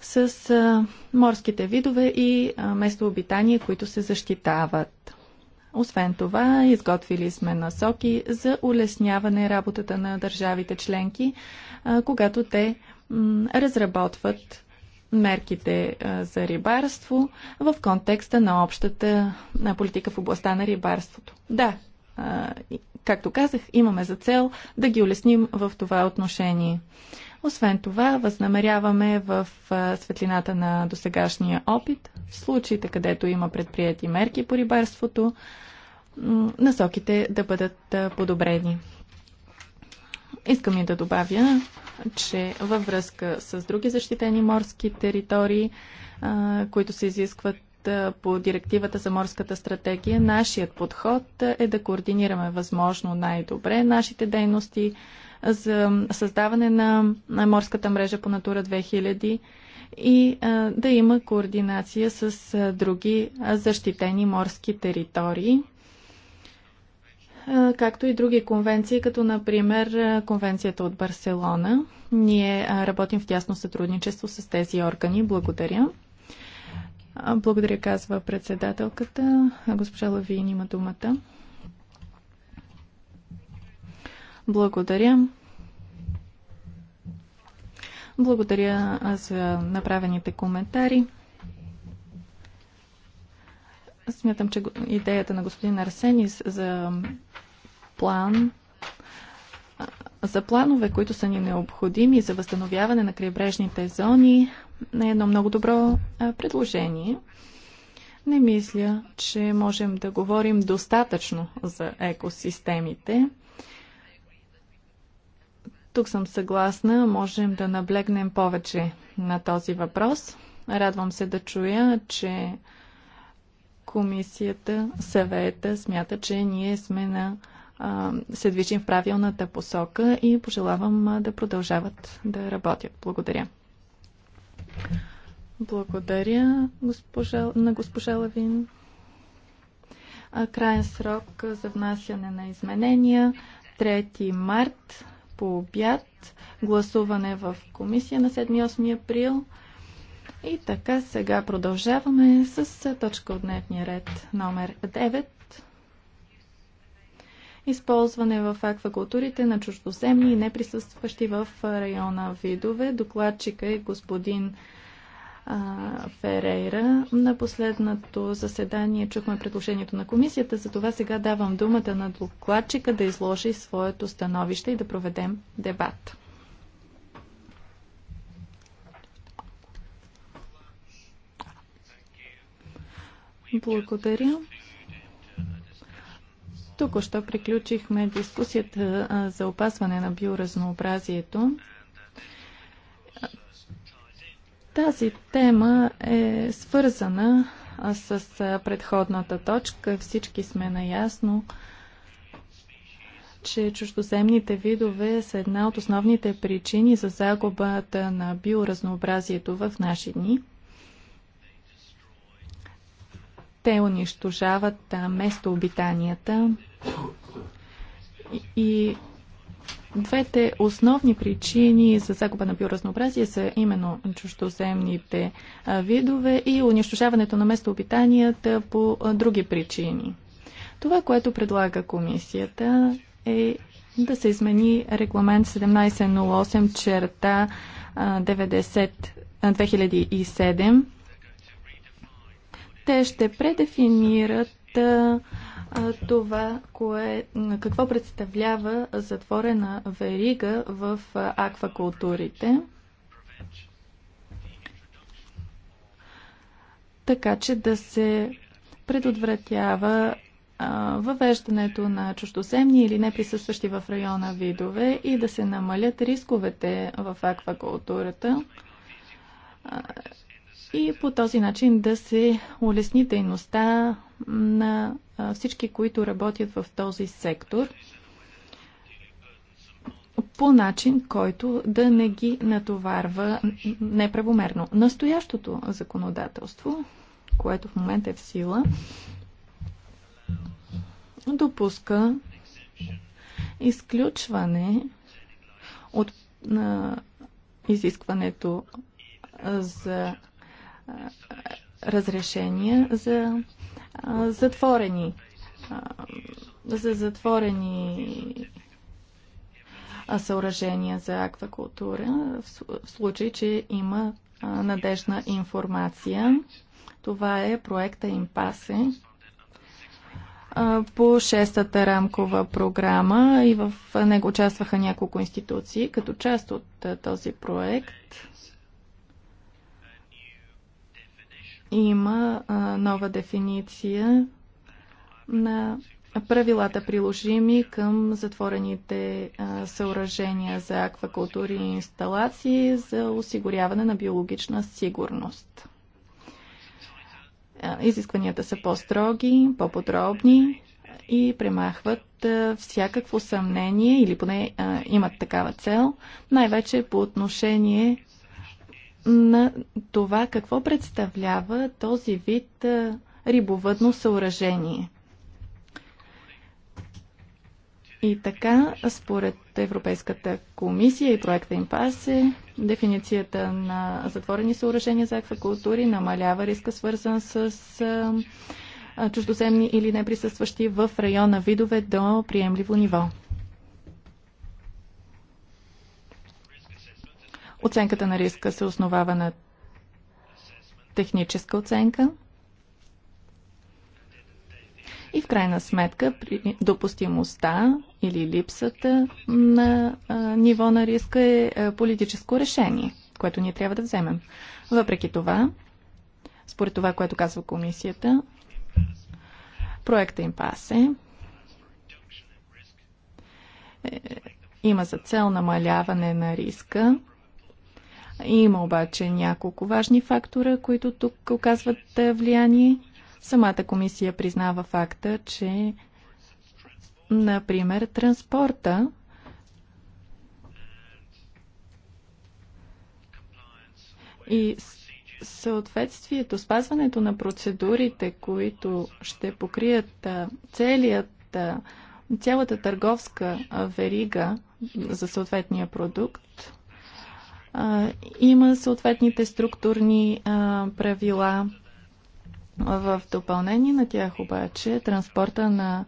с а, морските видове и а, местообитания, които се защитават. Освен това, изготвили сме насоки за улесняване работата на държавите членки, а, когато те разработват мерките за рибарство в контекста на общата политика в областта на рибарството. Да, както казах, имаме за цел да ги улесним в това отношение. Освен това, възнамеряваме в светлината на досегашния опит, в случаите, където има предприяти мерки по рибарството, насоките да бъдат подобрени. Искам и да добавя, че във връзка с други защитени морски територии, които се изискват по директивата за морската стратегия, нашият подход е да координираме възможно най-добре нашите дейности за създаване на, морската мрежа по Натура 2000 и да има координация с други защитени морски територии както и други конвенции, като например конвенцията от Барселона. Ние работим в тясно сътрудничество с тези органи. Благодаря. Благодаря, казва председателката. Госпожа Лавин има думата. Благодаря. Благодаря за направените коментари. Смятам, че идеята на господин Арсенис за план за планове, които са ни необходими за възстановяване на крайбрежните зони, е едно много добро предложение. Не мисля, че можем да говорим достатъчно за екосистемите. Тук съм съгласна, можем да наблегнем повече на този въпрос. Радвам се да чуя, че комисията, съвета смята, че ние сме на се движим в правилната посока и пожелавам да продължават да работят. Благодаря. Благодаря госпожа, на госпожа Лавин. Краен срок за внасяне на изменения 3 март по обяд, гласуване в комисия на 7-8 април. И така сега продължаваме с точка от дневния ред номер 9 използване в аквакултурите на чуждоземни и неприсъстващи в района видове. Докладчика е господин Ферейра. На последното заседание чухме предложението на комисията, за това сега давам думата на докладчика да изложи своето становище и да проведем дебат. Благодаря. Току-що приключихме дискусията за опасване на биоразнообразието. Тази тема е свързана с предходната точка. Всички сме наясно, че чуждоземните видове са една от основните причини за загубата на биоразнообразието в наши дни. Те унищожават местообитанията и Двете основни причини за загуба на биоразнообразие са именно чуждоземните видове и унищожаването на местообитанията по други причини. Това, което предлага комисията е да се измени регламент 1708 черта 90 2007 те ще предефинират а, това, кое, какво представлява затворена верига в аквакултурите. Така че да се предотвратява въвеждането на чуждоземни или неприсъстващи в района видове и да се намалят рисковете в аквакултурата и по този начин да се улесни дейността на всички, които работят в този сектор по начин, който да не ги натоварва неправомерно. Настоящото законодателство, което в момента е в сила, допуска изключване от на изискването за разрешения за затворени за затворени съоръжения за аквакултура в случай, че има надежна информация. Това е проекта Импасе по шестата рамкова програма и в него участваха няколко институции. Като част от този проект има нова дефиниция на правилата приложими към затворените съоръжения за аквакултури и инсталации за осигуряване на биологична сигурност. Изискванията са по-строги, по-подробни и премахват всякакво съмнение или поне имат такава цел, най-вече по отношение на това какво представлява този вид рибовъдно съоръжение. И така, според Европейската комисия и проекта им пасе, дефиницията на затворени съоръжения за аквакултури намалява риска, свързан с чуждоземни или неприсъстващи в района видове до приемливо ниво. Оценката на риска се основава на техническа оценка и в крайна сметка при допустимостта или липсата на а, ниво на риска е а, политическо решение, което ние трябва да вземем. Въпреки това, според това, което казва комисията, проекта им пасе е, е, има за цел намаляване на риска има обаче няколко важни фактора, които тук оказват е, влияние. Самата комисия признава факта, че, например, транспорта и съответствието, спазването на процедурите, които ще покрият целият, цялата търговска верига за съответния продукт, има съответните структурни правила. В допълнение на тях обаче транспорта на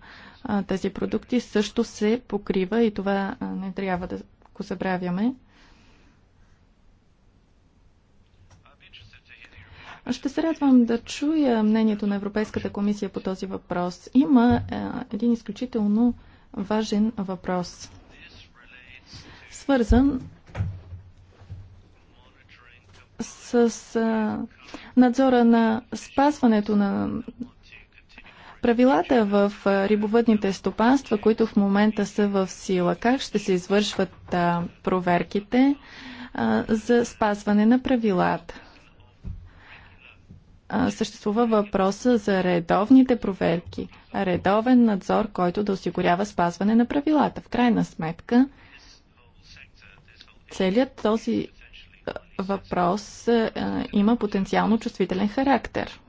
тези продукти също се покрива и това не трябва да го забравяме. Ще се радвам да чуя мнението на Европейската комисия по този въпрос. Има един изключително важен въпрос, свързан с надзора на спазването на правилата в рибовъдните стопанства, които в момента са в сила? Как ще се извършват проверките за спазване на правилата? съществува въпроса за редовните проверки, редовен надзор, който да осигурява спазване на правилата. В крайна сметка, целият този въпрос е, има потенциално чувствителен характер.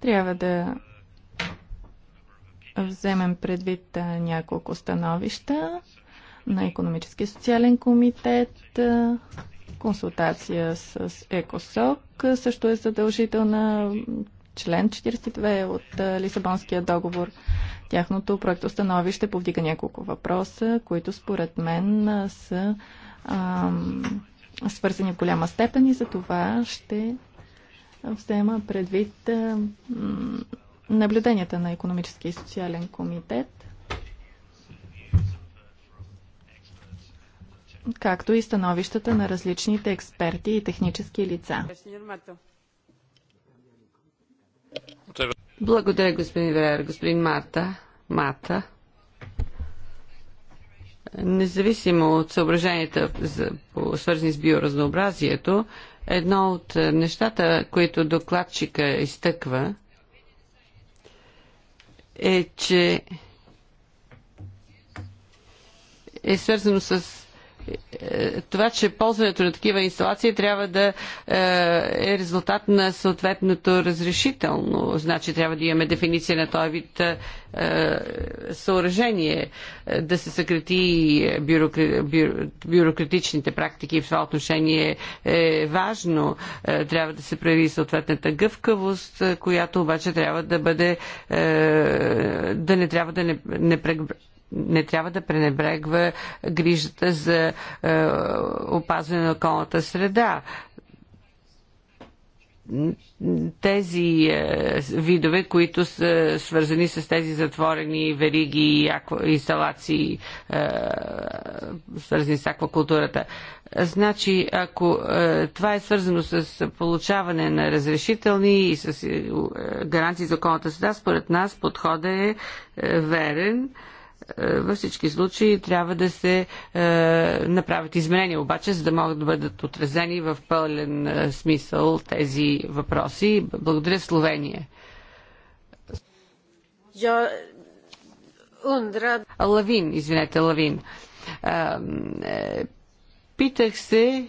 Трябва да вземем предвид е, няколко становища на економически и социален комитет, е, консултация с ЕКОСОК също е задължителна член 42 от Лисабонския договор. Тяхното проекто становище повдига няколко въпроса, които според мен са ам, свързани в голяма степен и за това ще взема предвид ам, наблюденията на Економически и социален комитет, както и становищата на различните експерти и технически лица. Благодаря, господин Верер. Господин Марта. Мата. Независимо от съображенията, свързани с биоразнообразието, едно от е, нещата, които докладчика изтъква, е, че е свързано с това, че ползването на такива инсталации трябва да е, е резултат на съответното разрешително. Значи трябва да имаме дефиниция на този вид е, съоръжение, да се съкрати бюрократичните практики в това отношение е важно. Е, трябва да се прояви съответната гъвкавост, която обаче трябва да бъде да не трябва да не, не не трябва да пренебрегва грижата за е, опазване на околната среда тези е, видове, които са свързани с тези затворени вериги и инсталации, е, свързани с аквакултурата. Значи, ако е, това е свързано с получаване на разрешителни и с е, гаранции за околната среда, според нас подходът е, е верен. Е, във всички случаи трябва да се е, направят изменения, обаче, за да могат да бъдат отразени в пълен е, смисъл тези въпроси. Благодаря Словения. Я... Ундра... Лавин, извинете, Лавин. Е, питах се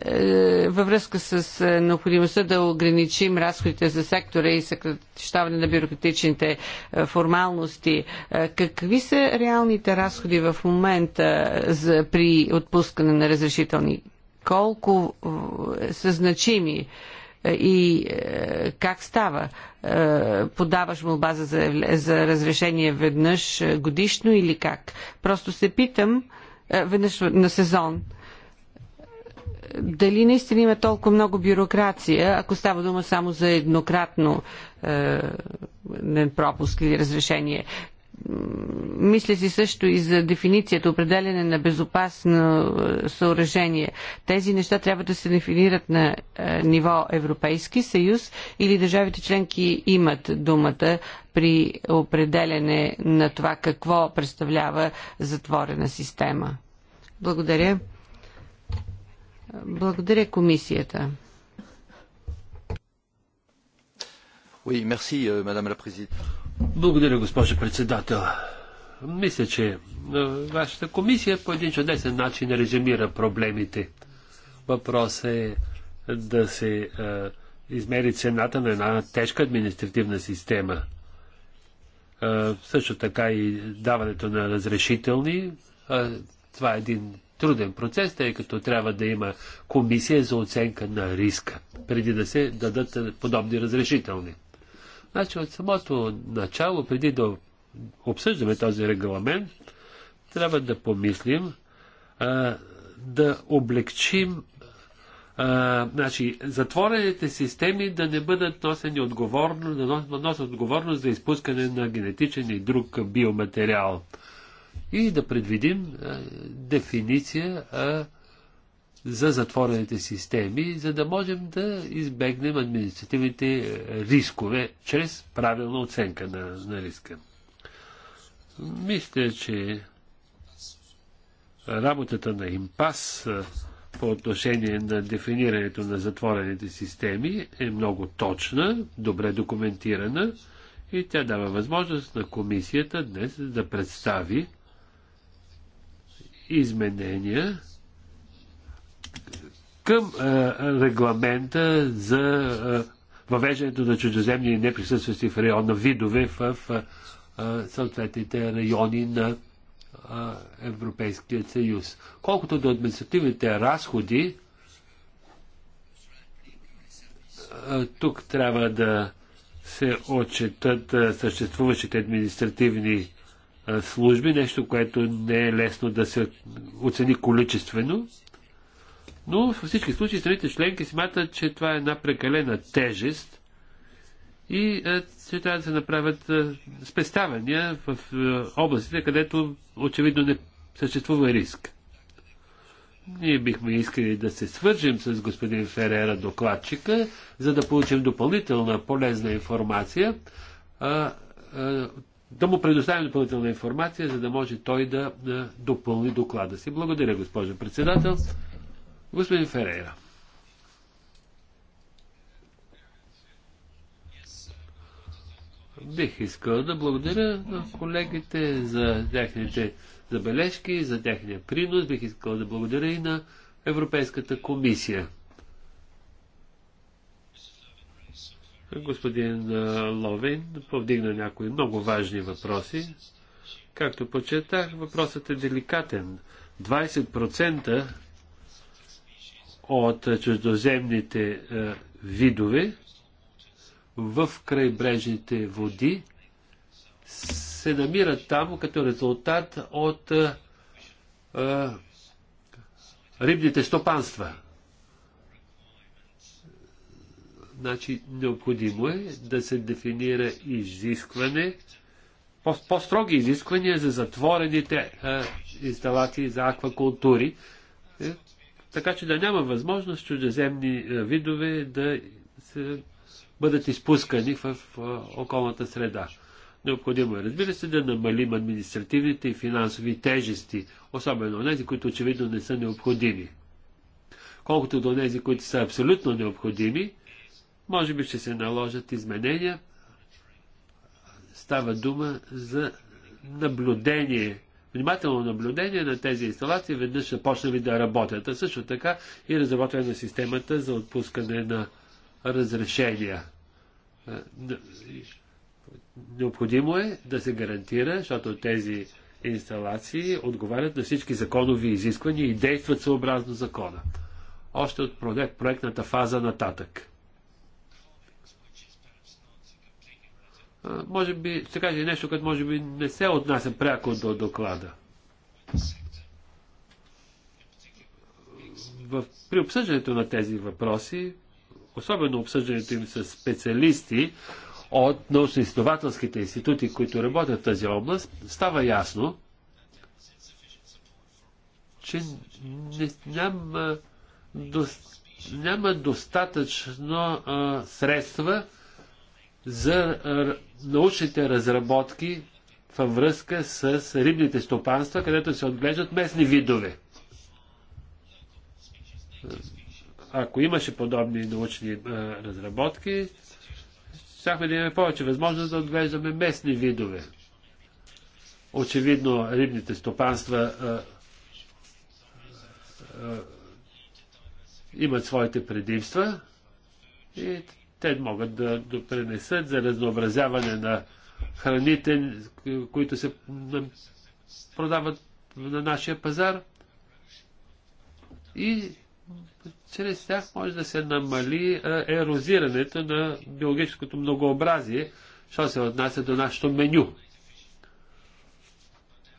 е, във връзка с е, необходимостта да ограничим разходите за сектора и съкръщаване на бюрократичните е, формалности, какви са реалните разходи в момента за, при отпускане на разрешителни? Колко са значими? и как става? Подаваш база за, за разрешение веднъж годишно или как? Просто се питам веднъж на сезон дали наистина има толкова много бюрокрация, ако става дума само за еднократно е, пропуск или разрешение. Мисля си също и за дефиницията, определене на безопасно е, съоръжение. Тези неща трябва да се дефинират на е, ниво Европейски съюз или държавите членки имат думата при определене на това какво представлява затворена система. Благодаря. Благодаря комисията. Oui, merci, euh, Благодаря, госпожо председател. Мисля, че е, вашата комисия по един чудесен начин резюмира проблемите. Въпросът е да се е, измери цената на една тежка административна система. Е, също така и даването на разрешителни. това е един труден процес, тъй като трябва да има комисия за оценка на риска, преди да се дадат е, подобни разрешителни. Значи от самото начало, преди да обсъждаме този регламент, трябва да помислим а, е, да облегчим а, е, значи, затворените системи да не бъдат носени отговорно, да носят отговорност за изпускане на генетичен и друг биоматериал и да предвидим е, дефиниция за затворените системи, за да можем да избегнем административните е, рискове чрез правилна оценка на, на риска. Мисля, че работата на импас е, по отношение на дефинирането на затворените системи е много точна, добре документирана и тя дава възможност на комисията днес да представи изменения към е, регламента за е, въвеждането на чуждоземни и неприсъстващи в района видове в е, съответните райони на Европейския съюз. Колкото до административните разходи, тук трябва да се отчетат съществуващите административни служби, нещо, което не е лесно да се оцени количествено. Но във всички случаи страните членки смятат, че това е една прекалена тежест и че трябва да се направят спеставания в областите, където очевидно не съществува риск. Ние бихме искали да се свържим с господин Ферера докладчика, за да получим допълнителна полезна информация да му предоставим допълнителна информация, за да може той да допълни доклада си. Благодаря, госпожо председател. Господин Ферейра. Бих искал да благодаря на колегите за тяхните забележки, за тяхния принос. Бих искал да благодаря и на Европейската комисия. Господин Ловин повдигна някои много важни въпроси. Както почетах, въпросът е деликатен. 20% от чуждоземните видове в крайбрежните води се намират там като резултат от а, рибните стопанства. Значи, необходимо е да се дефинира изискване, по-строги по изисквания за затворените а, инсталации за аквакултури, е, така че да няма възможност чуждеземни а, видове да се, бъдат изпускани в, в а, околната среда. Необходимо е, разбира се, да намалим административните и финансови тежести, особено тези, които очевидно не са необходими. Колкото до тези, които са абсолютно необходими, може би ще се наложат изменения. Става дума за наблюдение, внимателно наблюдение на тези инсталации, веднъж ще почнали да работят, а също така и разработване на системата за отпускане на разрешения. Необходимо е да се гарантира, защото тези инсталации отговарят на всички законови изисквания и действат съобразно закона. Още от проектната фаза нататък. може би ще каже нещо, което може би не се отнася пряко до доклада. В, при обсъждането на тези въпроси, особено обсъждането им с специалисти от научно-изследователските институти, които работят в тази област, става ясно, че не, няма, до, няма достатъчно а, средства за научните разработки във връзка с рибните стопанства, където се отглеждат местни видове. Ако имаше подобни научни а, разработки, щяхме да имаме повече възможност да отглеждаме местни видове. Очевидно, рибните стопанства а, а, имат своите предимства и те могат да допренесат за разнообразяване на храните, които се продават на нашия пазар. И чрез тях може да се намали ерозирането на биологическото многообразие, що се отнася до нашето меню.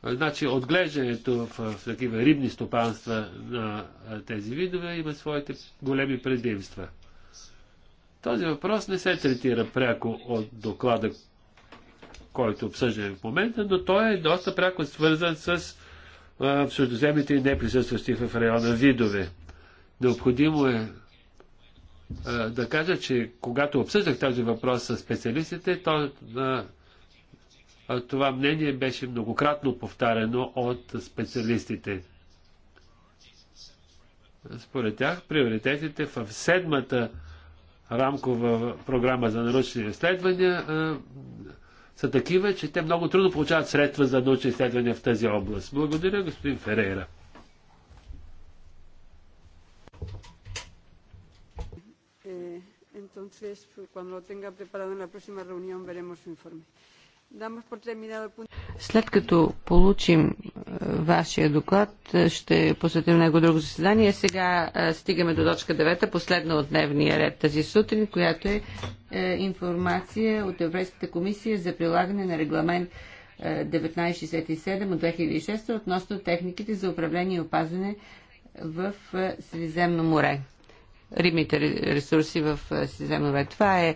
Значи отглеждането в, в такива рибни стопанства на тези видове има своите големи предимства. Този въпрос не се третира пряко от доклада, който обсъждаме в момента, но той е доста пряко свързан с чуждоземните и неприсъстващи в района видове. Необходимо е а, да кажа, че когато обсъждах този въпрос с специалистите, то, а, а, това мнение беше многократно повтарено от специалистите. Според тях, приоритетите в седмата рамкова програма за научни изследвания са такива, че те много трудно получават средства за научни изследвания в тази област. Благодаря, господин Ферейра. Е, Entonces, cuando lo tenga preparado en la próxima reunión, veremos su informe. Damos por terminado el punto. След като получим е, вашия доклад, е, ще посетим него друго заседание. Сега е, стигаме до точка 9, последна от дневния ред тази сутрин, която е информация от Европейската комисия за прилагане на регламент 1967 от 2006 относно техниките за управление и опазване в Средиземно море рибните ресурси в е, Средиземно Това е, е,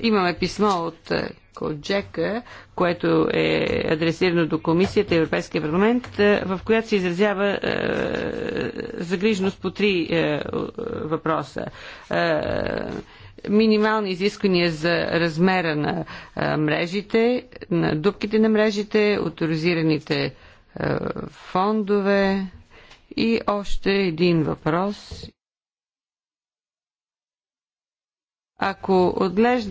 имаме писмо от е, Коджека, което е адресирано до Комисията Европейския парламент, в която се изразява загриженост по три въпроса. минимални изисквания за размера на мрежите, на дубките на мрежите, авторизираните фондове и още един въпрос. Ако отглежд...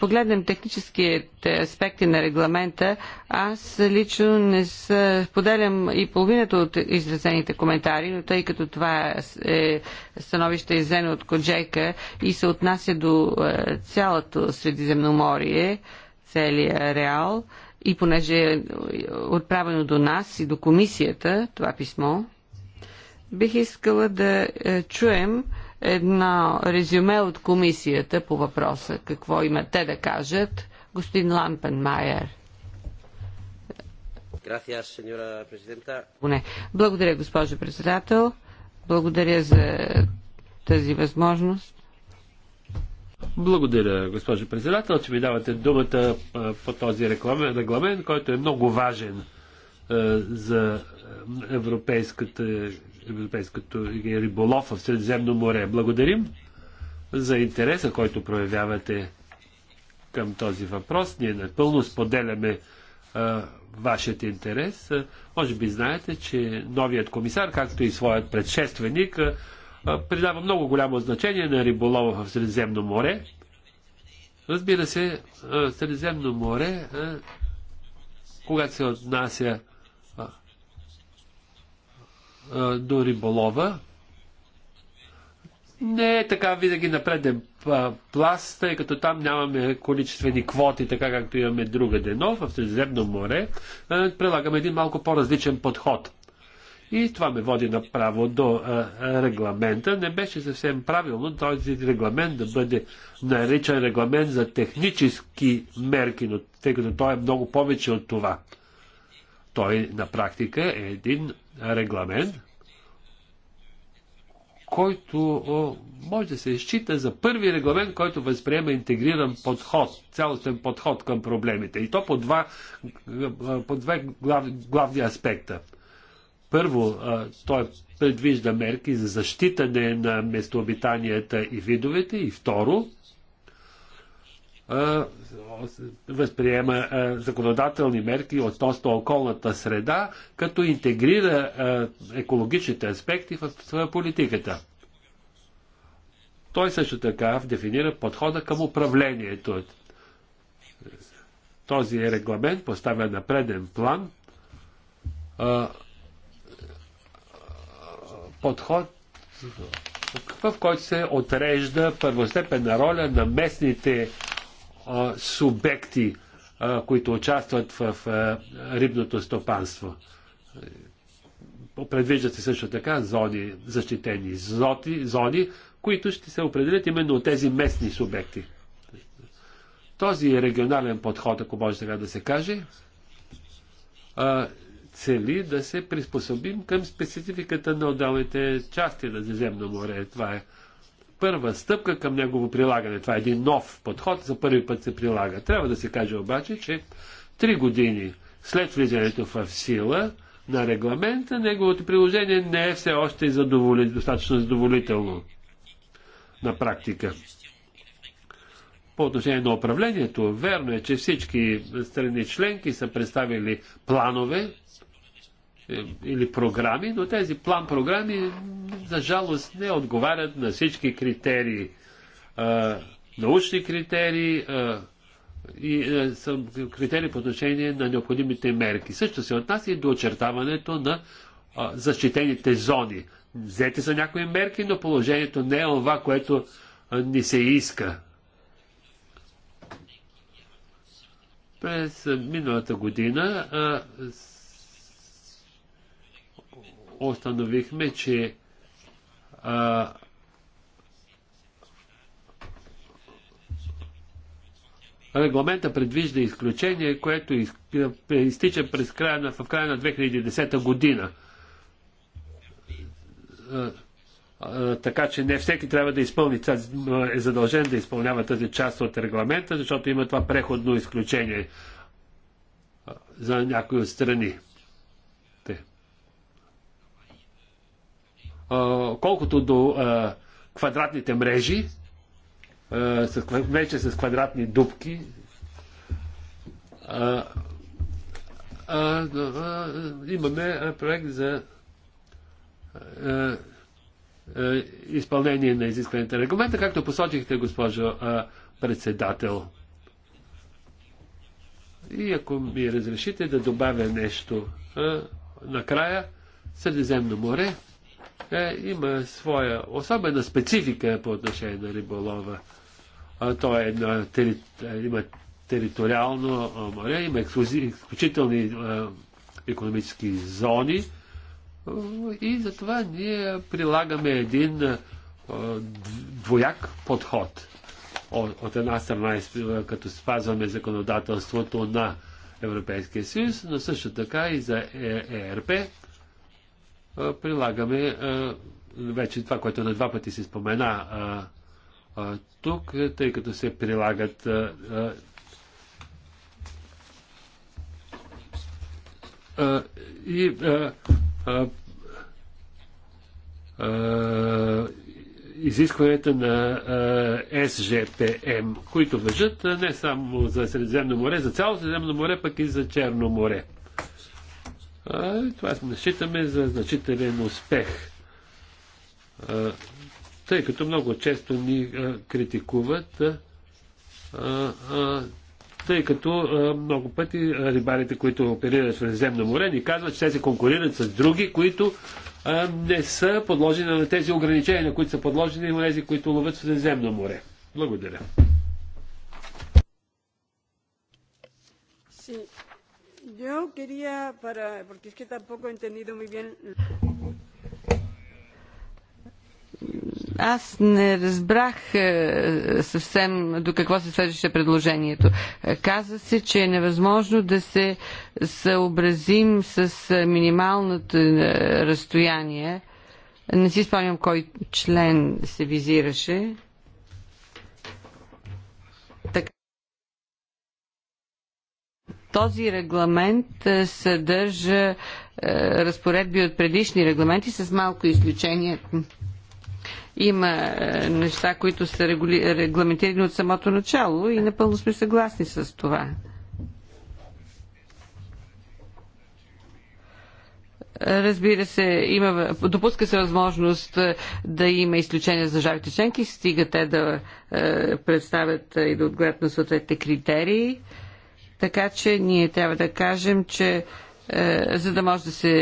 погледнем техническите аспекти на регламента, аз лично не споделям поделям и половината от изразените коментари, но тъй като това е становище иззено от Коджека и се отнася до е, цялото Средиземноморие, целия реал, и понеже е отправено до нас и до комисията това писмо, бих искала да е, чуем едно резюме от комисията по въпроса. Какво имат те да кажат? Господин Лампенмайер. Благодаря, госпожо председател. Благодаря за тази възможност. Благодаря, госпожо председател, че ми давате думата по този регламент, който е много важен за европейската европейското риболов в Средиземно море. Благодарим за интереса, който проявявате към този въпрос. Ние напълно споделяме вашият интерес. може би знаете, че новият комисар, както и своят предшественик, придава много голямо значение на риболова в Средиземно море. Разбира се, Средиземно море, когато се отнася до риболова не е така винаги на преден пласт, тъй като там нямаме количествени квоти, така както имаме друга дено в Средиземно море. Прилагаме един малко по-различен подход. И това ме води направо до регламента. Не беше съвсем правилно този регламент да бъде наричан регламент за технически мерки, но тъй като той е много повече от това. Той на практика е един регламент, който о, може да се счита за първи регламент, който възприема интегриран подход, цялостен подход към проблемите. И то по два, по два глав, главни аспекта. Първо, той предвижда мерки за защитане на местообитанията и видовете. И второ, възприема законодателни мерки относно околната среда, като интегрира екологичните аспекти в политиката. Той също така дефинира подхода към управлението. Този регламент поставя на преден план подход, в който се отрежда първостепенна роля на местните субекти, които участват в рибното стопанство. Предвиждат се също така зони, защитени зони, зони, които ще се определят именно от тези местни субекти. Този регионален подход, ако може сега да се каже, цели да се приспособим към спецификата на отделните части на Земно море. Това е първа стъпка към негово прилагане. Това е един нов подход, за първи път се прилага. Трябва да се каже обаче, че три години след влизането в сила на регламента, неговото приложение не е все още задоволи, достатъчно задоволително на практика. По отношение на управлението, верно е, че всички страни членки са представили планове е, или програми, но тези план-програми за жалост не отговарят на всички критерии. А, научни критерии а, и е, а, критерии по отношение на необходимите мерки. Също се отнася и до очертаването на а, защитените зони. Взети са някои мерки, но положението не е това, което а, ни се иска. През миналата година а, установихме, че а, регламента предвижда изключение, което е, изтича през края на, в края на 2010 година. така че не всеки трябва да изпълни, е задължен да изпълнява тази част от регламента, защото има това преходно изключение за някои от страни. Колкото до квадратните мрежи, вече с квадратни дубки, имаме проект за изпълнение на изискваните регламента, както посочихте, госпожо председател. И ако ми разрешите да добавя нещо накрая, Средиземно море е, има своя особена специфика по отношение на риболова. А, то е на тери, има териториално море, има изключителни економически зони и затова ние прилагаме един двояк подход. От една страна, като спазваме законодателството на Европейския съюз, но също така и за ЕРП, прилагаме вече това, което на два пъти се спомена тук, тъй като се прилагат и изискванията на СЖПМ, които въжат не само за Средиземно море, за цяло Средиземно море, пък и за Черно море. Това не считаме за значителен успех, тъй като много често ни критикуват, тъй като много пъти рибарите, които оперират в Средиземно море, ни казват, че те се конкурират с други, които не са подложени на тези ограничения, на които са подложени на тези, които ловят в Средиземно море. Благодаря. Yo quería, para, porque es que tampoco he entendido muy bien. Аз не разбрах е, съвсем до какво се свежеше предложението. Каза се, че е невъзможно да се съобразим с е, минималното е, разстояние. Не си спомням кой член се визираше. Този регламент е, съдържа е, разпоредби от предишни регламенти с малко изключение. Има е, неща, които са регламентирани от самото начало и напълно сме съгласни с това. Разбира се, има, допуска се възможност да има изключения за жалите членки, стига те да е, представят и да отгледат на съответните критерии. Така че ние трябва да кажем, че е, за да може да се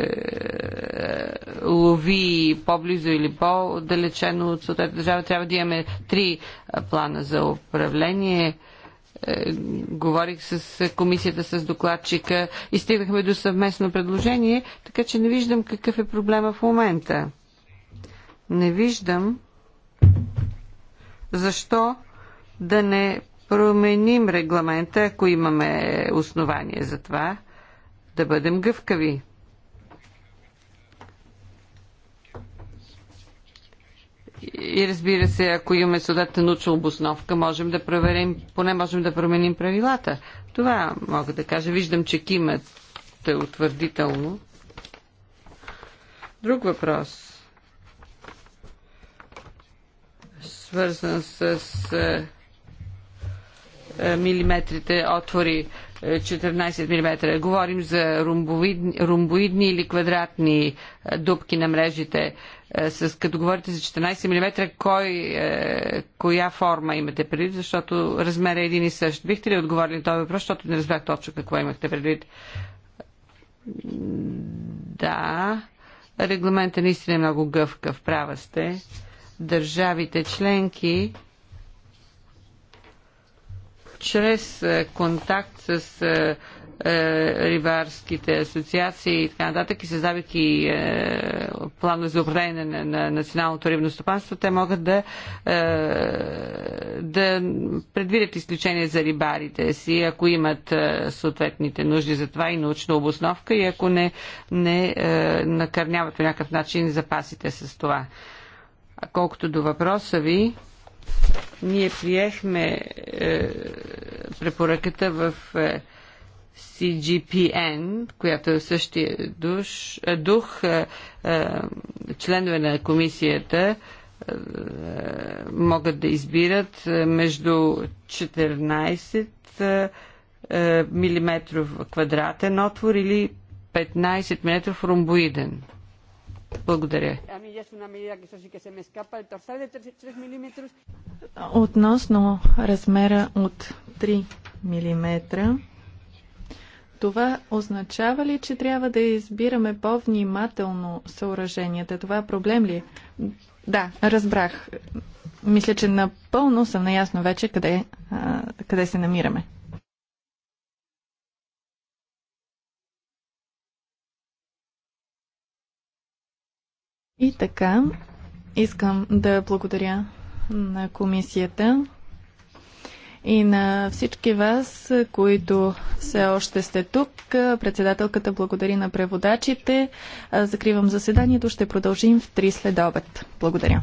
е, лови по-близо или по-далечено от съответната държава, трябва да имаме три плана за управление. Е, говорих с комисията, с докладчика и стигнахме до съвместно предложение, така че не виждам какъв е проблема в момента. Не виждам защо да не променим регламента, ако имаме основание за това, да бъдем гъвкави. И разбира се, ако имаме съдата научна обосновка, можем да проверим, поне можем да променим правилата. Това мога да кажа. Виждам, че е утвърдително. Друг въпрос, свързан с е, е, милиметрите отвори 14 е, мм. Говорим за румбоидни, или квадратни е, дубки на мрежите. С, като говорите за 14 мм, кой, коя форма имате предвид, защото размерът е един и същ. Бихте ли отговорили на този въпрос, защото не разбрах точно какво имахте предвид? Да. Регламентът наистина е много гъвкав, права сте. Държавите членки чрез е, контакт с е, е, рибарските асоциации и така нататък и създавайки е, планове за управление на, на националното рибно стопанство, те могат да, да предвидят изключение за рибарите си, ако имат съответните нужди за това и научна обосновка и ако не, не накърняват по някакъв начин запасите с това. колкото до въпроса ви, ние приехме е, препоръката в е, CGPN, която е в същия душ, е, дух, е, е, членове на комисията е, могат да избират е, между 14 е, е, милиметров квадратен отвор или 15 метров ромбоиден. Благодаря. Ами, Относно размера от 3 мм, това означава ли, че трябва да избираме по-внимателно съоръженията? Това е проблем ли? Да, разбрах. Мисля, че напълно съм наясно вече къде, а, къде се намираме. И така, искам да благодаря на комисията и на всички вас, които все още сте тук. Председателката благодари на преводачите. Закривам заседанието. Ще продължим в 3 следобед. обед. Благодаря.